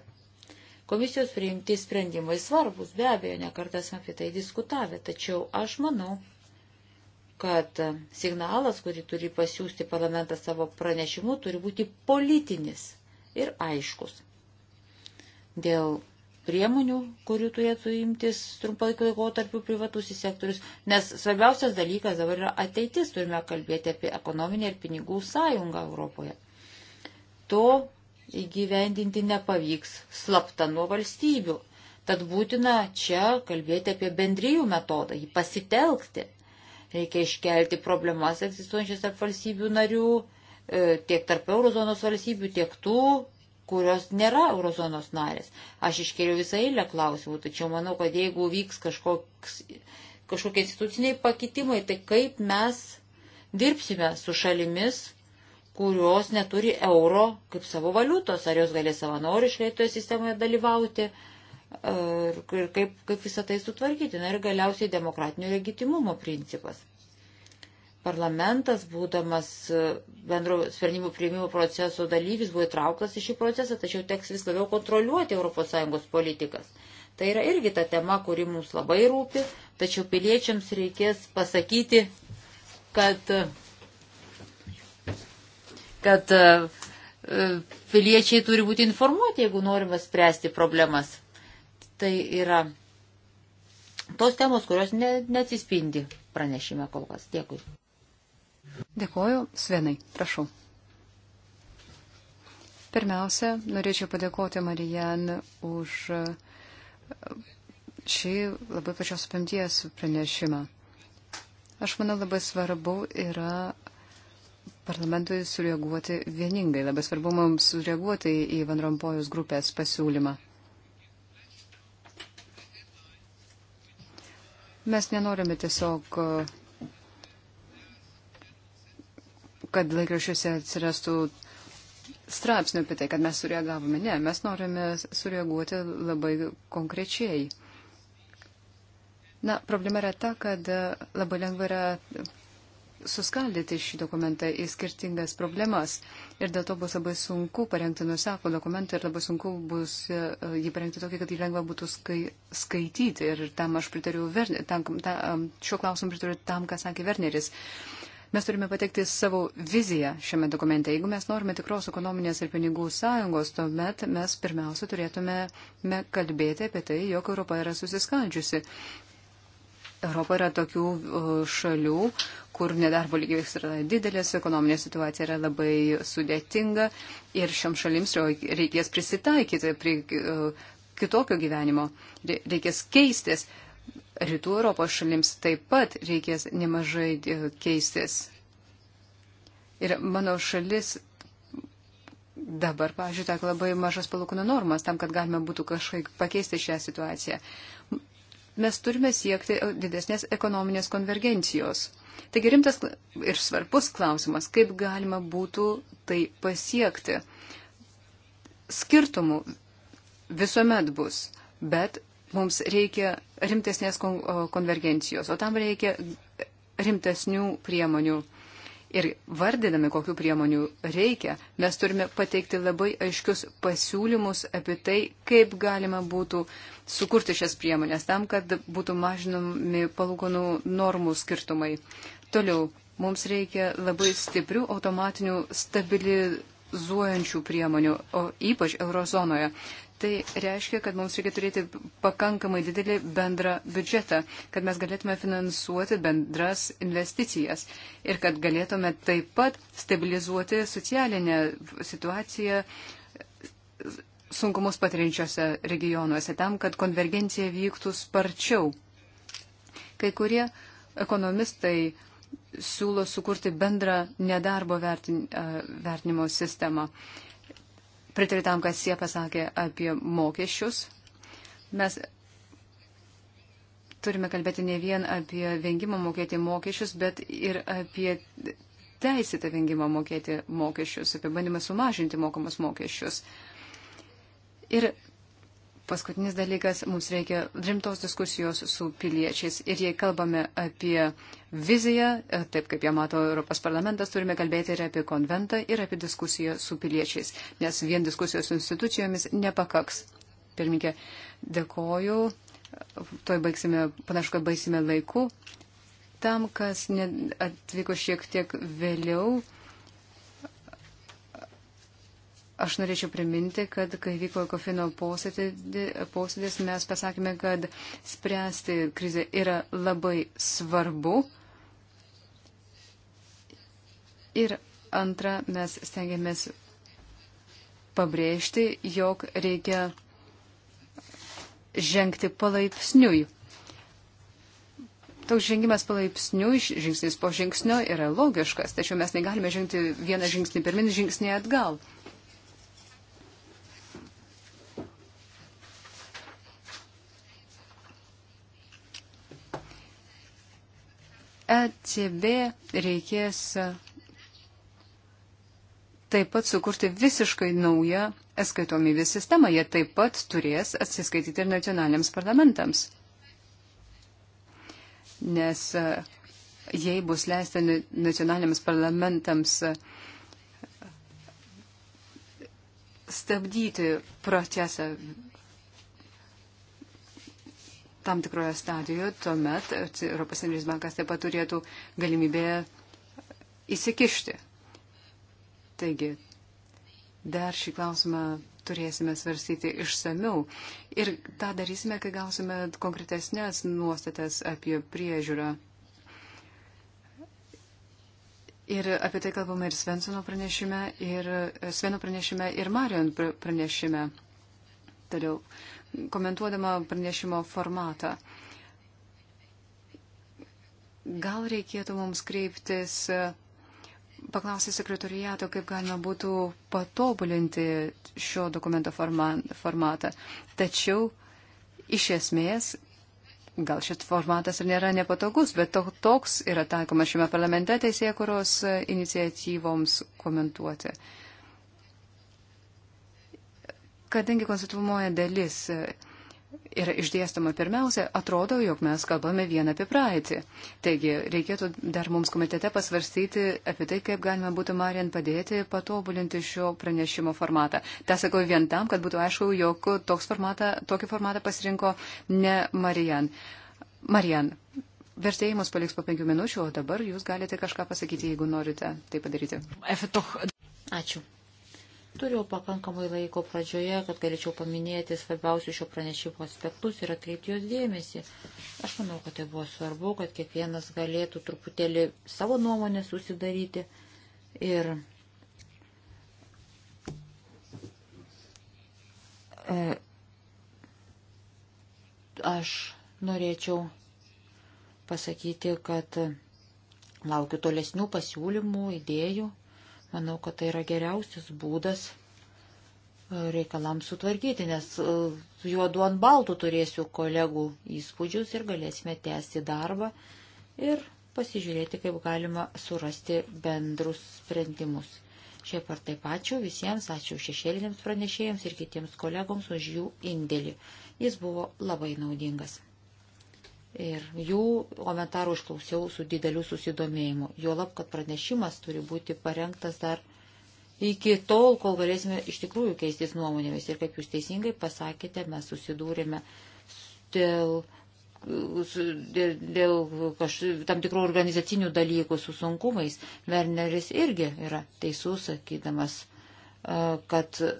Komisijos priimti sprendimai svarbus, be abejo, nekartas apie tai diskutavę, tačiau aš manau, kad signalas, kurį turi pasiūsti parlamentas savo pranešimu, turi būti politinis ir aiškus. Dėl priemonių, kurių turėtų imtis trumpalaikio laikotarpiu privatus sektorius, nes svarbiausias dalykas dabar yra ateitis, turime kalbėti apie ekonominę ir pinigų sąjungą Europoje. To įgyvendinti nepavyks slapta nuo valstybių, tad būtina čia kalbėti apie bendrijų metodą, jį pasitelkti. Reikia iškelti problemas egzistuojančias tarp valstybių narių E, tiek tarp eurozonos valstybių, tiek tų, kurios nėra eurozonos narės. Aš iškėliau visą eilę klausimų, tačiau manau, kad jeigu vyks kažkoks, kažkokie instituciniai pakitimai, tai kaip mes dirbsime su šalimis, kurios neturi euro kaip savo valiutos, ar jos galės savanoriškai toje sistemoje dalyvauti, ir kaip, kaip visą tai sutvarkyti. Na ir galiausiai demokratinio legitimumo principas. Parlamentas, būdamas e, bendro sprendimų prieimimo proceso dalyvis, buvo įtrauktas į šį procesą, tačiau teks vis labiau kontroliuoti ES politikas. Tai yra irgi ta tema, kuri mums labai rūpi, tačiau piliečiams reikės pasakyti, kad, kad e, e, piliečiai turi būti informuoti, jeigu norima spręsti problemas. Tai yra tos temos, kurios ne, neatsispindi pranešime kol kas. Dėkui. Dėkoju, Svenai, prašau. Pirmiausia, norėčiau padėkoti Marijan už šį labai pačios apimties pranešimą. Aš manau, labai svarbu yra parlamentui sureaguoti vieningai, labai svarbu mums sureaguoti į Van Rompojus grupės pasiūlymą. Mes nenorime tiesiog kad laikrašiuose atsirastų straipsnių apie tai, kad mes sureagavome. Ne, mes norime sureaguoti labai konkrečiai. Na, problema yra ta, kad labai lengva yra suskaldyti šį dokumentą į skirtingas problemas. Ir dėl to bus labai sunku parengti nuseklų dokumentą ir labai sunku bus e, jį parengti tokį, kad jį lengva būtų skai, skaityti. Ir tam aš pritariu, tam, tam, šiuo klausimu pritariu tam, ką sakė Werneris. Mes turime patekti savo viziją šiame dokumente. Jeigu mes norime tikros ekonominės ir pinigų sąjungos, tuomet mes pirmiausia turėtume kalbėti apie tai, jog Europa yra susiskaldžiusi. Europa yra tokių šalių, kur nedarbo lygis yra didelis, ekonominė situacija yra labai sudėtinga ir šiom šalims reikės prisitaikyti prie kitokio gyvenimo, reikės keistis. Rytų Europos šalims taip pat reikės nemažai e, keistis. Ir mano šalis dabar, pažiūrėjau, tak labai mažas palūkanų normas tam, kad galime būtų kažkaip pakeisti šią situaciją. Mes turime siekti e, didesnės ekonominės konvergencijos. Taigi rimtas ir svarbus klausimas, kaip galima būtų tai pasiekti. Skirtumų visuomet bus, bet Mums reikia rimtesnės konvergencijos, o tam reikia rimtesnių priemonių. Ir vardinami, kokiu priemonių reikia, mes turime pateikti labai aiškius pasiūlymus apie tai, kaip galima būtų sukurti šias priemonės tam, kad būtų mažinami palūkonų normų skirtumai. Toliau, mums reikia labai stiprių automatinių stabilizuojančių priemonių, o ypač eurozonoje. Tai reiškia, kad mums reikia turėti pakankamai didelį bendrą biudžetą, kad mes galėtume finansuoti bendras investicijas ir kad galėtume taip pat stabilizuoti socialinę situaciją sunkumus patirinčiose regionuose, tam, kad konvergencija vyktų sparčiau. Kai kurie ekonomistai siūlo sukurti bendrą nedarbo vertin, vertinimo sistemą. Uh, pritariu tam, kas jie pasakė apie mokesčius. Mes turime kalbėti ne vien apie vengimą mokėti mokesčius, bet ir apie teisėtą vengimą mokėti mokesčius, apie bandymą sumažinti mokamus mokesčius. Ir paskutinis dalykas, mums reikia rimtos diskusijos su piliečiais. Ir jei kalbame apie viziją, e, taip kaip ją mato Europos parlamentas, turime kalbėti ir apie konventą, ir apie diskusiją su piliečiais. Nes vien diskusijos su institucijomis nepakaks. Pirminkė, dėkoju. Toj baigsime, panašu, kad baigsime laiku. Tam, kas atvyko šiek tiek vėliau. Aš norėčiau priminti, kad kai vyko Ekofino posėdis, mes pasakėme, kad spręsti krizę yra labai svarbu. Ir antra, mes stengiamės pabrėžti, jog reikia žengti palaipsniui. Toks žengimas palaipsniui, žingsnis po žingsnio yra logiškas, tačiau mes negalime žengti vieną žingsnį pirmin, žingsnį atgal. ECB reikės taip pat sukurti visiškai naują atskaitomybės sistemą. Jie taip pat turės atsiskaityti ir nacionaliniams parlamentams. Nes e, jei bus leista nacionaliniams parlamentams e, stabdyti procesą tam tikroje stadijoje, tuomet Europos Centrinis bankas taip pat turėtų galimybę įsikišti. Taigi, dar šį klausimą turėsime svarstyti išsamiau ir tą darysime, kai gausime konkretesnės nuostatas apie priežiūrą. Ir apie tai kalbame ir Svensono pranešime, ir Sveno pranešime, ir Marion pranešime. Toliau komentuodama pranešimo formatą. Gal reikėtų mums kreiptis, paklausti sekretoriato, kaip galima būtų patobulinti šio dokumento forma, formatą. Tačiau iš esmės gal šit formatas ir nėra nepatogus, bet to, toks yra taikomas šiame parlamente teisėkuros iniciatyvoms komentuoti. Kadangi konstituojamoja dalis e, yra išdėstoma pirmiausia, atrodo, jog mes kalbame vien apie praeitį. Taigi, reikėtų dar mums komitete pasvarstyti apie tai, kaip galima būtų Marijan padėti patobulinti šio pranešimo formatą. Ta sakau vien tam, kad būtų aišku, jog formatą, tokį formatą pasirinko ne Marijan. Marijan, vertėjimus paliks po penkių minučių, o dabar jūs galite kažką pasakyti, jeigu norite tai padaryti. Ačiū. Turiu pakankamai laiko pradžioje, kad galėčiau paminėti svarbiausius šio pranešimo aspektus ir atkreipti jos dėmesį. Aš manau, kad tai buvo svarbu, kad kiekvienas galėtų truputėlį savo nuomonę susidaryti ir e, aš norėčiau pasakyti, kad laukiu tolesnių pasiūlymų, idėjų. Manau, kad tai yra geriausias būdas e, reikalams sutvarkyti, nes e, juodu ant baltų turėsiu kolegų įspūdžius ir galėsime tęsti darbą ir pasižiūrėti, kaip galima surasti bendrus sprendimus. Šiaip ar taip ačiū visiems, ačiū šešėliniams pranešėjams ir kitiems kolegoms už jų indėlį. Jis buvo labai naudingas. Ir jų komentarų išklausiau su dideliu susidomėjimu. Juolab, kad pranešimas turi būti parengtas dar iki tol, kol galėsime iš tikrųjų keistis nuomonėmis. Ir kaip jūs teisingai pasakėte, mes susidūrėme dėl, dėl, dėl kaž, tam tikrų organizacinių dalykų su sunkumais. Werneris irgi yra teisus, sakydamas, kad e,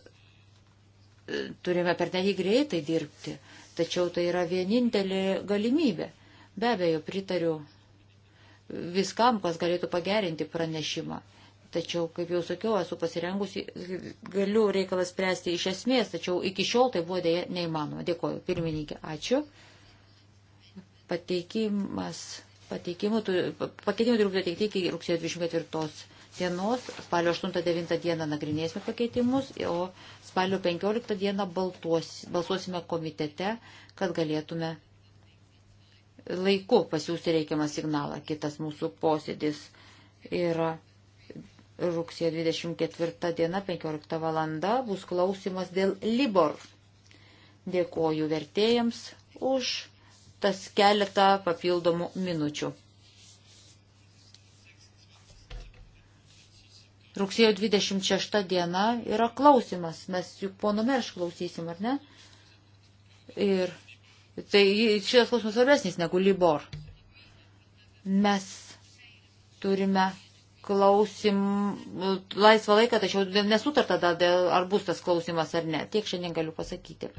turime per nelyg greitai dirbti Tačiau tai yra vienintelė galimybė. Be abejo, pritariu viskam, kas galėtų pagerinti pranešimą. Tačiau, kaip jau sakiau, esu pasirengusi, galiu reikalas spręsti iš esmės, tačiau iki šiol tai buvo dėja neįmanoma. Dėkoju, pirmininkė, ačiū. Pateikimas, pateikimų, pakeitimų turiu pateikti iki rugsėjo 24 dienos, spalio 8-9 dieną nagrinėsime pakeitimus, o spalio 15 dieną baltuos, balsuosime komitete, kad galėtume laiku pasiūsti reikiamą signalą. Kitas mūsų posėdis yra rugsėjo 24 diena, 15 valanda, bus klausimas dėl Libor. Dėkoju vertėjams už tas keletą papildomų minučių. Rugsėjo 26 diena yra klausimas, mes juk pono Merš klausysim, ar ne? Ir tai šitas klausimas svarbesnis negu Libor. Mes turime klausim laisvą laiką, tačiau nesutarta, ar bus tas klausimas ar ne. Tiek šiandien galiu pasakyti.